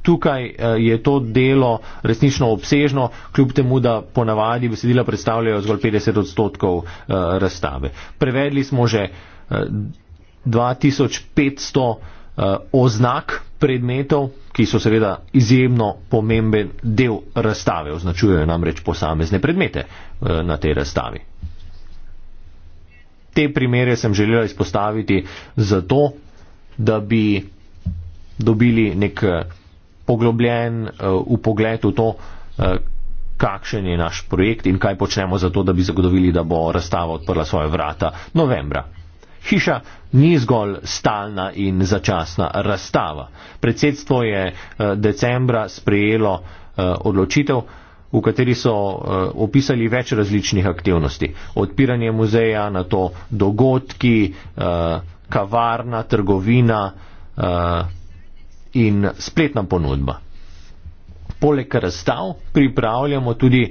Tukaj eh, je to delo resnično obsežno, kljub temu, da ponavadi besedila predstavljajo zgolj 50 odstotkov eh, razstave. Prevedli smo že 2500 oznak predmetov, ki so seveda izjemno pomemben del razstave, označujejo namreč posamezne predmete eh, na tej razstavi. Te primere sem želela izpostaviti zato, da bi dobili nek eh, poglobljen upogled eh, v to, kakšen je naš projekt in kaj počnemo za to, da bi zagotovili, da bo razstava odprla svoje vrata novembra Hiša ni zgolj stalna in začasna razstava. Predsedstvo je eh, decembra sprejelo eh, odločitev, v kateri so eh, opisali več različnih aktivnosti. Odpiranje muzeja, na to dogodki, kavarna, trgovina in spletna ponudba. Poleg razstav pripravljamo tudi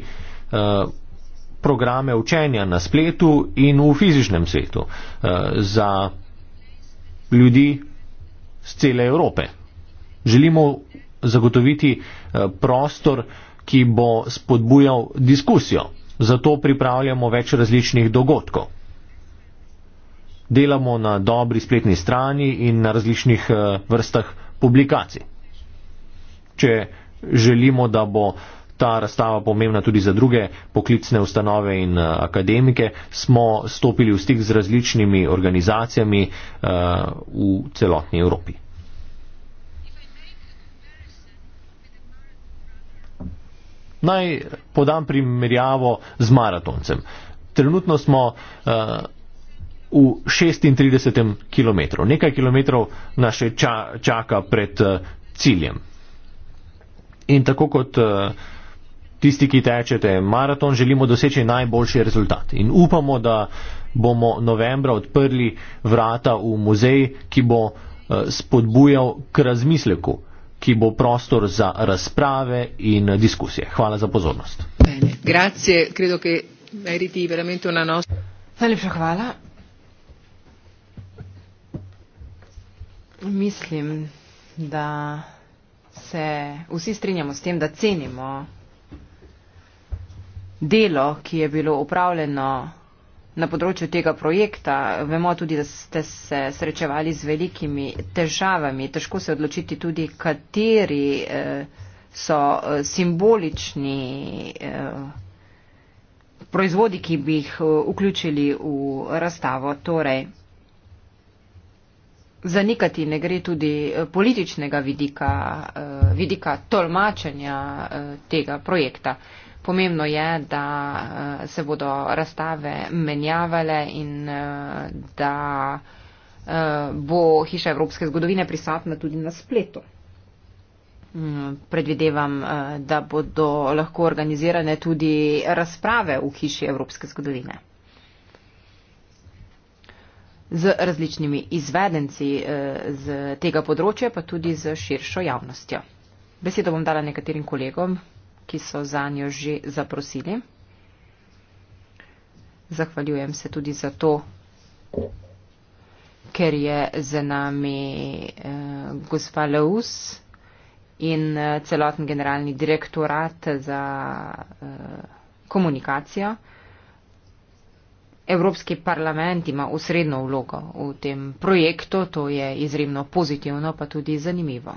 programe učenja na spletu in v fizičnem svetu eh, za ljudi z cele Evrope. Želimo zagotoviti eh, prostor, ki bo spodbujal diskusijo. Zato pripravljamo več različnih dogodkov. Delamo na dobri spletni strani in na različnih eh, vrstah publikacij. Če želimo, da bo uh, ta razstava pomembna tudi za druge poklicne ustanove in uh, akademike, smo stopili v stik z različnimi organizacijami uh, v celotni Evropi. Naj podam primerjavo z maratoncem. Trenutno smo uh, v 36 km, nekaj kilometrov nas še ča, čaka pred uh, ciljem. In tako kot uh, tisti, ki tečete maraton, želimo doseči najboljši rezultat. In upamo, da bomo novembra odprli vrata v muzej, ki bo eh, spodbujal k razmisleku, ki bo prostor za razprave in diskusije. Hvala za pozornost. Najlepša hvala. Mislim, da se vsi strinjamo s tem, da cenimo delo, ki je bilo upravljeno na področju tega projekta. Vemo tudi, da ste se srečevali z velikimi težavami. Težko se odločiti tudi, kateri eh, so eh, simbolični eh, proizvodi, ki bi jih vključili v razstavo. Torej, Zanikati ne gre tudi političnega vidika, vidika tolmačenja tega projekta pomembno je, da eh, se bodo razstave menjavale in eh, da eh, bo hiša evropske zgodovine prisotna tudi na spletu. Mm, predvidevam, da bodo lahko organizirane tudi razprave v hiši evropske zgodovine z različnimi izvedenci z tega področja, pa tudi z širšo javnostjo. Besedo bom dala nekaterim kolegom ki so za njo že zaprosili. Zahvaljujem se tudi za to, ker je za nami eh, gospa Leus in eh, celoten generalni direktorat za eh, komunikacijo. Evropski parlament ima usredno vlogo v tem projektu, to je izredno pozitivno, pa tudi zanimivo.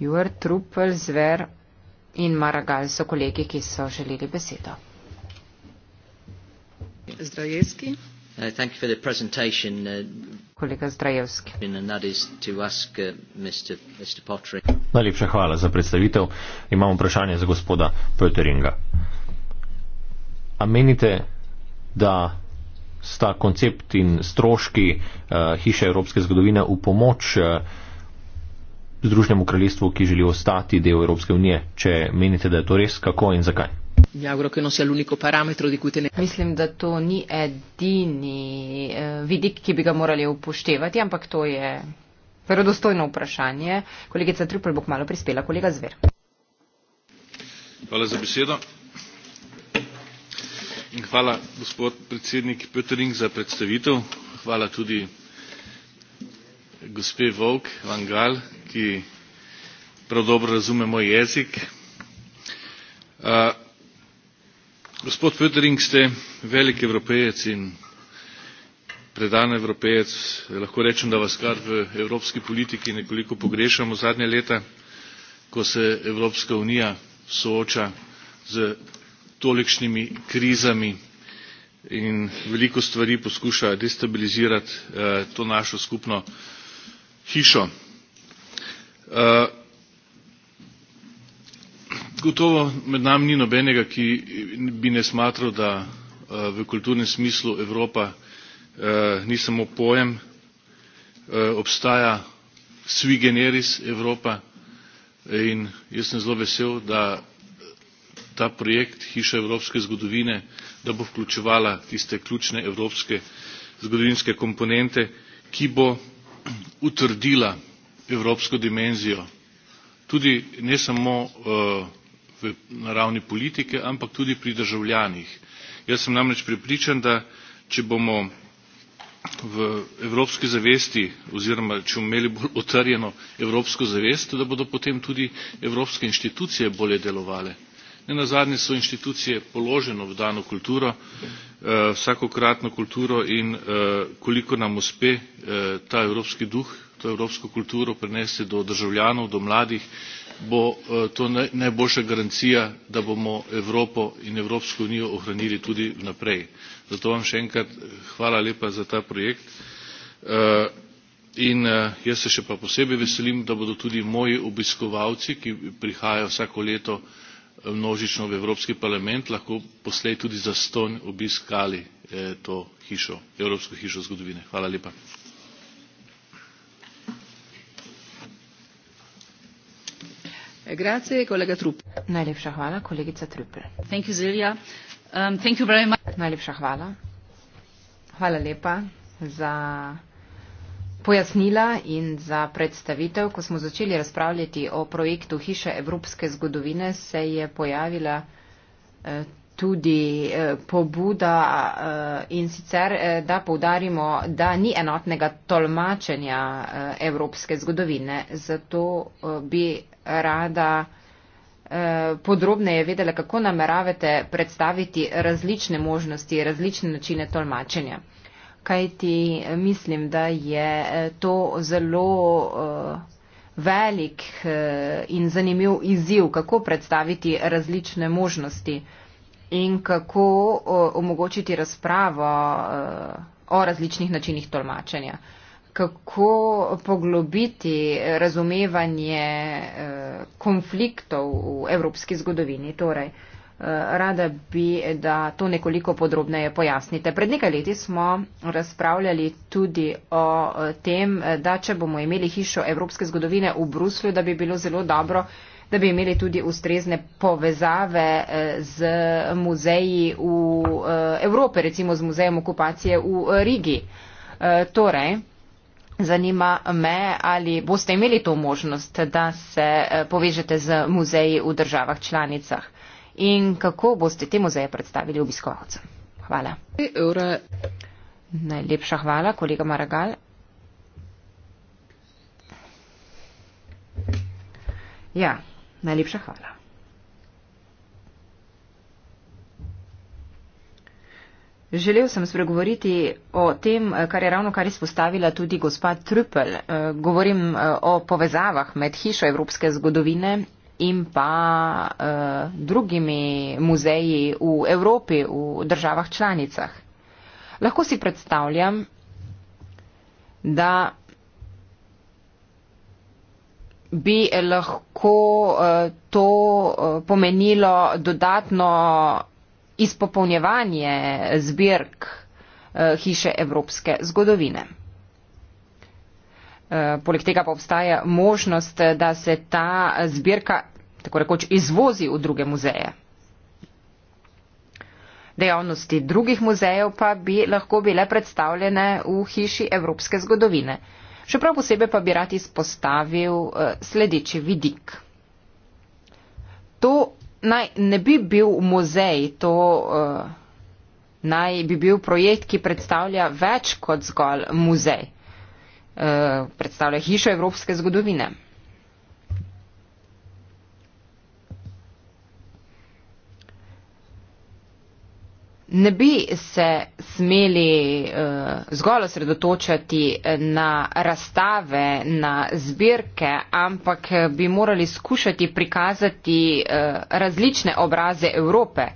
Jur, Trupel, Zver in Maragal so kolegi, ki so želeli besedo. Zdravjevski. Uh, thank you for the presentation. Uh, in that is to ask uh, Mr. Mr. Pottering. Najlepša hvala za predstavitev. Imam vprašanje za gospoda Pötteringa. A menite, da sta koncept in stroški uh, hiše evropske zgodovine v pomoč uh, Združnemu kraljestvu, ki želi ostati del Evropske unije, če menite, da je to res, kako in zakaj. No Mislim, da to ni edini eh, vidik, ki bi ga morali upoštevati, ampak to je verodostojno vprašanje. Kolegica Trupel bo kmalo prispela, kolega Zver. Hvala za besedo. In hvala, gospod predsednik Petering, za predstavitev. Hvala tudi gospe Volk, Van Gaal, ki prav dobro razume moj jezik. Gospod Pöttering ste velik evropejec in predan evropejec. Lahko rečem, da vas kar v evropski politiki nekoliko pogrešamo zadnja leta, ko se Evropska unija sooča z tolikšnimi krizami in veliko stvari poskuša destabilizirati to našo skupno hišo. Eh, gotovo med nami ni nobenega ki bi ne smatral da eh, v kulturnem smislu evropa eh, ni samo pojem obstaja sui generis evropa in jaz sem zelo vesel da ta projekt hiša evropske zgodovine da bo vključevala tiste ključne evropske zgodovinske komponente ki bo utrdila evropsko dimenzijo tudi ne samo eh, na ravni politike ampak tudi pri državljanih jaz sem namreč prepričan da če bomo v evropski zavesti oziroma če bomo imeli bolj utrjeno evropsko zavest da bodo potem tudi evropske inštitucije bolje delovale nenazadnje so inštitucije položeno v dano kulturo eh, vsakokratno kulturo in eh, kolikor nam uspe ta evropski duh to evropsko kulturo prenese do državljanov do mladih bo eh, to najboljša garancija da bomo evropo in evropsko unijo ohranili tudi naprej zato vam še enkrat eh, hvala lepa za ta projekt eh, in jaz se še pa posebej veselim da bodo tudi moji obiskovalci ki prihajajo vsako leto množično v evropski parlament lahko poslej tudi zastonj obiskali to hišo evropsko hišo zgodovine hvala lepa Najlepša hvala, kolegica Trüppel. Um, Najlepša hvala. Hvala lepa za pojasnila in za predstavitev. Ko smo začeli razpravljati o projektu Hiše Evropske zgodovine, se je pojavila eh, tudi eh, pobuda eh, in sicer, eh, da povdarimo, da ni enotnega tolmačenja evropske zgodovine. Zato bi rada podrobneje vedela, kako nameravate predstaviti različne možnosti, različne načine tolmačenja. Kaj ti mislim, da je to zelo velik in zanimiv izziv, kako predstaviti različne možnosti in kako omogočiti razpravo eh, o različnih načinih tolmačenja. Kako poglobiti razumevanje eh, konfliktov v evropski zgodovini. Torej, eh, rada bi, da to nekoliko podrobneje pojasnite. Pred nekaj leti smo razpravljali tudi o tem, da če bomo imeli hišo evropske zgodovine v Bruslju, da bi bilo zelo dobro da bi imeli tudi ustrezne povezave eh, z muzeji v eh, Evropi, recimo z muzejem okupacije v eh, Rigi. Torej, zanima me, ali boste imeli to možnost, da se povežete z muzeji v državah članicah in kako boste te muzeje predstavili obiskovalcem. Hvala. Evra. Najlepša hvala, kolega Maragal. Ja, Najlepša hvala. Želel sem spregovoriti o tem, kar je ravno kar izpostavila tudi gospa Trupel. Eh, govorim eh, o povezavah med hišo evropske zgodovine in pa eh, drugimi muzeji v Evropi, v državah članicah. Lahko si predstavljam, da bi lahko eh, to eh, pomenilo dodatno izpopolnjevanje zbirk eh, hiše evropske zgodovine. Poleg tega pa obstaja možnost, da se ta zbirka tako rekoč izvozi v druge muzeje. Dejavnosti drugih muzejev pa bi lahko bile predstavljene v hiši evropske zgodovine. Še prav posebej pa bi rad izpostavil eh, sledeči vidik. To naj ne bi bil muzej, to uh, naj bi bil projekt, ki predstavlja več kot zgolj muzej. Uh, predstavlja hišo evropske zgodovine. ne bi se smeli eh, zgolj osredotočati na razstave, na zbirke, ampak bi morali skušati prikazati eh, različne obraze Evrope.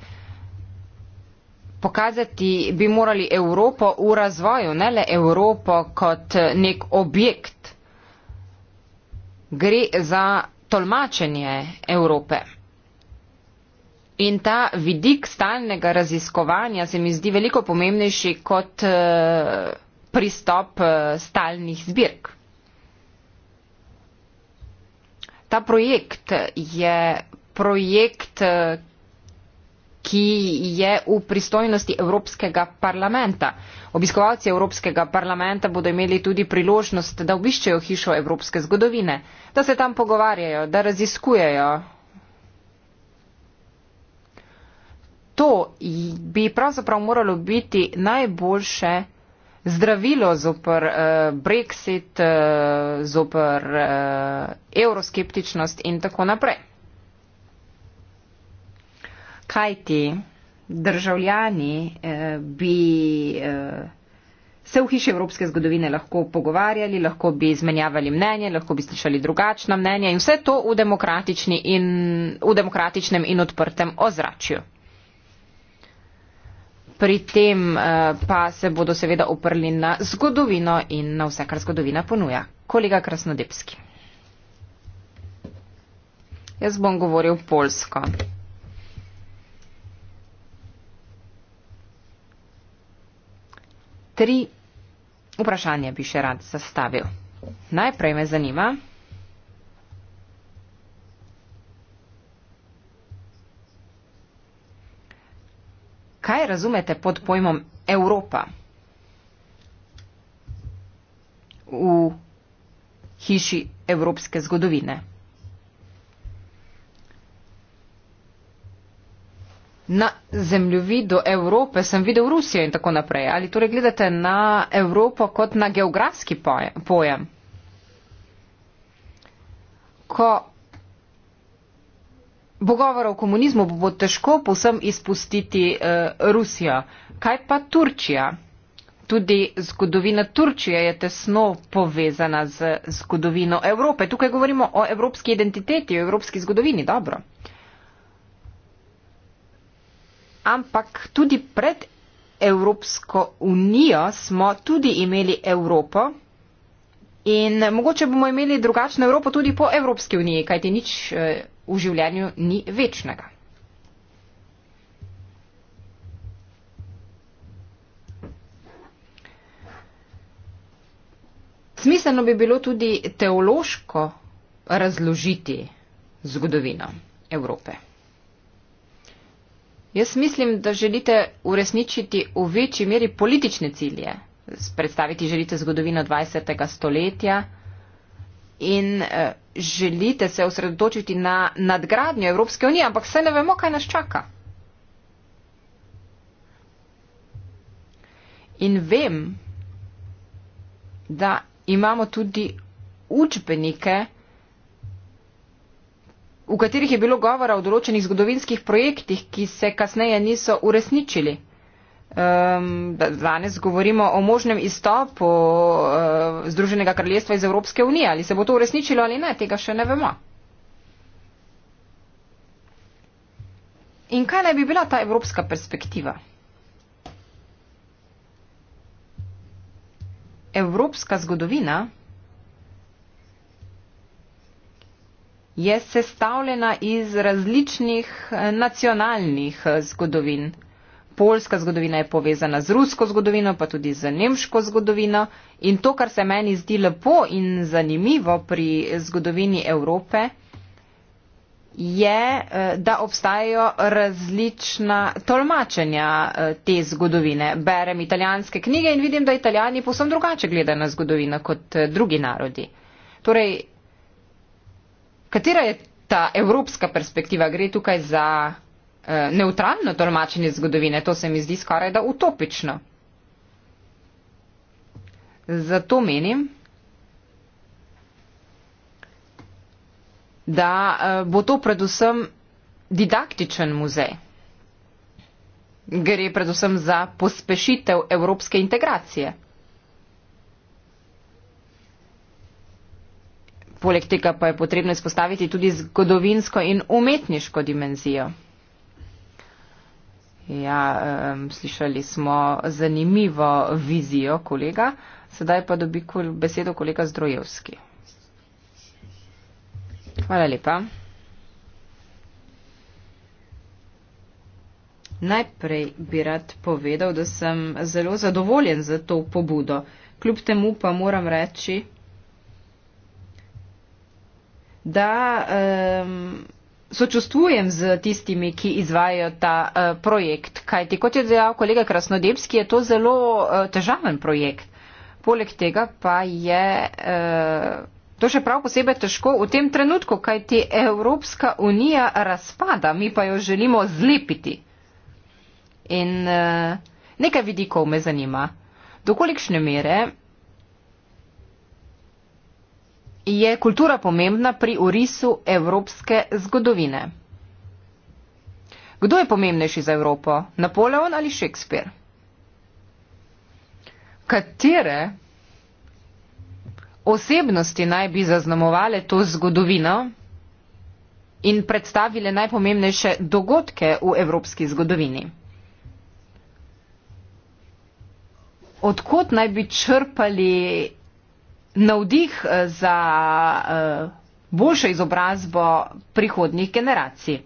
Pokazati bi morali Evropo v razvoju, ne le Evropo kot nek objekt. Gre za tolmačenje Evrope. In ta vidik stalnega raziskovanja se mi zdi veliko pomembnejši kot eh, pristop eh, stalnih zbirk. Ta projekt je projekt, eh, ki je v pristojnosti Evropskega parlamenta. Obiskovalci Evropskega parlamenta bodo imeli tudi priložnost, da obiščejo hišo Evropske zgodovine, da se tam pogovarjajo, da raziskujejo to bi pravzaprav moralo biti najboljše zdravilo zopr eh, Brexit, eh, zopr euroskeptičnost eh, in tako naprej. Kaj ti državljani bi se v hiši evropske zgodovine lahko pogovarjali, lahko bi izmenjavali mnenje, lahko bi slišali drugačna mnenja in vse to v, demokratični in, v demokratičnem in odprtem ozračju pri tem eh, pa se bodo seveda uprli na zgodovino in na vse, kar zgodovina ponuja. Kolega Krasnodebski. Jaz bom govoril polsko. Tri vprašanja bi še rad zastavil. Najprej me zanima, kaj razumete pod pojmom Evropa? V hiši evropske zgodovine. Na zemljovidu Evrope sem videl Rusijo in tako naprej. Ali torej gledate na Evropo kot na geografski pojem? Ko pogovora o komunizmu bo težko povsem izpustiti eh, Rusijo. Kaj pa Turčija? Tudi zgodovina Turčije je tesno povezana z zgodovino Evrope. Tukaj govorimo o evropski identiteti, o evropski zgodovini, dobro. Ampak tudi pred Evropsko unijo smo tudi imeli Evropo in mogoče bomo imeli drugačno Evropo tudi po Evropski uniji, kajti nič eh, v življenju ni večnega. Smiselno bi bilo tudi teološko razložiti zgodovino Evrope. Jaz mislim, da želite uresničiti v večji meri politične cilje, predstaviti želite zgodovino 20. stoletja, in eh, želite se osredotočiti na nadgradnjo Evropske unije, ampak vse ne vemo, kaj nas čaka. In vem, da imamo tudi učbenike, v katerih je bilo govora o določenih zgodovinskih projektih, ki se kasneje niso uresničili. Um, danes govorimo o možnem izstopu uh, Združenega kraljestva iz Evropske unije. Ali se bo to uresničilo ali ne, tega še ne vemo. In kaj naj bi bila ta evropska perspektiva? Evropska zgodovina je sestavljena iz različnih eh, nacionalnih eh, zgodovin. Poljska zgodovina je povezana z rusko zgodovino, pa tudi z nemško zgodovino. In to, kar se meni zdi lepo in zanimivo pri zgodovini Evrope, je, eh, da obstajajo različna tolmačenja eh, te zgodovine. Berem italijanske knjige in vidim, da italijani posem drugače gledajo na zgodovino kot eh, drugi narodi. Torej, katera je ta evropska perspektiva? Gre tukaj za Eh, neutralno tolmačenje zgodovine. To se mi zdi skoraj da utopično. Zato menim, da eh, bo to predvsem didaktičen muzej. Gre predvsem za pospešitev evropske integracije. Poleg tega pa je potrebno izpostaviti tudi zgodovinsko in umetniško dimenzijo. Ja, um, slišali smo zanimivo vizijo kolega, sedaj pa dobi kol besedo kolega Zdrojevski. Hvala lepa. Najprej bi rad povedal, da sem zelo zadovoljen za to pobudo. Kljub temu pa moram reči, da. Um, sočustvujem z tistimi, ki izvajajo ta uh, projekt. Kaj ti, kot je dejal kolega Krasnodebski, je to zelo uh, težaven projekt. Poleg tega pa je uh, to še prav posebej težko v tem trenutku, kaj ti Evropska unija razpada, mi pa jo želimo zlepiti. In uh, nekaj vidikov me zanima. Dokolikšne mere je kultura pomembna pri orisu evropske zgodovine? Kdo je pomembnejši za Evropo, Napoleon ali Shakespeare? Katere osebnosti naj bi zaznamovale to zgodovino in predstavile najpomembnejše dogodke v evropski zgodovini? Odkot naj bi črpali navdih eh, za eh, boljšo izobrazbo prihodnjih generacij.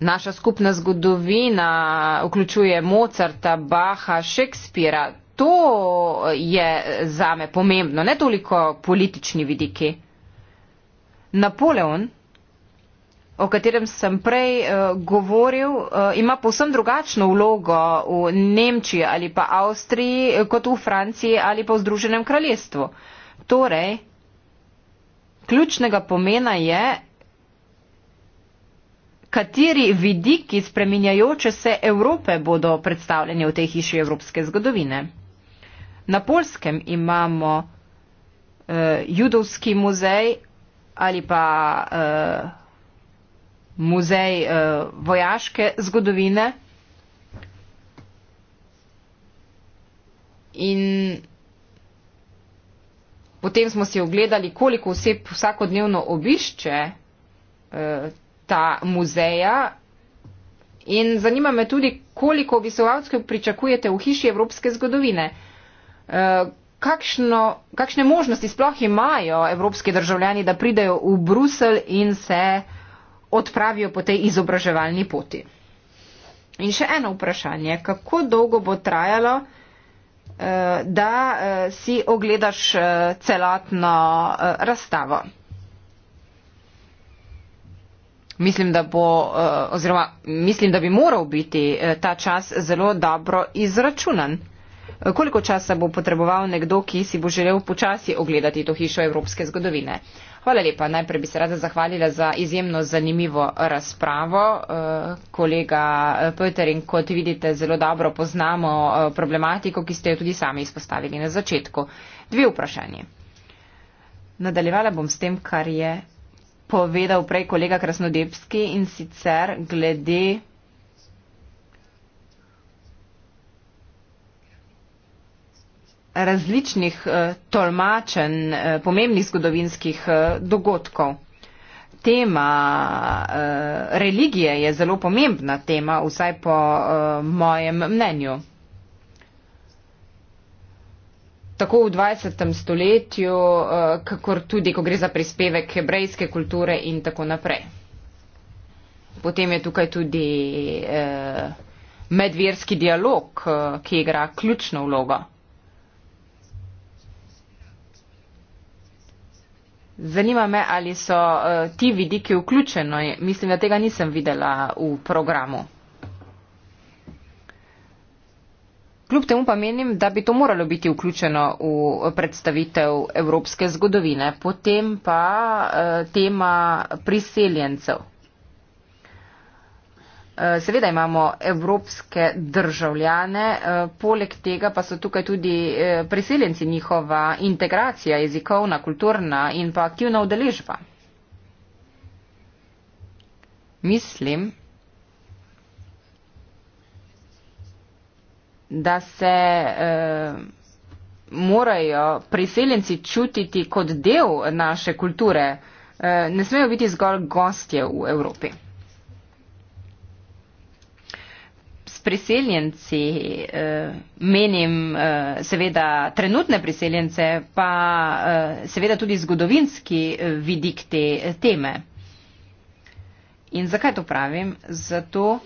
Naša skupna zgodovina vključuje Mozarta, Baha, Šekspira. To je za me pomembno, ne toliko politični vidiki. Napoleon o katerem sem prej uh, govoril, uh, ima povsem drugačno vlogo v Nemčiji ali pa Avstriji eh, kot v Franciji ali pa v Združenem kraljestvu. Torej, ključnega pomena je, kateri vidiki spreminjajoče se Evrope bodo predstavljeni v tej hiši evropske zgodovine. Na Polskem imamo uh, judovski muzej ali pa uh, muzej uh, vojaške zgodovine. In potem smo si ogledali, koliko oseb vsakodnevno obišče uh, ta muzeja. In zanima me tudi, koliko obiskovalcev pričakujete v hiši evropske zgodovine. Eh, kakšno, kakšne možnosti sploh imajo evropski državljani, da pridejo v Bruselj in se uh, odpravijo po tej izobraževalni poti. In še eno vprašanje, kako dolgo bo trajalo, eh, da eh, si ogledaš eh, celotno razstavo? Mislim da, bo, oziroma, mislim, da bi moral biti ta čas zelo dobro izračunan. Koliko časa bo potreboval nekdo, ki si bo želel počasi ogledati to hišo evropske zgodovine? Hvala lepa. Najprej bi se rada zahvalila za izjemno zanimivo razpravo. Eh, kolega eh, Pötering, kot vidite, zelo dobro poznamo eh, problematiko, ki ste jo tudi sami izpostavili na začetku. Dve vprašanje. Nadaljevala bom s tem, kar je povedal prej kolega Krasnodebski in sicer glede različnih eh, tolmačenj eh, pomembnih zgodovinskih eh, dogodkov. Tema religije je zelo pomembna tema, vsaj po mojem mnenju. Tako v 20. stoletju, kakor tudi, ko gre za prispevek hebrejske kulture in tako naprej. Potem je tukaj tudi medverski dialog, ki igra ključno vlogo. Zanima me, ali so uh, ti vidiki vključeni. Mislim, da tega nisem videla v programu. Kljub temu pa menim, da bi to moralo biti vključeno v predstavitev evropske zgodovine, potem pa uh, tema priseljencev. Eh, seveda imamo evropske državljane, eh, poleg tega pa so tukaj tudi eh, priseljenci, njihova integracija jezikovna, kulturna in pa aktivna udeležba. Mislim, da se eh, morajo priseljenci čutiti kot del naše kulture, eh, ne smejo biti zgolj gostje v Evropi. priseljenci, eh, menim eh, seveda trenutne priseljence, pa eh, seveda tudi zgodovinski vidik te teme. In zakaj to pravim? Zato,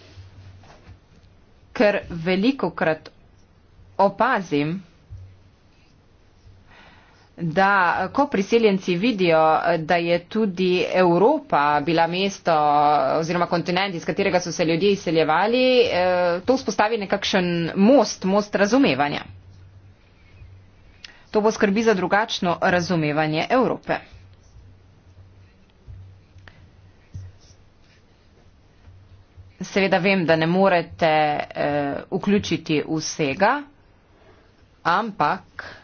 ker veliko krat opazim, da ko priseljenci vidijo, da je tudi Evropa bila mesto oziroma kontinent, iz katerega so se ljudje izseljevali, eh, to spostavi nekakšen most, most razumevanja. To bo skrbi za drugačno razumevanje Evrope. Seveda vem, da ne morete eh, vključiti vsega, ampak.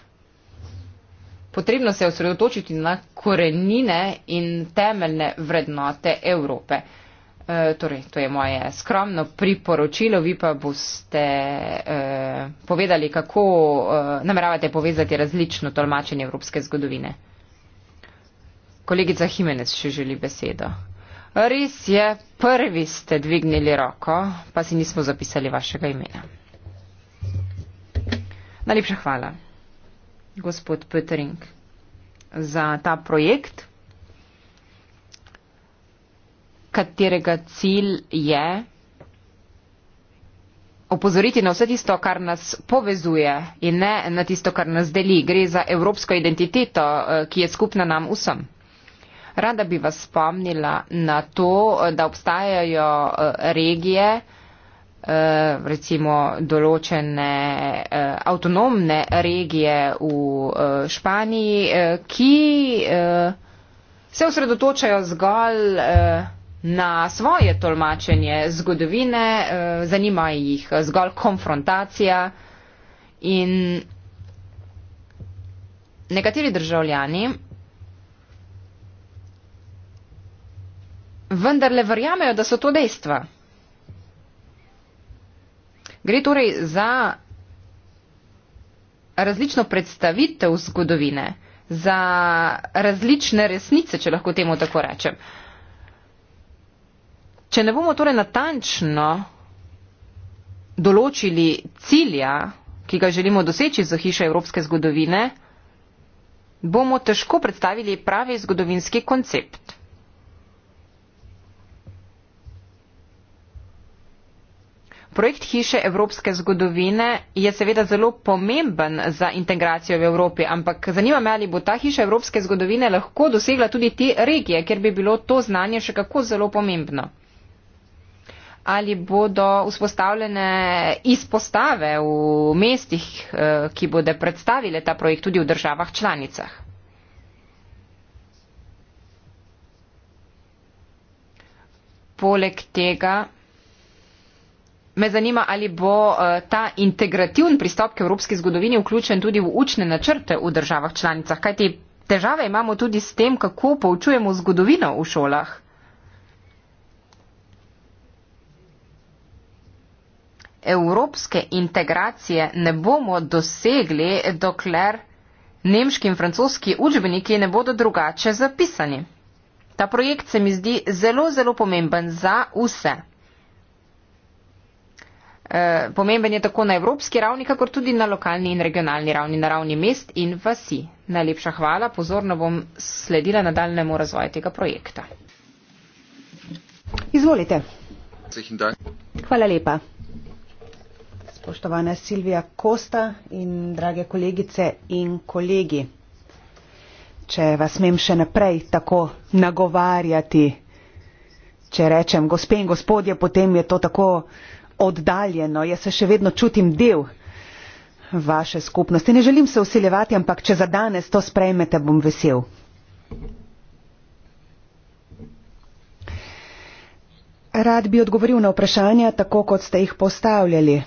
Potrebno se je osredotočiti na korenine in temeljne vrednote Evrope. E, torej, to je moje skromno priporočilo, vi pa boste e, povedali, kako e, nameravate povezati različno tolmačenje evropske zgodovine. Kolegica Jimenez še želi besedo. Res je, prvi ste dvignili roko, pa si nismo zapisali vašega imena. Najlepša hvala gospod Petring, za ta projekt, katerega cilj je opozoriti na vse tisto, kar nas povezuje in ne na tisto, kar nas deli. Gre za evropsko identiteto, eh, ki je skupna nam vsem. Rada bi vas spomnila na to, eh, da obstajajo eh, regije, Eh, recimo določene eh, avtonomne regije v eh, Španiji, ki se osredotočajo zgolj na svoje tolmačenje zgodovine, zanima jih zgolj konfrontacija in nekateri državljani vendarle verjamejo, da so to dejstva. Gre torej za različno predstavitev zgodovine, za različne resnice, če lahko temu tako rečem. Če ne bomo torej natančno določili cilja, ki ga želimo doseči za hišo evropske zgodovine, bomo težko predstavili pravi zgodovinski koncept. Projekt hiše evropske zgodovine je seveda zelo pomemben za integracijo v Evropi, ampak zanima me, ali bo ta hiša evropske zgodovine lahko dosegla tudi te regije, ker bi bilo to znanje še kako zelo pomembno. Ali bodo vzpostavljene izpostave v mestih, eh, ki bodo predstavile ta projekt tudi v državah članicah? Poleg tega Me zanima, ali bo eh, ta integrativni pristop k evropski zgodovini vključen tudi v učne načrte v državah članicah. Kaj te težave imamo tudi s tem, kako poučujemo zgodovino v šolah? Evropske integracije ne bomo dosegli, dokler nemški in francoski učbeniki ne bodo drugače zapisani. Ta projekt se mi zdi zelo, zelo pomemben za vse. Eh, pomemben je tako na evropski ravni, kakor tudi na lokalni in regionalni ravni, na ravni mest in vasi. Najlepša hvala, pozorno bom sledila nadaljnemu razvoju tega projekta. Izvolite. Hvala lepa. Spoštovana Silvija Kosta in drage kolegice in kolegi, če vas smem še naprej tako nagovarjati, če rečem gospe in gospodje, potem je to tako oddaljeno jaz se še vedno čutim del vaše skupnosti ne želim se usiljevati ampak če za danes to sprejmete bom vesel rad bi odgovoril na vprašanja tako kot ste jih postavljali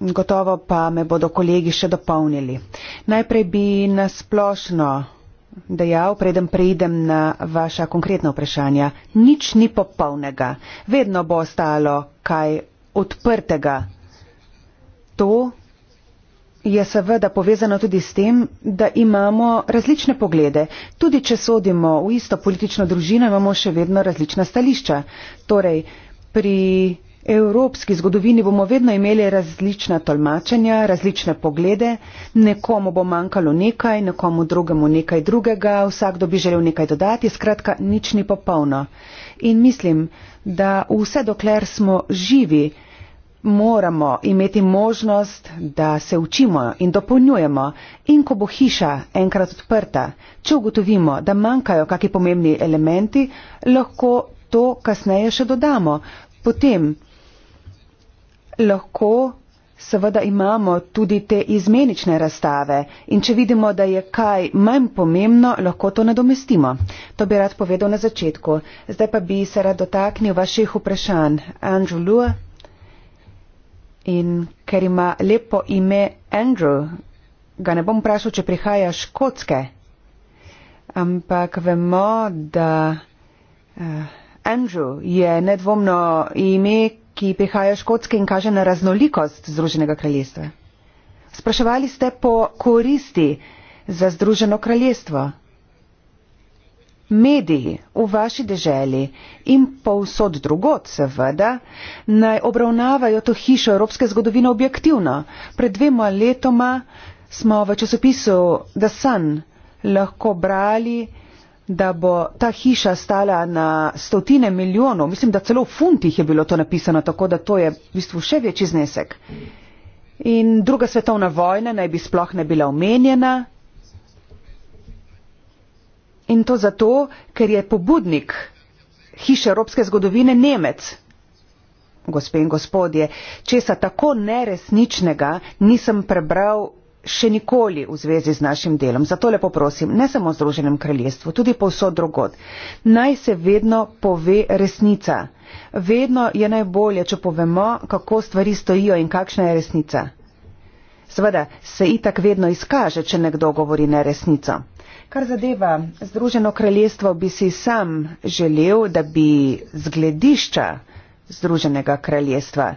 gotovo pa me bodo kolegi še dopolnili najprej bi nasplošno dejal, preden preidem na vaša konkretna vprašanja. Nič ni popolnega. Vedno bo ostalo kaj odprtega. To je seveda povezano tudi s tem, da imamo različne poglede. Tudi, če sodimo v isto politično družino, imamo še vedno različna stališča. Torej, pri evropski zgodovini bomo vedno imeli različna tolmačenja, različne poglede, nekomu bo manjkalo nekaj, nekomu drugemu nekaj drugega, vsakdo bi želel nekaj dodati, skratka, nič ni popolno. In mislim, da vse dokler smo živi, moramo imeti možnost, da se učimo in dopolnjujemo. In ko bo hiša enkrat odprta, če ugotovimo, da manjkajo kakšni pomembni elementi, lahko to kasneje še dodamo. Potem lahko seveda imamo tudi te izmenične razstave in če vidimo, da je kaj manj pomembno, lahko to nadomestimo. To bi rad povedal na začetku. Zdaj pa bi se rad dotaknil vaših vprašanj. Andrew Lua in ker ima lepo ime Andrew, ga ne bom vprašal, če prihaja škotske, ampak vemo, da uh, Andrew je nedvomno ime, ki prihaja v Škotske in kaže na raznolikost Združenega kraljestva. Spraševali ste po koristi za Združeno kraljestvo. Mediji v vaši deželi in povsod drugot seveda naj obravnavajo to hišo evropske zgodovine objektivno. Pred dvema letoma smo v časopisu The Sun lahko brali, da bo ta hiša stala na stotine milijonov, mislim, da celo v funtih je bilo to napisano, tako da to je v bistvu še večji znesek. In druga svetovna vojna naj bi sploh ne bila omenjena. In to zato, ker je pobudnik hiše evropske zgodovine Nemec. Gospe in gospodje, česa tako neresničnega nisem prebral še nikoli v zvezi z našim delom. Zato lepo prosim, ne samo v Združenem kraljestvu, tudi povsod drugod. Naj se vedno pove resnica. Vedno je najbolje, če povemo, kako stvari stojijo in kakšna je resnica. Seveda se itak vedno izkaže, če nekdo govori neresnico. Kar zadeva Združeno kraljestvo, bi si sam želel, da bi zgledišča Združenega kraljestva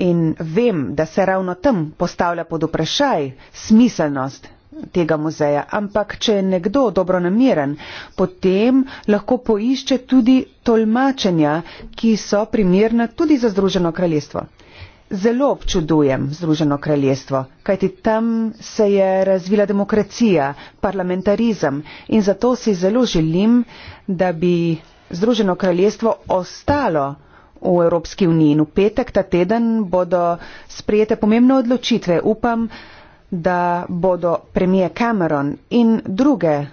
in vem, da se ravno tam postavlja pod vprašaj smiselnost tega muzeja, ampak če je nekdo dobro namiren, potem lahko poišče tudi tolmačenja, ki so primerna tudi za Združeno kraljestvo. Zelo občudujem Združeno kraljestvo, kajti tam se je razvila demokracija, parlamentarizem in zato si zelo želim, da bi Združeno kraljestvo ostalo v Evropski uniji. In v petek ta teden bodo sprejete pomembne odločitve. Upam, da bodo premije Cameron in druge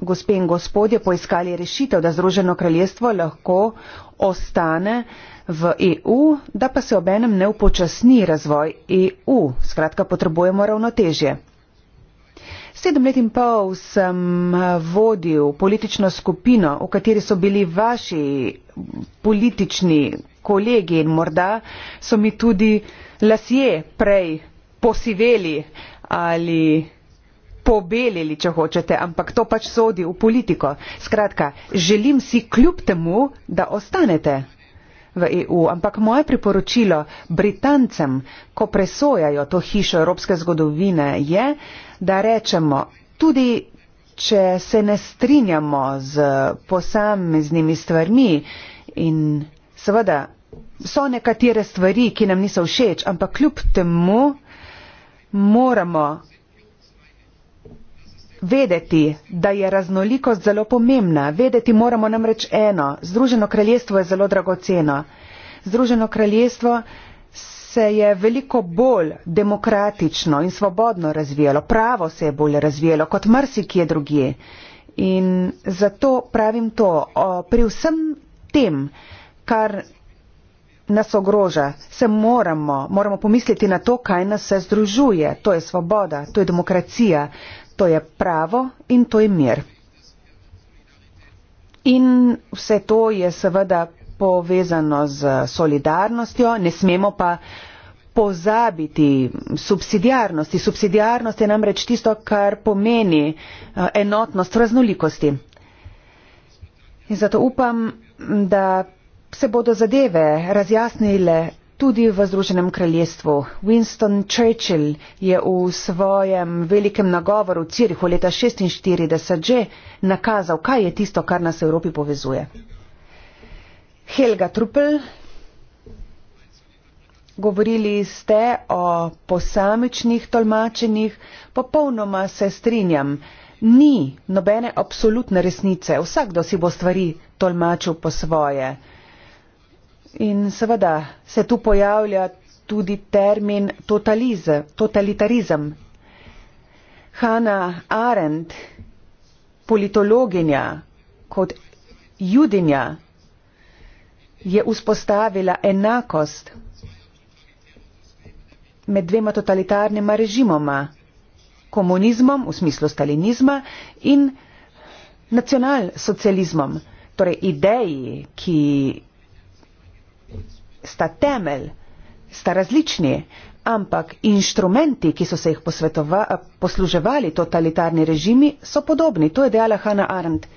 gospe in gospodje poiskali rešitev, da Združeno kraljestvo lahko ostane v EU, da pa se obenem ne upočasni razvoj EU. Skratka, potrebujemo ravnotežje. Sedem let in pol sem eh, vodil politično skupino, v kateri so bili vaši politični kolegi in morda so mi tudi lasje prej posiveli ali pobelili, če hočete, ampak to pač sodi v politiko. Skratka, želim si kljub temu, da ostanete v EU, ampak moje priporočilo Britancem, ko presojajo to hišo evropske zgodovine, je, da rečemo, tudi če se ne strinjamo z posameznimi stvarmi in seveda so nekatere stvari, ki nam niso všeč, ampak kljub temu moramo vedeti, da je raznolikost zelo pomembna. Vedeti moramo namreč eno, Združeno kraljestvo je zelo dragoceno. Združeno kraljestvo se je veliko bolj demokratično in svobodno razvijalo, pravo se je bolje razvijalo kot marsikje drugje. In zato pravim to, o, pri vsem tem, kar nas ogroža, se moramo, moramo pomisliti na to, kaj nas se združuje. To je svoboda, to je demokracija, to je pravo in to je mir. In vse to je seveda povezano z solidarnostjo, ne smemo pa pozabiti subsidijarnosti. Subsidijarnost je namreč tisto, kar pomeni eh, enotnost raznolikosti. In zato upam, da se bodo zadeve razjasnile tudi v Združenem kraljestvu. Winston Churchill je v svojem velikem nagovoru v Cirihu leta 1946 že nakazal, kaj je tisto, kar nas v Evropi povezuje. Helga Truppel, govorili ste o posamičnih tolmačenjih, popolnoma se strinjam, ni nobene absolutne resnice, vsakdo si bo stvari tolmačil po svoje. In seveda se tu pojavlja tudi termin totaliz, totalitarizem. Hanna Arendt, politologinja kot judinja, je vzpostavila enakost med dvema totalitarnima režimoma, komunizmom v smislu stalinizma in nacionalsocializmom, torej ideji, ki sta temelj, sta različni, ampak inštrumenti, ki so se jih posluževali totalitarni režimi, so podobni. To je dejala Hanna Arendt.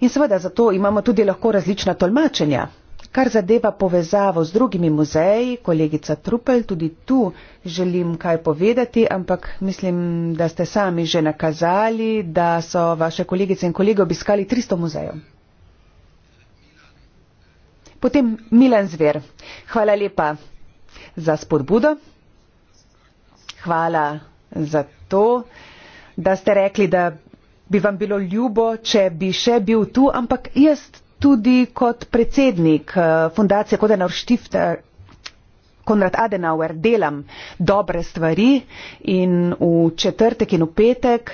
In seveda zato imamo tudi lahko različna tolmačenja. Kar zadeva povezavo z drugimi muzeji, kolegica Trupel, tudi tu želim kaj povedati, ampak mislim, da ste sami že nakazali, da so vaše kolegice in kolege obiskali 300 muzejev. Potem Milan Zver. Hvala lepa za spodbudo. Hvala za to, da ste rekli, da bi vam bilo ljubo, če bi še bil tu, ampak jaz tudi kot predsednik eh, fundacije Kodenor Štifter Konrad Adenauer delam dobre stvari in v četrtek in v petek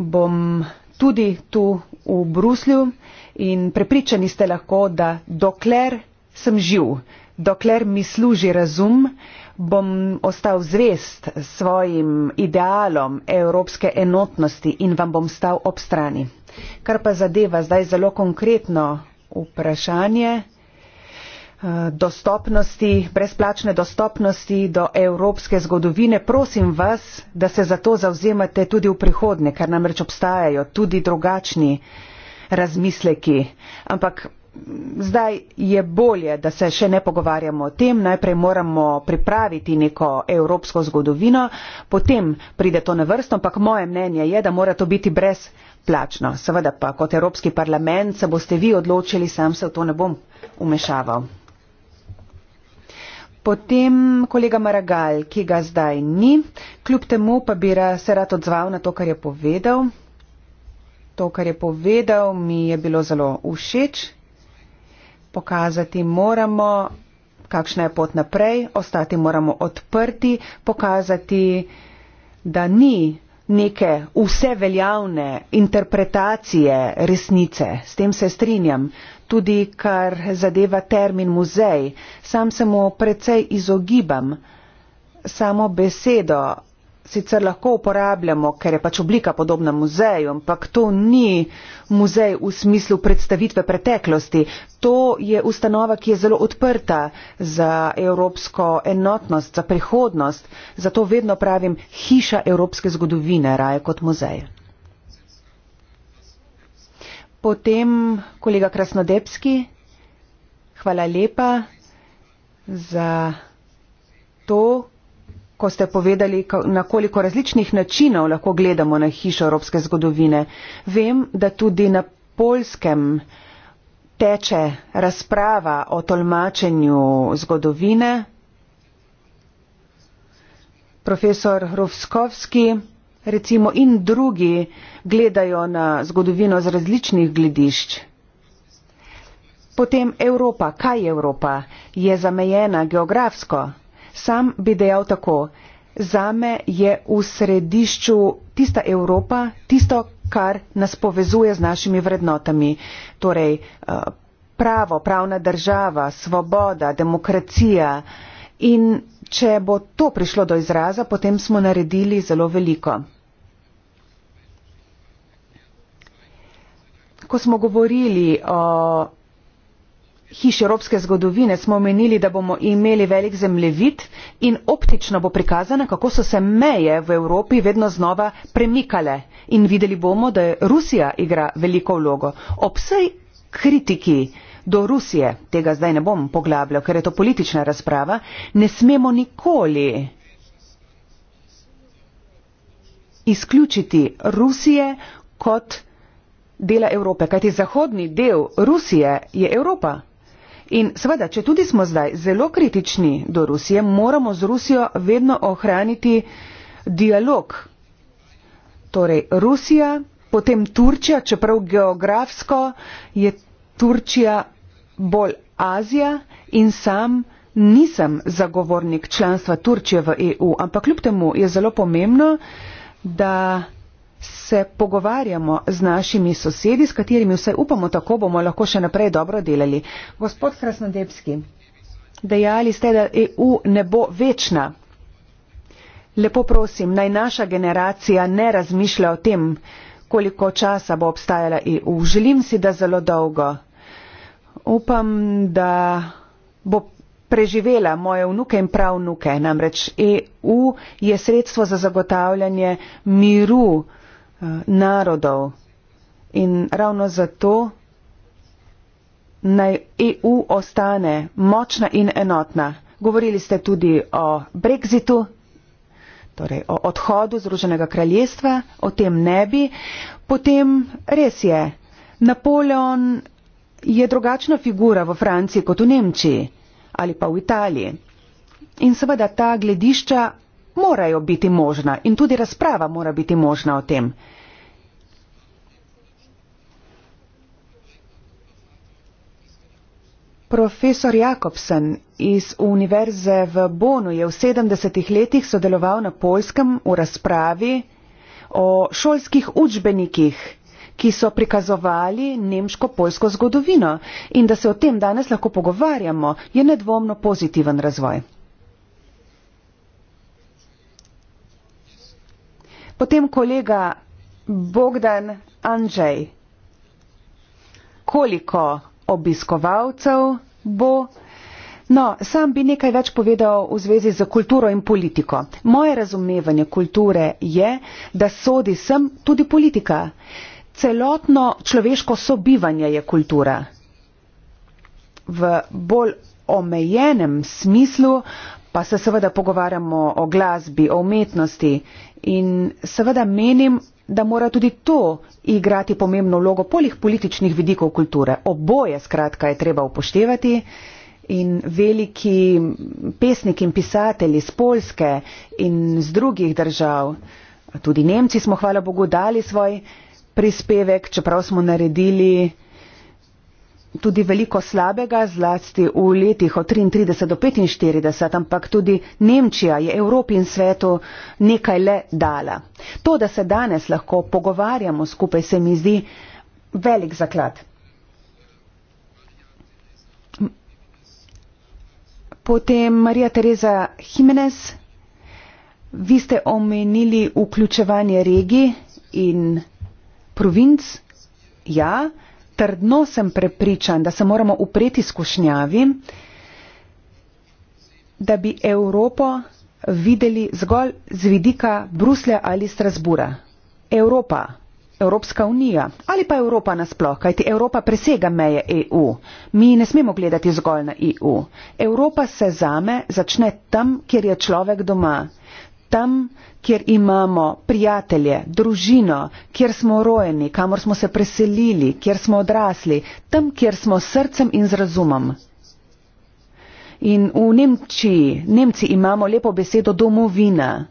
bom tudi tu v Bruslju in prepričani ste lahko, da dokler sem živ, dokler mi služi razum, bom ostal zvest svojim idealom evropske enotnosti in vam bom stal ob strani. Kar pa zadeva zdaj zelo konkretno vprašanje eh, dostopnosti, brezplačne dostopnosti do evropske zgodovine, prosim vas, da se za to zauzemate tudi v prihodnje, ker namreč obstajajo tudi drugačni razmisleki. Ampak zdaj je bolje, da se še ne pogovarjamo o tem, najprej moramo pripraviti neko evropsko zgodovino, potem pride to na vrsto, ampak moje mnenje je, da mora to biti brez plačno. Seveda pa kot Evropski parlament se boste vi odločili, sam se v to ne bom umešaval. Potem kolega Maragal, ki ga zdaj ni, kljub temu pa bi se rad odzval na to, kar je povedal. To, kar je povedal, mi je bilo zelo všeč. Pokazati moramo, kakšna je pot naprej, ostati moramo odprti, pokazati, da ni neke vse veljavne interpretacije resnice s tem se strinjam tudi kar zadeva termin muzej sam se mu precej izogibam samo besedo sicer lahko uporabljamo, ker je pač oblika podobna muzeju, ampak to ni muzej v smislu predstavitve preteklosti. To je ustanova, ki je zelo odprta za evropsko enotnost, za prihodnost. Zato vedno pravim hiša evropske zgodovine raje kot muzej. Potem kolega Krasnodebski, hvala lepa za to, ko ste povedali, na koliko različnih načinov lahko gledamo na hišo evropske zgodovine. Vem, da tudi na polskem teče razprava o tolmačenju zgodovine. Profesor Rovskovski recimo in drugi gledajo na zgodovino z različnih gledišč. Potem Evropa. Kaj je Evropa? Je zamejena geografsko? Sam bi dejal tako, zame je v središču tista Evropa, tisto, kar nas povezuje z našimi vrednotami. Torej, eh, pravo, pravna država, svoboda, demokracija. In če bo to prišlo do izraza, potem smo naredili zelo veliko. Ko smo govorili o hiši evropske zgodovine smo omenili, da bomo imeli velik zemljevid in optično bo prikazano, kako so se meje v Evropi vedno znova premikale in videli bomo, da Rusija igra veliko vlogo. Ob vsej kritiki do Rusije, tega zdaj ne bom poglabljal, ker je to politična razprava, ne smemo nikoli izključiti Rusije kot dela Evrope, kajti zahodni del Rusije je Evropa. In seveda, če tudi smo zdaj zelo kritični do Rusije, moramo z Rusijo vedno ohraniti dialog. Torej, Rusija, potem Turčija, čeprav geografsko je Turčija bolj Azija in sam nisem zagovornik članstva Turčije v EU, ampak kljub temu je zelo pomembno, da se pogovarjamo z našimi sosedi, s katerimi vsaj upamo, tako bomo lahko še naprej dobro delali. Gospod Krasnodebski, dejali ste, da EU ne bo večna. Lepo prosim, naj naša generacija ne razmišlja o tem, koliko časa bo obstajala EU. Želim si, da zelo dolgo. Upam, da bo preživela moje vnuke in prav vnuke. Namreč EU je sredstvo za zagotavljanje miru Eh, narodov. In ravno zato naj EU ostane močna in enotna. Govorili ste tudi o Brexitu, torej o odhodu Združenega kraljestva, o tem ne bi. Potem res je, Napoleon je drugačna figura v Franciji kot v Nemčiji ali pa v Italiji. In seveda ta gledišča morajo biti možna in tudi razprava mora biti možna o tem. Profesor Jakobsen iz Univerze v Bonu je v 70-ih letih sodeloval na Poljskem v razpravi o šolskih učbenikih, ki so prikazovali nemško-poljsko zgodovino in da se o tem danes lahko pogovarjamo, je nedvomno pozitiven razvoj. Potem kolega Bogdan Andrzej. Koliko obiskovalcev bo? No, sam bi nekaj več povedal v zvezi z kulturo in politiko. Moje razumevanje kulture je, da sodi sem tudi politika. Celotno človeško sobivanje je kultura. V bolj omejenem smislu pa se seveda pogovarjamo o glasbi, o umetnosti In seveda menim, da mora tudi to igrati pomembno vlogo poleg političnih vidikov kulture. Oboje skratka je treba upoštevati. In veliki pesnik in pisatelj iz Polske in z drugih držav, tudi Nemci smo, hvala Bogu, dali svoj prispevek, čeprav smo naredili tudi veliko slabega, zlasti v letih od 33 do 45, ampak tudi Nemčija je Evropi in svetu nekaj le dala. To, da se danes lahko pogovarjamo skupaj, se mi zdi velik zaklad. Potem Marija Tereza Jimenez, vi ste omenili vključevanje regij in provinc. Ja, trdno sem prepričan, da se moramo upreti skušnjavi, da bi Evropo videli zgolj z vidika Bruslja ali Strasbura. Evropa, Evropska unija ali pa Evropa nasploh, kajti Evropa presega meje EU. Mi ne smemo gledati zgolj na EU. Evropa se zame začne tam, kjer je človek doma tam, kjer imamo prijatelje, družino, kjer smo rojeni, kamor smo se preselili, kjer smo odrasli, tam, kjer smo srcem in z razumom. In v Nemčiji, Nemci imamo lepo besedo domovina.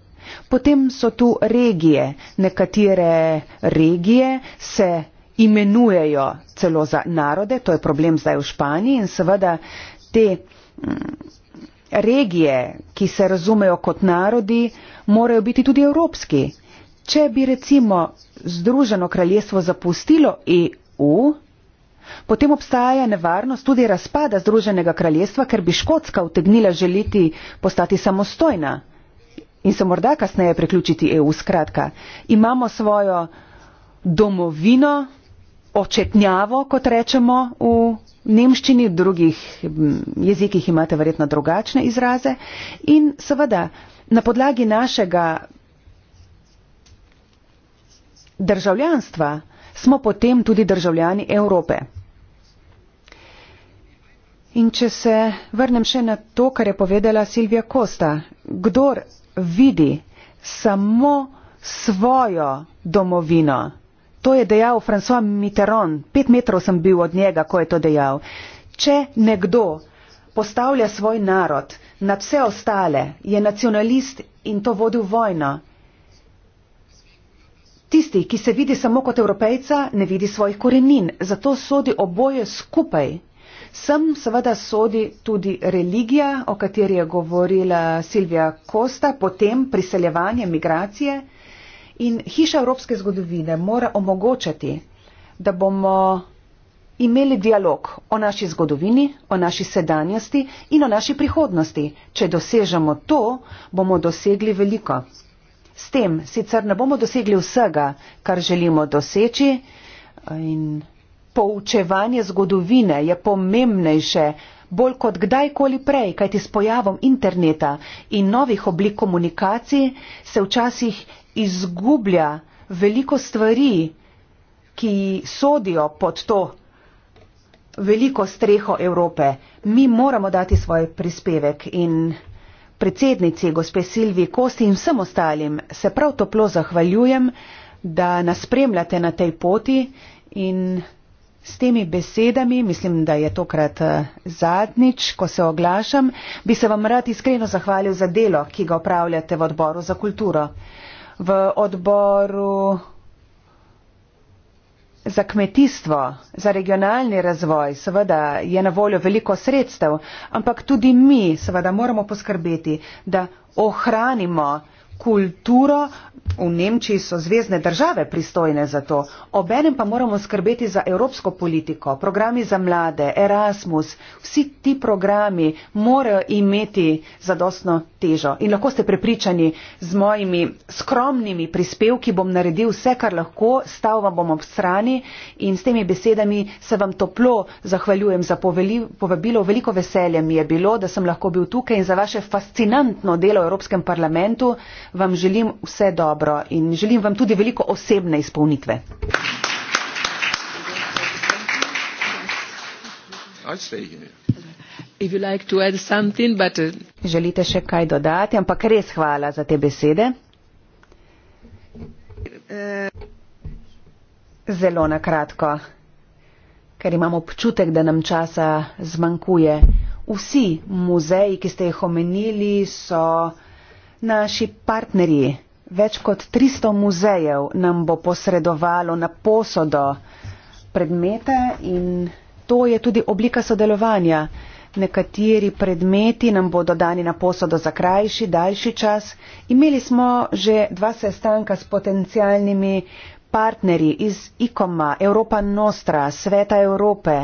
Potem so tu regije, nekatere regije se imenujejo celo za narode, to je problem zdaj v Španiji in seveda te. Mm, Regije, ki se razumejo kot narodi, morajo biti tudi evropski. Če bi recimo Združeno kraljestvo zapustilo EU, potem obstaja nevarnost tudi razpada Združenega kraljestva, ker bi Škotska utegnila želiti postati samostojna in se morda kasneje priključiti EU. Skratka, imamo svojo domovino, očetnjavo, kot rečemo v V nemščini, v drugih jezikih imate verjetno drugačne izraze in seveda na podlagi našega državljanstva smo potem tudi državljani Evrope. In če se vrnem še na to, kar je povedala Silvija Kosta, kdor vidi samo svojo domovino, To je dejal François Mitterrand, pet metrov sem bil od njega, ko je to dejal. Če nekdo postavlja svoj narod nad vse ostale, je nacionalist in to vodi v vojno. Tisti, ki se vidi samo kot evropejca, ne vidi svojih korenin, zato sodi oboje skupaj. Sem seveda sodi tudi religija, o kateri je govorila Silvija Kosta, potem priseljevanje, migracije. In hiša evropske zgodovine mora omogočati, da bomo imeli dialog o naši zgodovini, o naši sedanjosti in o naši prihodnosti. Če dosežemo to, bomo dosegli veliko. S tem sicer ne bomo dosegli vsega, kar želimo doseči in poučevanje zgodovine je pomembnejše bolj kot kdajkoli prej, kajti s pojavom interneta in novih oblik komunikacij se včasih izgublja veliko stvari, ki sodijo pod to veliko streho Evrope. Mi moramo dati svoj prispevek in predsednici gospe Silvi Kosti in vsem ostalim se prav toplo zahvaljujem, da nas spremljate na tej poti in s temi besedami, mislim, da je tokrat eh, zadnjič, ko se oglašam, bi se vam rad iskreno zahvalil za delo, ki ga upravljate v odboru za kulturo v odboru za kmetijstvo, za regionalni razvoj, seveda je na voljo veliko sredstev, ampak tudi mi seveda moramo poskrbeti, da ohranimo kulturo. V Nemčiji so zvezdne države pristojne za to. Obenem pa moramo skrbeti za evropsko politiko, programi za mlade, Erasmus. Vsi ti programi morajo imeti zadostno težo. In lahko ste prepričani z mojimi skromnimi prispevki, bom naredil vse, kar lahko, stal vam bom ob strani in s temi besedami se vam toplo zahvaljujem za povabilo. Veliko veselje mi je bilo, da sem lahko bil tukaj in za vaše fascinantno delo v Evropskem parlamentu vam želim vse dobro in želim vam tudi veliko osebne izpolnitve. Like but... Uh, Želite še kaj dodati, ampak res hvala za te besede. Eh, zelo na kratko, ker imamo občutek, da nam časa zmanjkuje. Vsi muzeji, ki ste jih omenili, so. Naši partnerji, več kot 300 muzejev, nam bo posredovalo na posodo predmete in to je tudi oblika sodelovanja. Nekateri predmeti nam bodo dani na posodo za krajši, daljši čas. Imeli smo že dva sestanka s potencijalnimi partnerji iz IKOMA, Evropa Nostra, Sveta Evrope.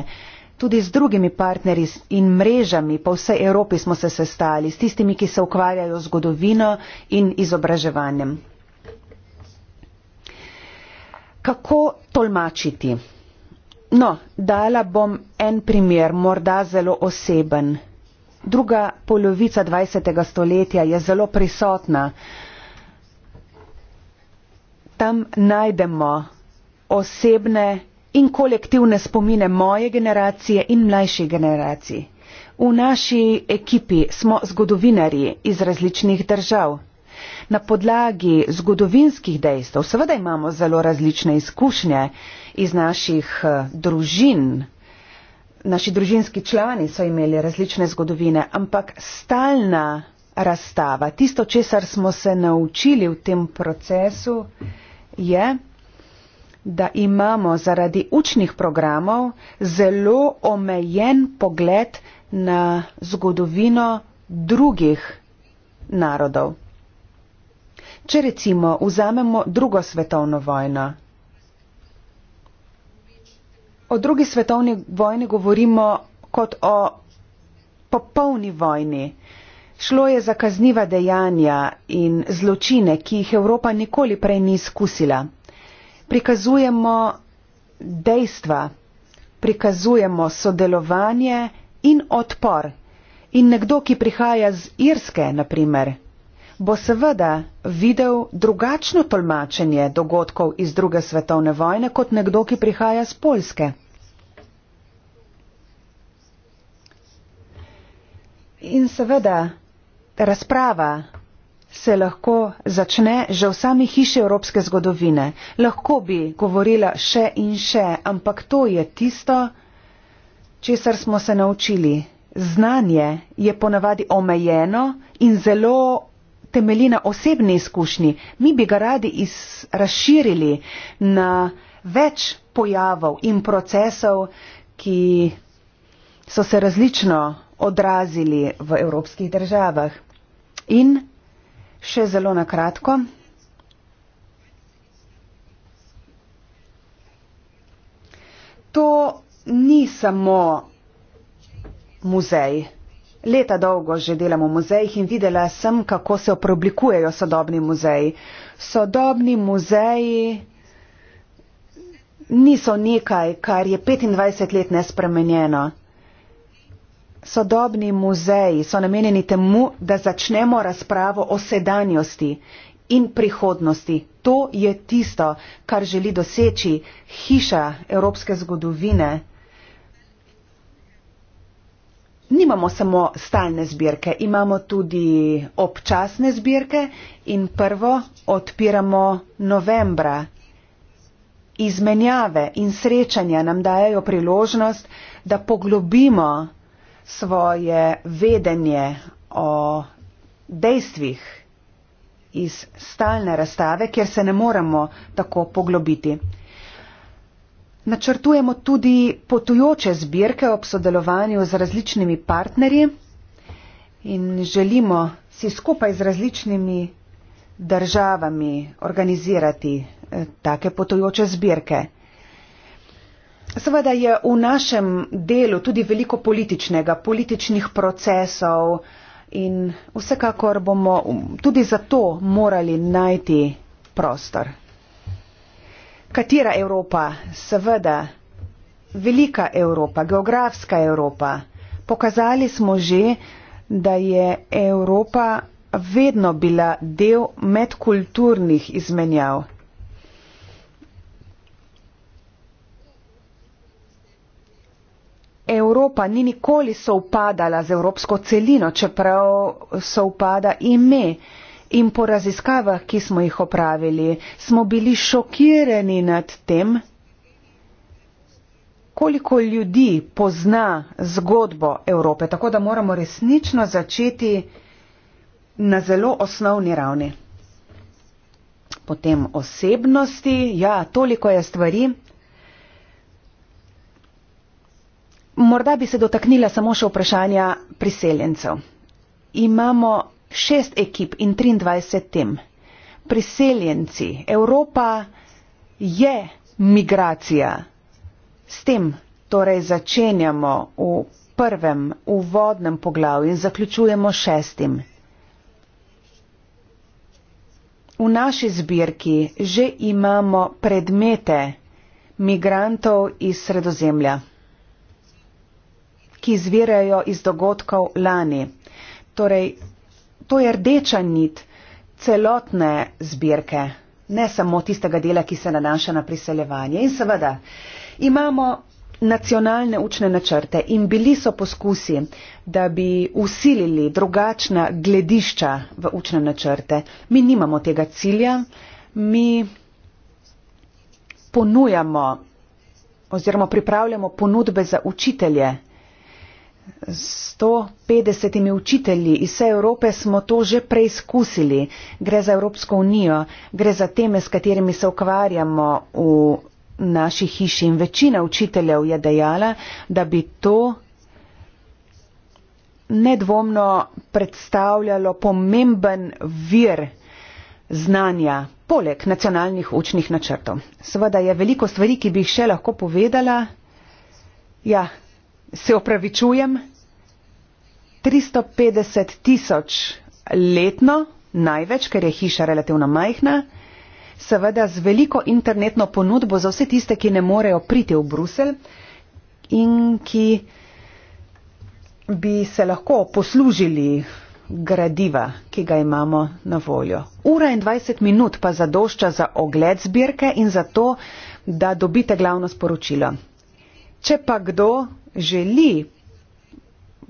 Tudi z drugimi partnerji in mrežami po vsej Evropi smo se sestali, s tistimi, ki se ukvarjajo z zgodovino in izobraževanjem. Kako tolmačiti? No, dala bom en primer, morda zelo oseben. Druga polovica 20. stoletja je zelo prisotna. Tam najdemo osebne in kolektivne spomine moje generacije in mlajših generacij. V naši ekipi smo zgodovinari iz različnih držav. Na podlagi zgodovinskih dejstev seveda imamo zelo različne izkušnje iz naših eh, družin. Naši družinski člani so imeli različne zgodovine, ampak stalna razstava, tisto, česar smo se naučili v tem procesu, je, da imamo zaradi učnih programov zelo omejen pogled na zgodovino drugih narodov. Če recimo vzamemo drugo svetovno vojno, o drugi svetovni vojni govorimo kot o popolni vojni. Šlo je za kazniva dejanja in zločine, ki jih Evropa nikoli prej ni izkusila prikazujemo dejstva, prikazujemo sodelovanje in odpor. In nekdo, ki prihaja z Irske, naprimer, bo seveda videl drugačno tolmačenje dogodkov iz druge svetovne vojne kot nekdo, ki prihaja z Poljske. In seveda razprava se lahko začne že v sami hiši evropske zgodovine. Lahko bi govorila še in še, ampak to je tisto, česar smo se naučili. Znanje je ponavadi omejeno in zelo temelji na osebni izkušnji. Mi bi ga radi razširili na več pojavov in procesov, ki so se različno odrazili v evropskih državah. In Še zelo na kratko. To ni samo muzej. Leta dolgo že delam v muzejih in videla sem, kako se oblikujejo sodobni muzeji. Sodobni muzeji niso nekaj, kar je 25 let nespremenjeno. Sodobni muzeji so namenjeni temu, da začnemo razpravo o sedanjosti in prihodnosti. To je tisto, kar želi doseči hiša evropske zgodovine. Nimamo samo stalne zbirke, imamo tudi občasne zbirke in prvo odpiramo novembra. Izmenjave in srečanja nam dajo priložnost, da poglobimo svoje vedenje o dejstvih iz stalne razstave, kjer se ne moremo tako poglobiti. Načrtujemo tudi potujoče zbirke ob sodelovanju z različnimi partnerji in želimo si skupaj z različnimi državami organizirati eh, take potujoče zbirke. Seveda je v našem delu tudi veliko političnega, političnih procesov in vsekakor bomo tudi zato morali najti prostor. Katera Evropa? Seveda, velika Evropa, geografska Evropa. Pokazali smo že, da je Evropa vedno bila del medkulturnih izmenjav. Evropa ni nikoli sovpadala z evropsko celino, čeprav sovpada ime. In po raziskavah, ki smo jih opravili, smo bili šokirani nad tem, koliko ljudi pozna zgodbo Evrope. Tako da moramo resnično začeti na zelo osnovni ravni. Potem osebnosti, ja, toliko je stvari. Morda bi se dotaknila samo še vprašanja priseljencev. Imamo šest ekip in 23 tem. Priseljenci, Evropa je migracija. S tem torej začenjamo v prvem uvodnem poglavju in zaključujemo šestim. V naši zbirki že imamo predmete migrantov iz sredozemlja ki izvirajo iz dogodkov lani. Torej, to je rdeča nit celotne zbirke, ne samo tistega dela, ki se nanaša na priseljevanje. In seveda, imamo nacionalne učne načrte in bili so poskusi, da bi usilili drugačna gledišča v učne načrte. Mi nimamo tega cilja, mi ponujamo oziroma pripravljamo ponudbe za učitelje 150 učitelji iz vse Evrope smo to že preizkusili. Gre za Evropsko unijo, gre za teme, s katerimi se ukvarjamo v naši hiši in večina učiteljev je dejala, da bi to nedvomno predstavljalo pomemben vir znanja poleg nacionalnih učnih načrtov. Seveda je veliko stvari, ki bi jih še lahko povedala. Ja, se opravičujem, 350 tisoč letno, največ, ker je hiša relativno majhna, seveda z veliko internetno ponudbo za vse tiste, ki ne morejo priti v Brusel in ki bi se lahko poslužili gradiva, ki ga imamo na voljo. Ura in 20 minut pa zadošča za ogled zbirke in za to, da dobite glavno sporočilo. Če pa kdo želi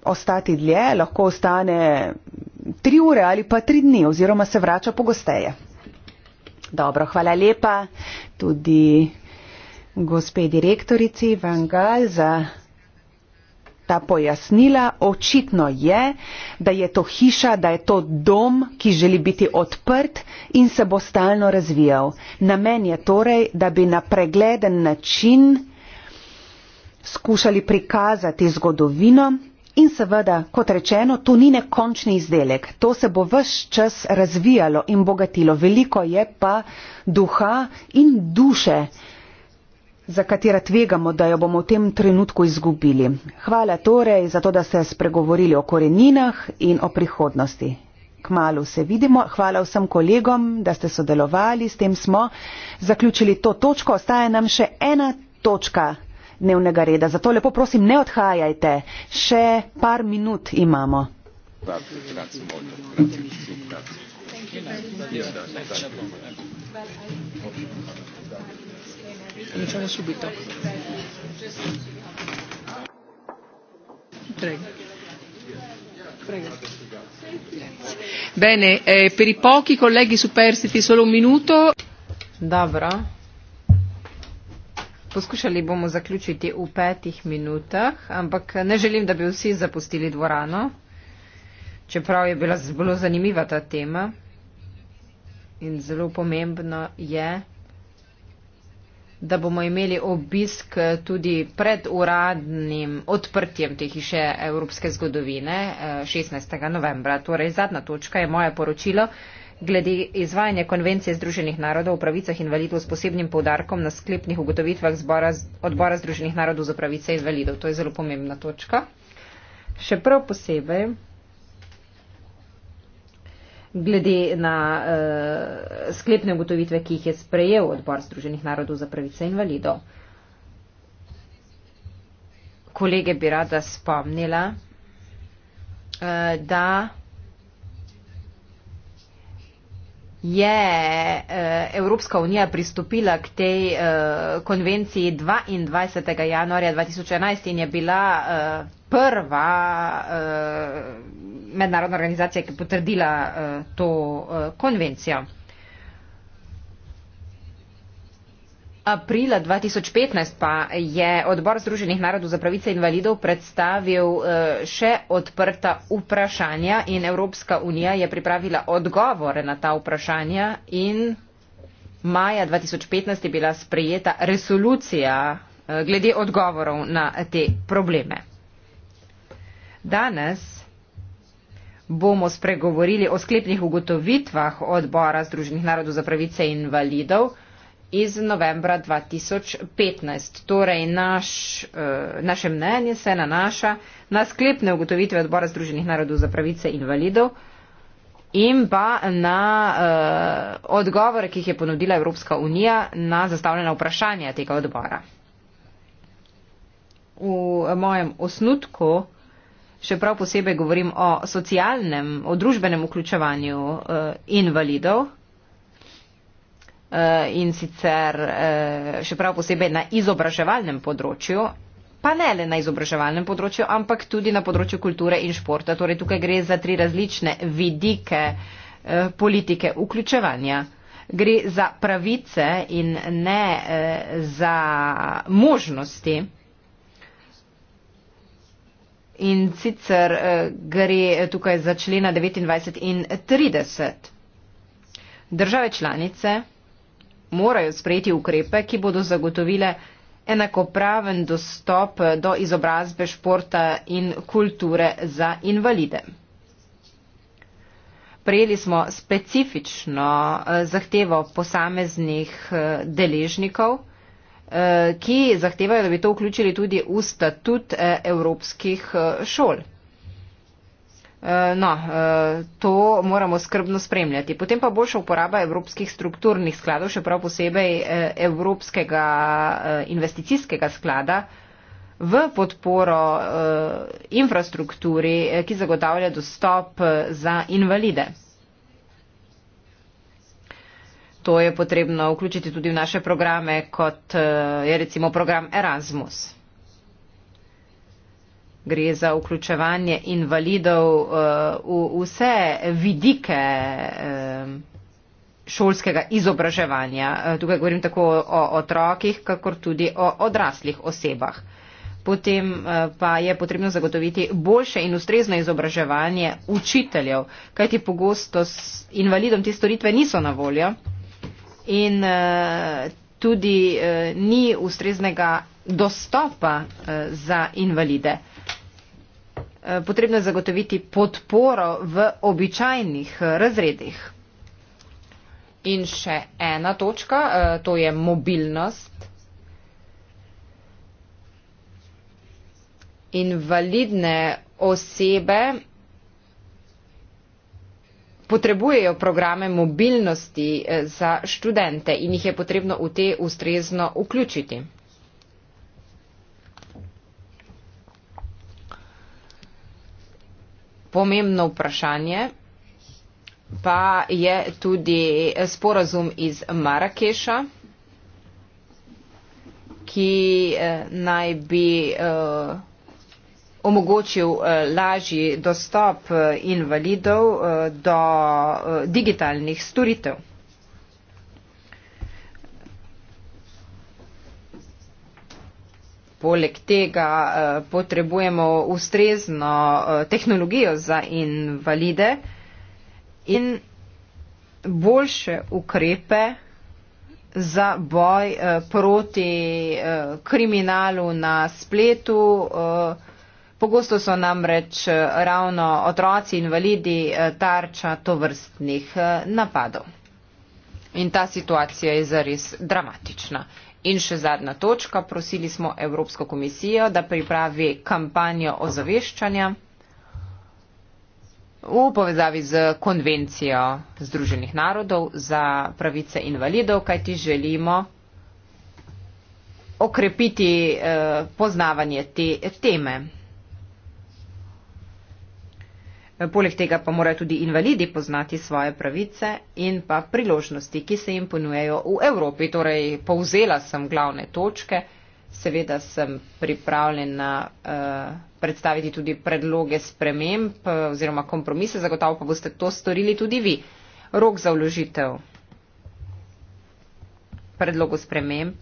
ostati dlje, lahko ostane tri ure ali pa tri dni oziroma se vrača pogosteje. Dobro, hvala lepa tudi gospe direktorici Vangal za ta pojasnila. Očitno je, da je to hiša, da je to dom, ki želi biti odprt in se bo stalno razvijal. Namen je torej, da bi na pregleden način skušali prikazati zgodovino in seveda, kot rečeno, to ni nekončni izdelek, to se bo vse čas razvijalo in bogatilo, veliko je pa duha in duše, za katera tvegamo, da jo bomo v tem trenutku izgubili. Hvala torej za to, da ste spregovorili o koreninah in o prihodnosti. Kmalo se vidimo. Hvala vsem kolegom, da ste sodelovali. S tem smo zaključili to točko. Ostaje nam še ena točka dnevnega reda. Zato lepo prosim, ne odhajajte. Še par minut imamo. Bene, eh, per i pochi colleghi superstiti solo un minuto. Dobro. Poskušali bomo zaključiti v petih minutah, ampak ne želim, da bi vsi zapustili dvorano, čeprav je bila zelo zanimiva ta tema in zelo pomembno je, da bomo imeli obisk tudi pred uradnim odprtjem te hiše evropske zgodovine 16. Eh, novembra. Torej, zadnja točka je moje poročilo glede izvajanja konvencije Združenih narodov o pravicah invalidov s posebnim povdarkom na sklepnih ugotovitvah zbora, odbora Združenih narodov za pravice invalidov. To je zelo pomembna točka. Še prav posebej glede na uh, sklepne ugotovitve, ki jih je sprejel odbor Združenih narodov za pravice invalidov. Kolege bi rada spomnila, uh, da. je eh, Evropska unija pristopila k tej eh, konvenciji 22. januarja 2011 in je bila eh, prva mednarodna organizacija, ki je potrdila to konvencijo. Aprila 2015 pa je odbor Združenih narodov za pravice invalidov predstavil eh, še odprta vprašanja in Evropska unija je pripravila odgovore na ta vprašanja in maja 2015 je bila sprejeta resolucija eh, glede odgovorov na te probleme. Danes bomo spregovorili o sklepnih ugotovitvah odbora Združenih narodov za pravice invalidov iz novembra 2015. Torej, naš, eh, naše mnenje se nanaša na sklepne ugotovitve odbora Združenih narodov za pravice invalidov in pa na uh, odgovore, ki jih je ponudila Evropska unija na zastavljena vprašanja tega odbora. V mojem osnutku še prav posebej govorim o socialnem, o družbenem vključevanju uh, invalidov. Eh, in sicer eh, še prav posebej na izobraževalnem področju, pa ne le na izobraževalnem področju, ampak tudi na področju kulture in športa. Torej tukaj gre za tri različne vidike eh, politike vključevanja. Gre za pravice in ne za možnosti. In sicer gre tukaj za člena 29 in 30. Države članice morajo sprejeti ukrepe, ki bodo zagotovile enakopraven dostop do izobrazbe športa in kulture za invalide. Prejeli smo specifično eh, zahtevo posameznih eh, deležnikov, eh, ki zahtevajo, da bi to vključili tudi v statut evropskih šol. Eh, no, eh, to moramo skrbno spremljati. Potem pa boljša uporaba evropskih strukturnih skladov, še prav posebej eh, evropskega investicijskega sklada v podporo infrastrukturi, ki zagotavlja dostop za invalide. To je potrebno vključiti tudi v naše programe, kot je recimo program Erasmus gre za vključevanje invalidov eh, v vse vidike eh, šolskega izobraževanja. Eh, tukaj govorim tako o otrokih, kakor tudi o odraslih osebah. Potem pa je potrebno zagotoviti boljše in ustrezno izobraževanje učiteljev, kajti pogosto s invalidom te storitve niso na voljo in tudi ni ustreznega dostopa za invalide. Eh, potrebno je zagotoviti podporo v običajnih eh, razredih. In še ena točka, eh, to je mobilnost. Invalidne osebe potrebujejo programe mobilnosti za študente in jih je potrebno v te ustrezno vključiti. pomembno vprašanje pa je tudi sporazum iz Marakeša, ki eh, naj bi eh, omogočil eh, lažji dostop invalidov do digitalnih storitev. poleg tega eh, potrebujemo ustrezno eh, tehnologijo za invalide in boljše ukrepe za boj eh, proti kriminalu na spletu. Pogosto so namreč ravno otroci invalidi tarča tovrstnih napadov. In ta situacija je zares dramatična. In še zadnja točka, prosili smo Evropsko komisijo, da pripravi kampanjo ozaveščanja v povezavi z konvencijo Združenih narodov za pravice invalidov, kajti želimo okrepiti eh, poznavanje te teme. Poleg tega pa morajo tudi invalidi poznati svoje pravice in pa priložnosti, ki se jim ponujejo v Evropi. Torej, povzela sem glavne točke. Seveda sem pripravljena uh, predstaviti tudi predloge sprememb eh, oziroma kompromise, zagotavljam pa boste to storili tudi vi. Rok za vložitev predlogu sprememb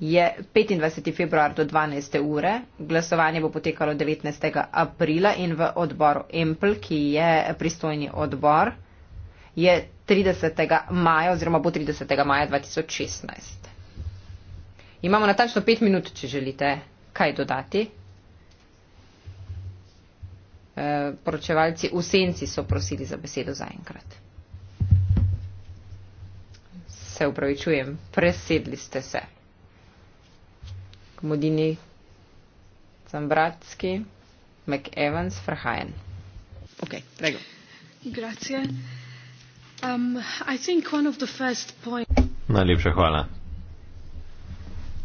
je 25. februar do 12. ure. Glasovanje bo potekalo 19. aprila in v odboru Empl, ki je pristojni odbor, je 30. maja oziroma bo 30. maja 2016. Imamo natančno 5 minut, če želite kaj dodati. E, poročevalci v senci so prosili za besedo zaenkrat. Se upravičujem, presedli ste se. Modini Zambratski, McEvans, Frahajen. Ok, prego. Grazie. Um, I think one of the first point... Najlepša hvala.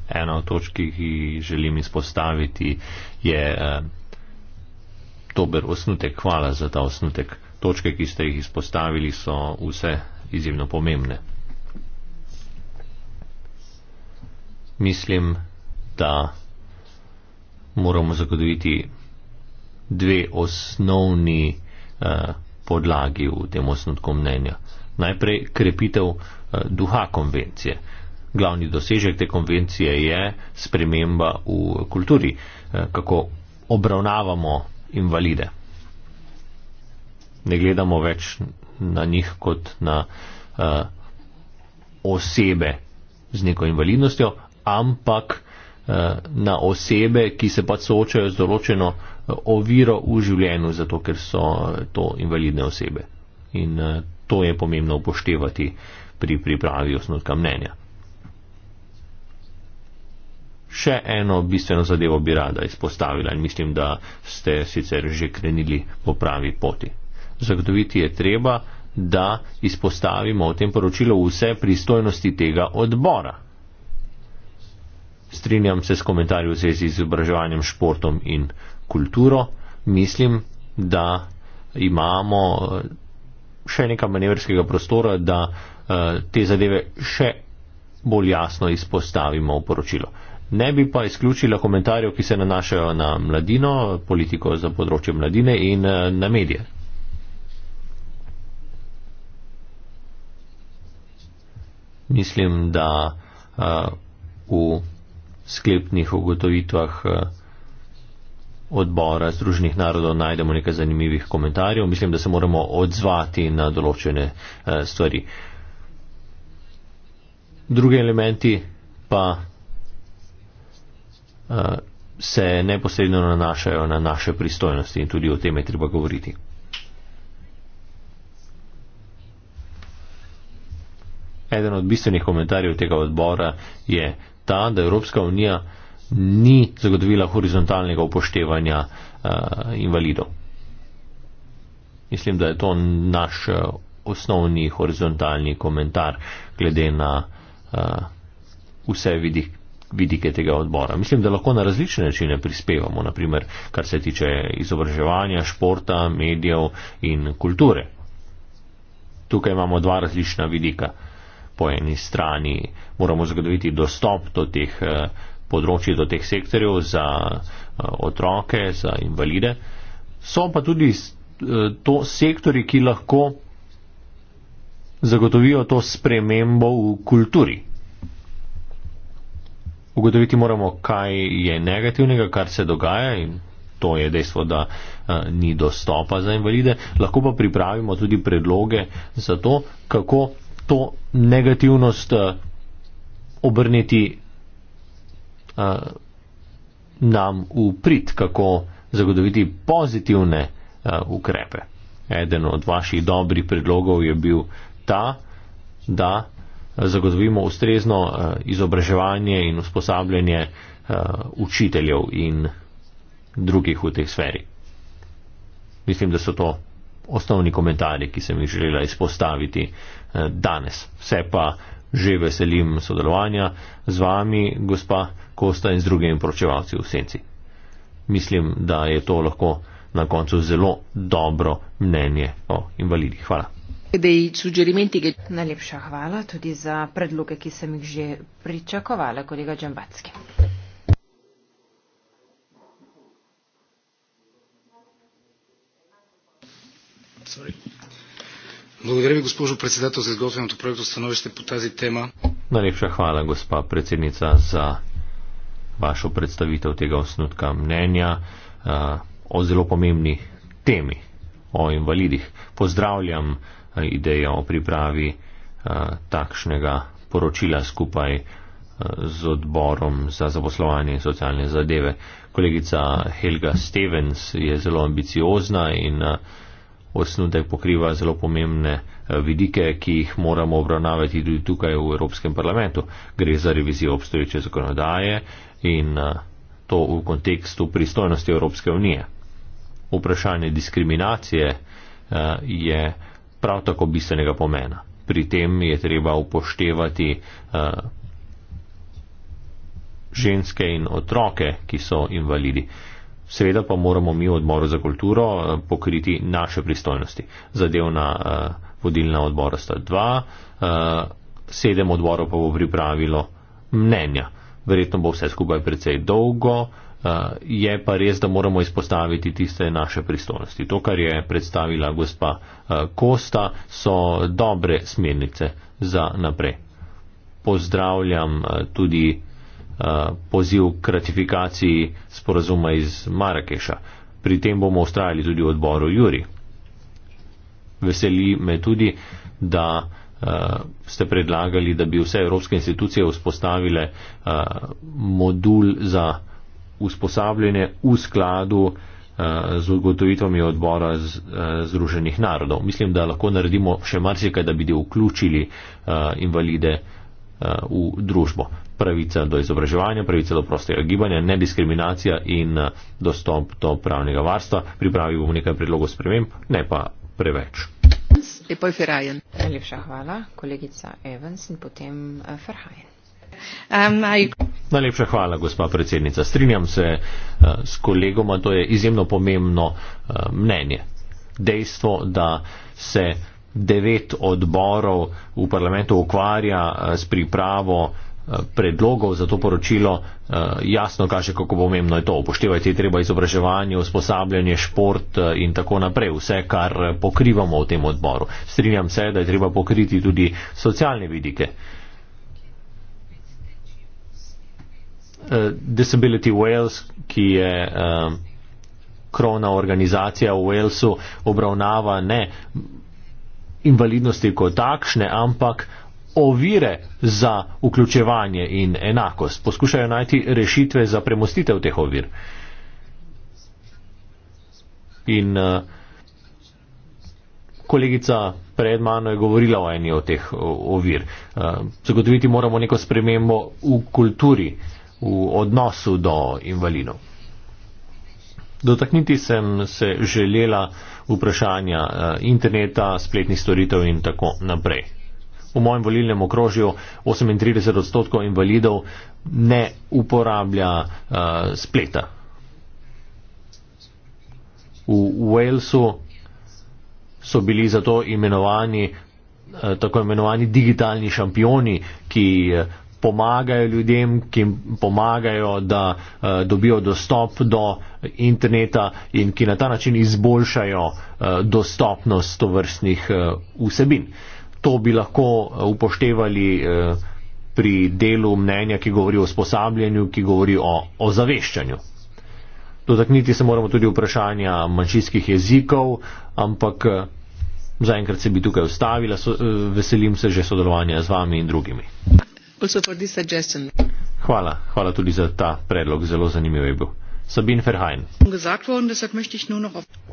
Ena od točk, ki želim izpostaviti, je uh, dober osnutek. Hvala za ta osnutek. Točke, ki ste jih izpostavili, so vse izjemno pomembne. Mislim, da moramo zagotoviti dve osnovni eh, podlagi v tem osnutku mnenja. Najprej krepitev eh, duha konvencije. Glavni dosežek te konvencije je sprememba v kulturi, eh, kako obravnavamo invalide. Ne gledamo več na njih kot na eh, osebe z neko invalidnostjo, ampak Eh, na osebe, ki se pač soočajo z določeno eh, oviro v življenju, zato ker so eh, to invalidne osebe. In to je pomembno upoštevati pri pripravi osnutka mnenja. Še eno bistveno zadevo bi rada izpostavila in mislim, da ste sicer že krenili po pravi poti. Zagotoviti je treba, da izpostavimo v tem poročilu vse pristojnosti tega odbora strinjam se s komentarji v zvezi z obraževanjem, športom in kulturo. Mislim, da imamo eh, še nekaj manevrskega prostora, da eh, te zadeve še bolj jasno izpostavimo v poročilo. Ne bi pa izključila komentarjev, ki se nanašajo na mladino, politiko za področje mladine in eh, na medije. Mislim, da uh, v sklepnih ugotovitvah eh, odbora Združenih narodov najdemo nekaj zanimivih komentarjev. Mislim, da se moramo odzvati na določene eh, stvari. Drugi elementi pa eh, se neposredno nanašajo na naše pristojnosti in tudi o tem je treba govoriti. Eden od bistvenih komentarjev tega odbora je, ta, da Evropska unija ni zagotovila horizontalnega upoštevanja uh, invalidov. Mislim, da je to naš eh, osnovni horizontalni komentar glede na uh, vse vidik, vidike tega odbora. Mislim, da lahko na različne načine prispevamo, naprimer, kar se tiče izobraževanja, športa, medijev in kulture. Tukaj imamo dva različna vidika po eni strani moramo zagotoviti dostop do teh eh, področji, do teh sektorjev za eh, otroke, za invalide. So pa tudi eh, to sektori, ki lahko zagotovijo to spremembo v kulturi. Ugotoviti moramo, kaj je negativnega, kar se dogaja in to je dejstvo, da ni dostopa za invalide. Lahko pa pripravimo tudi predloge za to, kako to negativnost uh, obrniti uh, nam v prid, kako zagotoviti pozitivne uh, ukrepe. Eden od vaših dobrih predlogov je bil ta, da zagotovimo ustrezno uh, izobraževanje in usposabljanje uh, učiteljev in drugih v tej sferi. Mislim, da so to osnovni komentarji, ki sem jih želela izpostaviti eh, danes. Vse pa že veselim sodelovanja z vami, gospa Kosta in z drugimi poročevalci v senci. Mislim, da je to lahko na koncu zelo dobro mnenje o invalidih. Hvala. Najlepša hvala tudi za predloge, ki sem jih že pričakovala, kolega Džambacki. Благодаря ви, госпожо председател, за изготвеното проекто становище по тази тема. Налепша хвала, госпа председница, за вашо представител тега основнотка мнения а, о зело помемни теми о инвалидих. Поздравljam idejo o pripravi a, takšnega poročila skupaj z odborom za zaposlovanje in socialne zadeve. Kolegica Helga Stevens je zelo ambiciozna in a, osnutek pokriva zelo pomembne eh, vidike, ki jih moramo obravnavati tudi tukaj v Evropskem parlamentu. Gre za revizijo obstoječe zakonodaje in eh, to v kontekstu pristojnosti Evropske unije. Vprašanje diskriminacije eh, je prav tako bistvenega pomena. Pri tem je treba upoštevati ženske in otroke, ki so invalidi. Seveda pa moramo mi v odboru za kulturo eh, pokriti naše pristojnosti. Zadevna uh, vodilna odbora sta dva, uh, sedem odborov pa bo pripravilo mnenja. Verjetno bo vse skupaj precej dolgo, uh, je pa res, da moramo izpostaviti tiste naše pristojnosti. To, kar je predstavila gospa uh, Kosta, so dobre smernice za naprej. Pozdravljam uh, tudi poziv k ratifikaciji sporazuma iz Marakeša. Pri tem bomo ustrajali tudi v odboru Juri. Veseli me tudi, da uh, ste predlagali, da bi vse evropske institucije vzpostavile uh, modul za usposabljanje v skladu uh, z ugotovitvami odbora z, uh, Združenih narodov. Mislim, da lahko naredimo še marsikaj, da bi vključili uh, invalide uh, v družbo pravica do izobraževanja, pravica do prostega gibanja, nediskriminacija in eh, dostop do pravnega varstva. Pripravil bom nekaj predlogov sprememb, ne pa preveč. Lepo je Ferajen. Najlepša hvala, kolegica Evans in potem eh, Ferajen. Um, I... Najlepša hvala, gospa predsednica. Strinjam se uh, s kolegoma, to je izjemno pomembno uh, mnenje. Dejstvo, da se devet odborov v parlamentu ukvarja uh, s pripravo uh, Eh, predlogov za to poročilo eh, jasno kaže, kako pomembno je to. Upoštevajte je treba izobraževanje, usposabljanje, šport eh, in tako naprej. Vse, kar pokrivamo v tem odboru. Strinjam se, da je treba pokriti tudi socialne vidike. Disability Wales, ki je krona organizacija v Walesu, obravnava ne invalidnosti kot takšne, ampak ovire za vključevanje in enakost, poskušajo najti rešitve za premostitev teh ovir. In eh, kolegica pred mano je govorila o eni od teh eh, ovir. Eh, zagotoviti moramo neko spremembo v kulturi, v odnosu do invalidov. Dotakniti sem se želela vprašanja interneta, spletnih storitev in tako naprej v mojem volilnem okrožju 38 odstotkov invalidov ne uporablja uh, spleta. V Walesu so bili zato imenovani uh, tako imenovani digitalni šampioni, ki eh, pomagajo ljudem, ki jim pomagajo, da uh, dobijo dostop do interneta in ki na ta način izboljšajo uh, dostopnost tovrstnih uh, vsebin. Uh, to bi lahko eh, upoštevali eh, pri delu mnenja, ki govori o sposabljanju, ki govori o, o zaveščanju. Dotakniti se moramo tudi vprašanja manjšinskih jezikov, ampak eh, zaenkrat se bi tukaj ustavila. So, veselim se že sodelovanja z vami in drugimi. Hvala, hvala tudi za ta predlog, zelo zanimiv je bil. Sabine Verhein.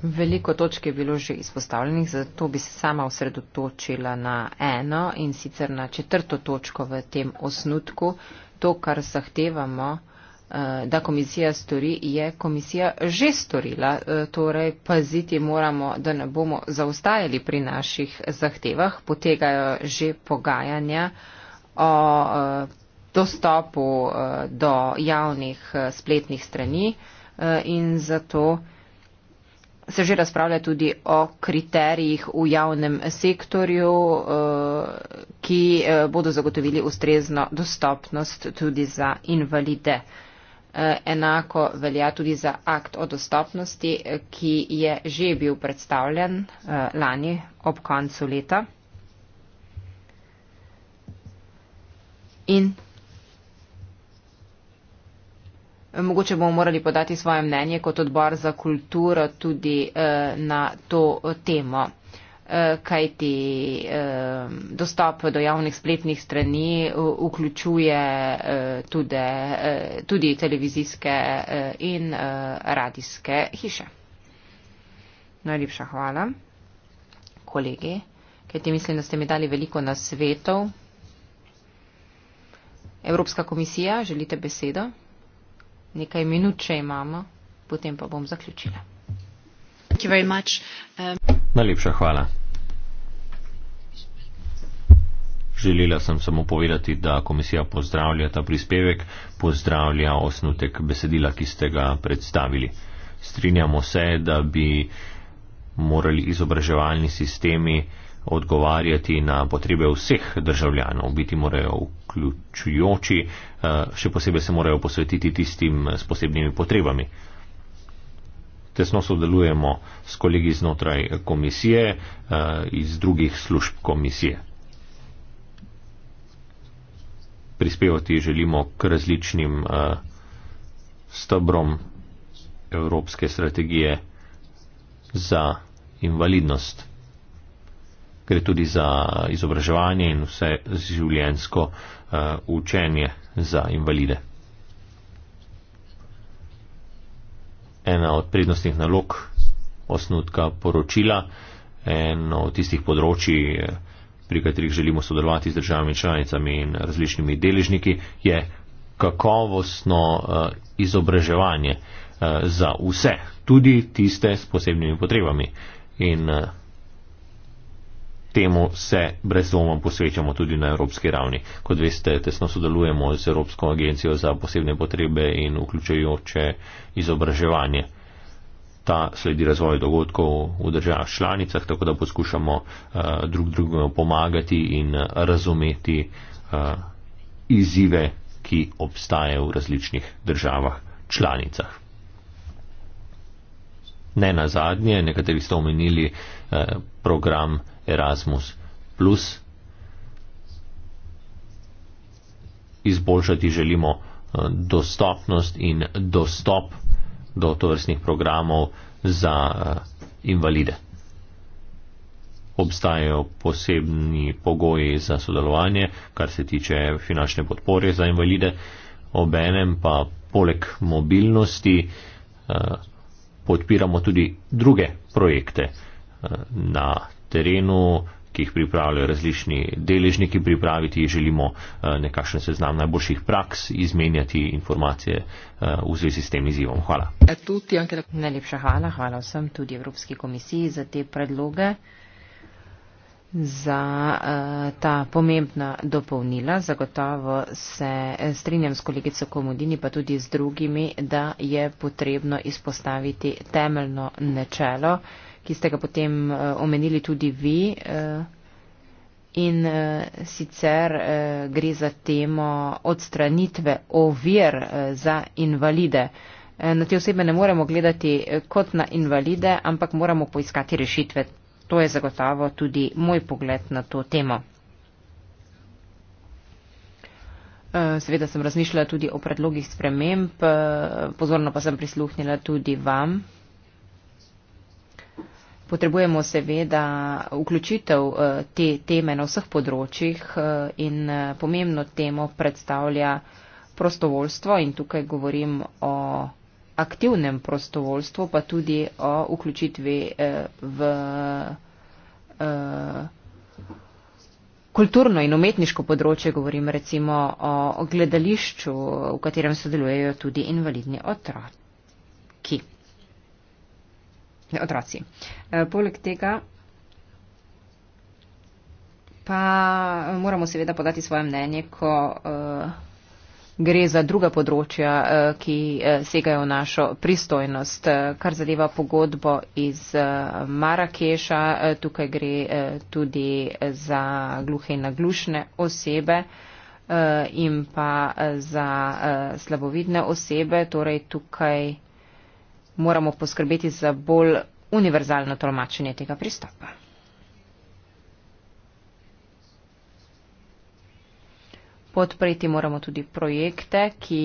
Veliko točk je bilo že izpostavljenih, zato bi se sama osredotočila na eno in sicer na četrto točko v tem osnutku. To, kar zahtevamo, eh, da komisija stori, je komisija že storila. Eh, torej, paziti moramo, da ne bomo zaostajali pri naših zahtevah. Potegajo že pogajanja o eh, dostopu eh, do javnih eh, spletnih strani eh, in zato se že razpravlja tudi o kriterijih v javnem sektorju, ki bodo zagotovili ustrezno dostopnost tudi za invalide. Enako velja tudi za akt o dostopnosti, ki je že bil predstavljen lani ob koncu leta. In Mogoče bomo morali podati svoje mnenje kot odbor za kulturo tudi eh, na to temo, eh, kajti eh, dostop do javnih spletnih strani v, eh, vključuje eh, tudi, eh, tudi televizijske eh, in eh, radijske hiše. Najlepša hvala, kolegi, kajti mislim, da ste mi dali veliko nasvetov. Evropska komisija, želite besedo? nekaj minut, če imamo, potem pa bom zaključila. Um. Najlepša hvala. Želela sem samo povedati, da komisija pozdravlja ta prispevek, pozdravlja osnutek besedila, ki ste ga predstavili. Strinjamo se, da bi morali izobraževalni sistemi odgovarjati na potrebe vseh državljanov, biti morajo vključujoči, eh, še posebej se morajo posvetiti tistim s posebnimi potrebami. Tesno sodelujemo s kolegi znotraj komisije, eh, iz drugih služb komisije. Prispevati želimo k različnim eh, stebrom evropske strategije za invalidnost gre tudi za izobraževanje in vse življensko uh, eh, učenje za invalide. Ena od prednostnih nalog osnutka poročila, eno od tistih področji, eh, pri katerih želimo sodelovati z državami članicami in različnimi deležniki, je kakovostno eh, izobraževanje za vse, tudi tiste s posebnimi potrebami. In temu se brez dvoma posvečamo tudi na evropski ravni. Kot veste, tesno sodelujemo z Evropsko agencijo za posebne potrebe in vključujoče izobraževanje. Ta sledi razvoju dogodkov v državah članicah, tako da poskušamo uh, drug drugemu pomagati in eh, razumeti uh, izzive, ki obstajajo v različnih državah članicah. Ne na zadnje, nekateri ste omenili eh, program Erasmus, plus izboljšati želimo eh, dostopnost in dostop do tovrstnih programov za eh, invalide. Obstajajo posebni pogoji za sodelovanje, kar se tiče finančne podpore za invalide, obenem pa poleg mobilnosti eh, podpiramo tudi druge projekte na terenu, ki jih pripravljajo različni deležniki pripraviti, želimo eh, nekakšen seznam najboljših praks, izmenjati informacije eh, v zvezi s tem izzivom. Hvala. E, Najlepša hvala, hvala vsem tudi Evropski komisiji za te predloge za uh, ta pomembna dopolnila. Zagotovo se strinjam s kolegico Komodini, pa tudi z drugimi, da je potrebno izpostaviti temeljno nečelo. Uh, ki ste ga potem uh, omenili tudi vi. Uh, in uh, sicer uh, gre za temo odstranitve ovir uh, za invalide. Uh, na te osebe ne moremo gledati uh, kot na invalide, ampak moramo poiskati rešitve. To je zagotovo tudi moj pogled na to temo. Seveda sem razmišljala tudi o predlogih sprememb, pozorno pa sem prisluhnila tudi vam potrebujemo seveda vključitev eh, te teme na vseh področjih eh, in eh, pomembno temo predstavlja prostovoljstvo in tukaj govorim o aktivnem prostovoljstvu, pa tudi o vključitvi v kulturno in umetniško področje, govorim recimo o gledališču, v katerem sodelujejo tudi invalidni otroci otroci. E, poleg tega pa moramo seveda podati svoje mnenje, ko e, gre za druga področja, e, ki segajo v našo pristojnost, kar zadeva pogodbo iz Marakeša. Tukaj gre tudi za gluhe in naglušne osebe in pa za slabovidne osebe. Torej tukaj moramo poskrbeti za bolj univerzalno tolmačenje tega pristopa. Podpreti moramo tudi projekte, ki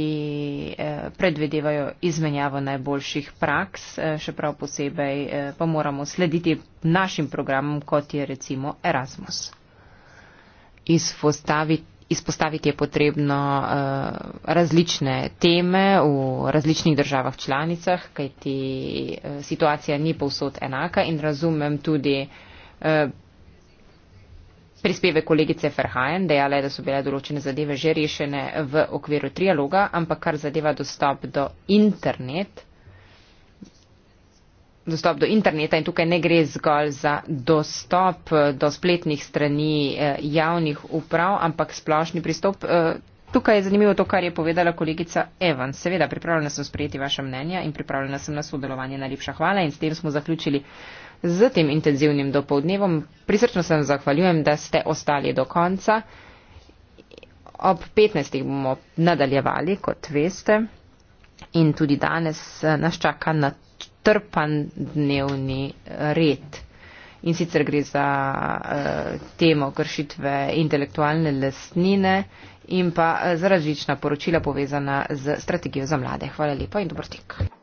eh, predvedevajo izmenjavo najboljših praks, eh, še prav posebej eh, pa moramo slediti našim programom, kot je recimo Erasmus. Izpostaviti Izpostaviti je potrebno uh, različne teme v različnih državah članicah, kajti uh, situacija ni povsod enaka in razumem tudi uh, eh, prispeve kolegice Ferhajen, dejala je, da so bile določene zadeve že rešene v okviru trialoga, ampak kar zadeva dostop do internet, dostop do interneta in tukaj ne gre zgolj za dostop eh, do spletnih strani eh, javnih uprav, ampak splošni pristop. Eh, tukaj je zanimivo to, kar je povedala kolegica Evan. Seveda, pripravljena sem sprejeti vaše mnenja in pripravljena sem na sodelovanje. Najlepša hvala in s tem smo zaključili z tem intenzivnim dopolnevom. Prisrčno sem zahvaljujem, da ste ostali do konca. Ob 15. bomo nadaljevali, kot veste. In tudi danes nas čaka na strpan dnevni red. In sicer gre za uh, temo kršitve intelektualne lastnine in pa eh, za različna poročila povezana z strategijo za mlade. Hvala lepa in dobro tek.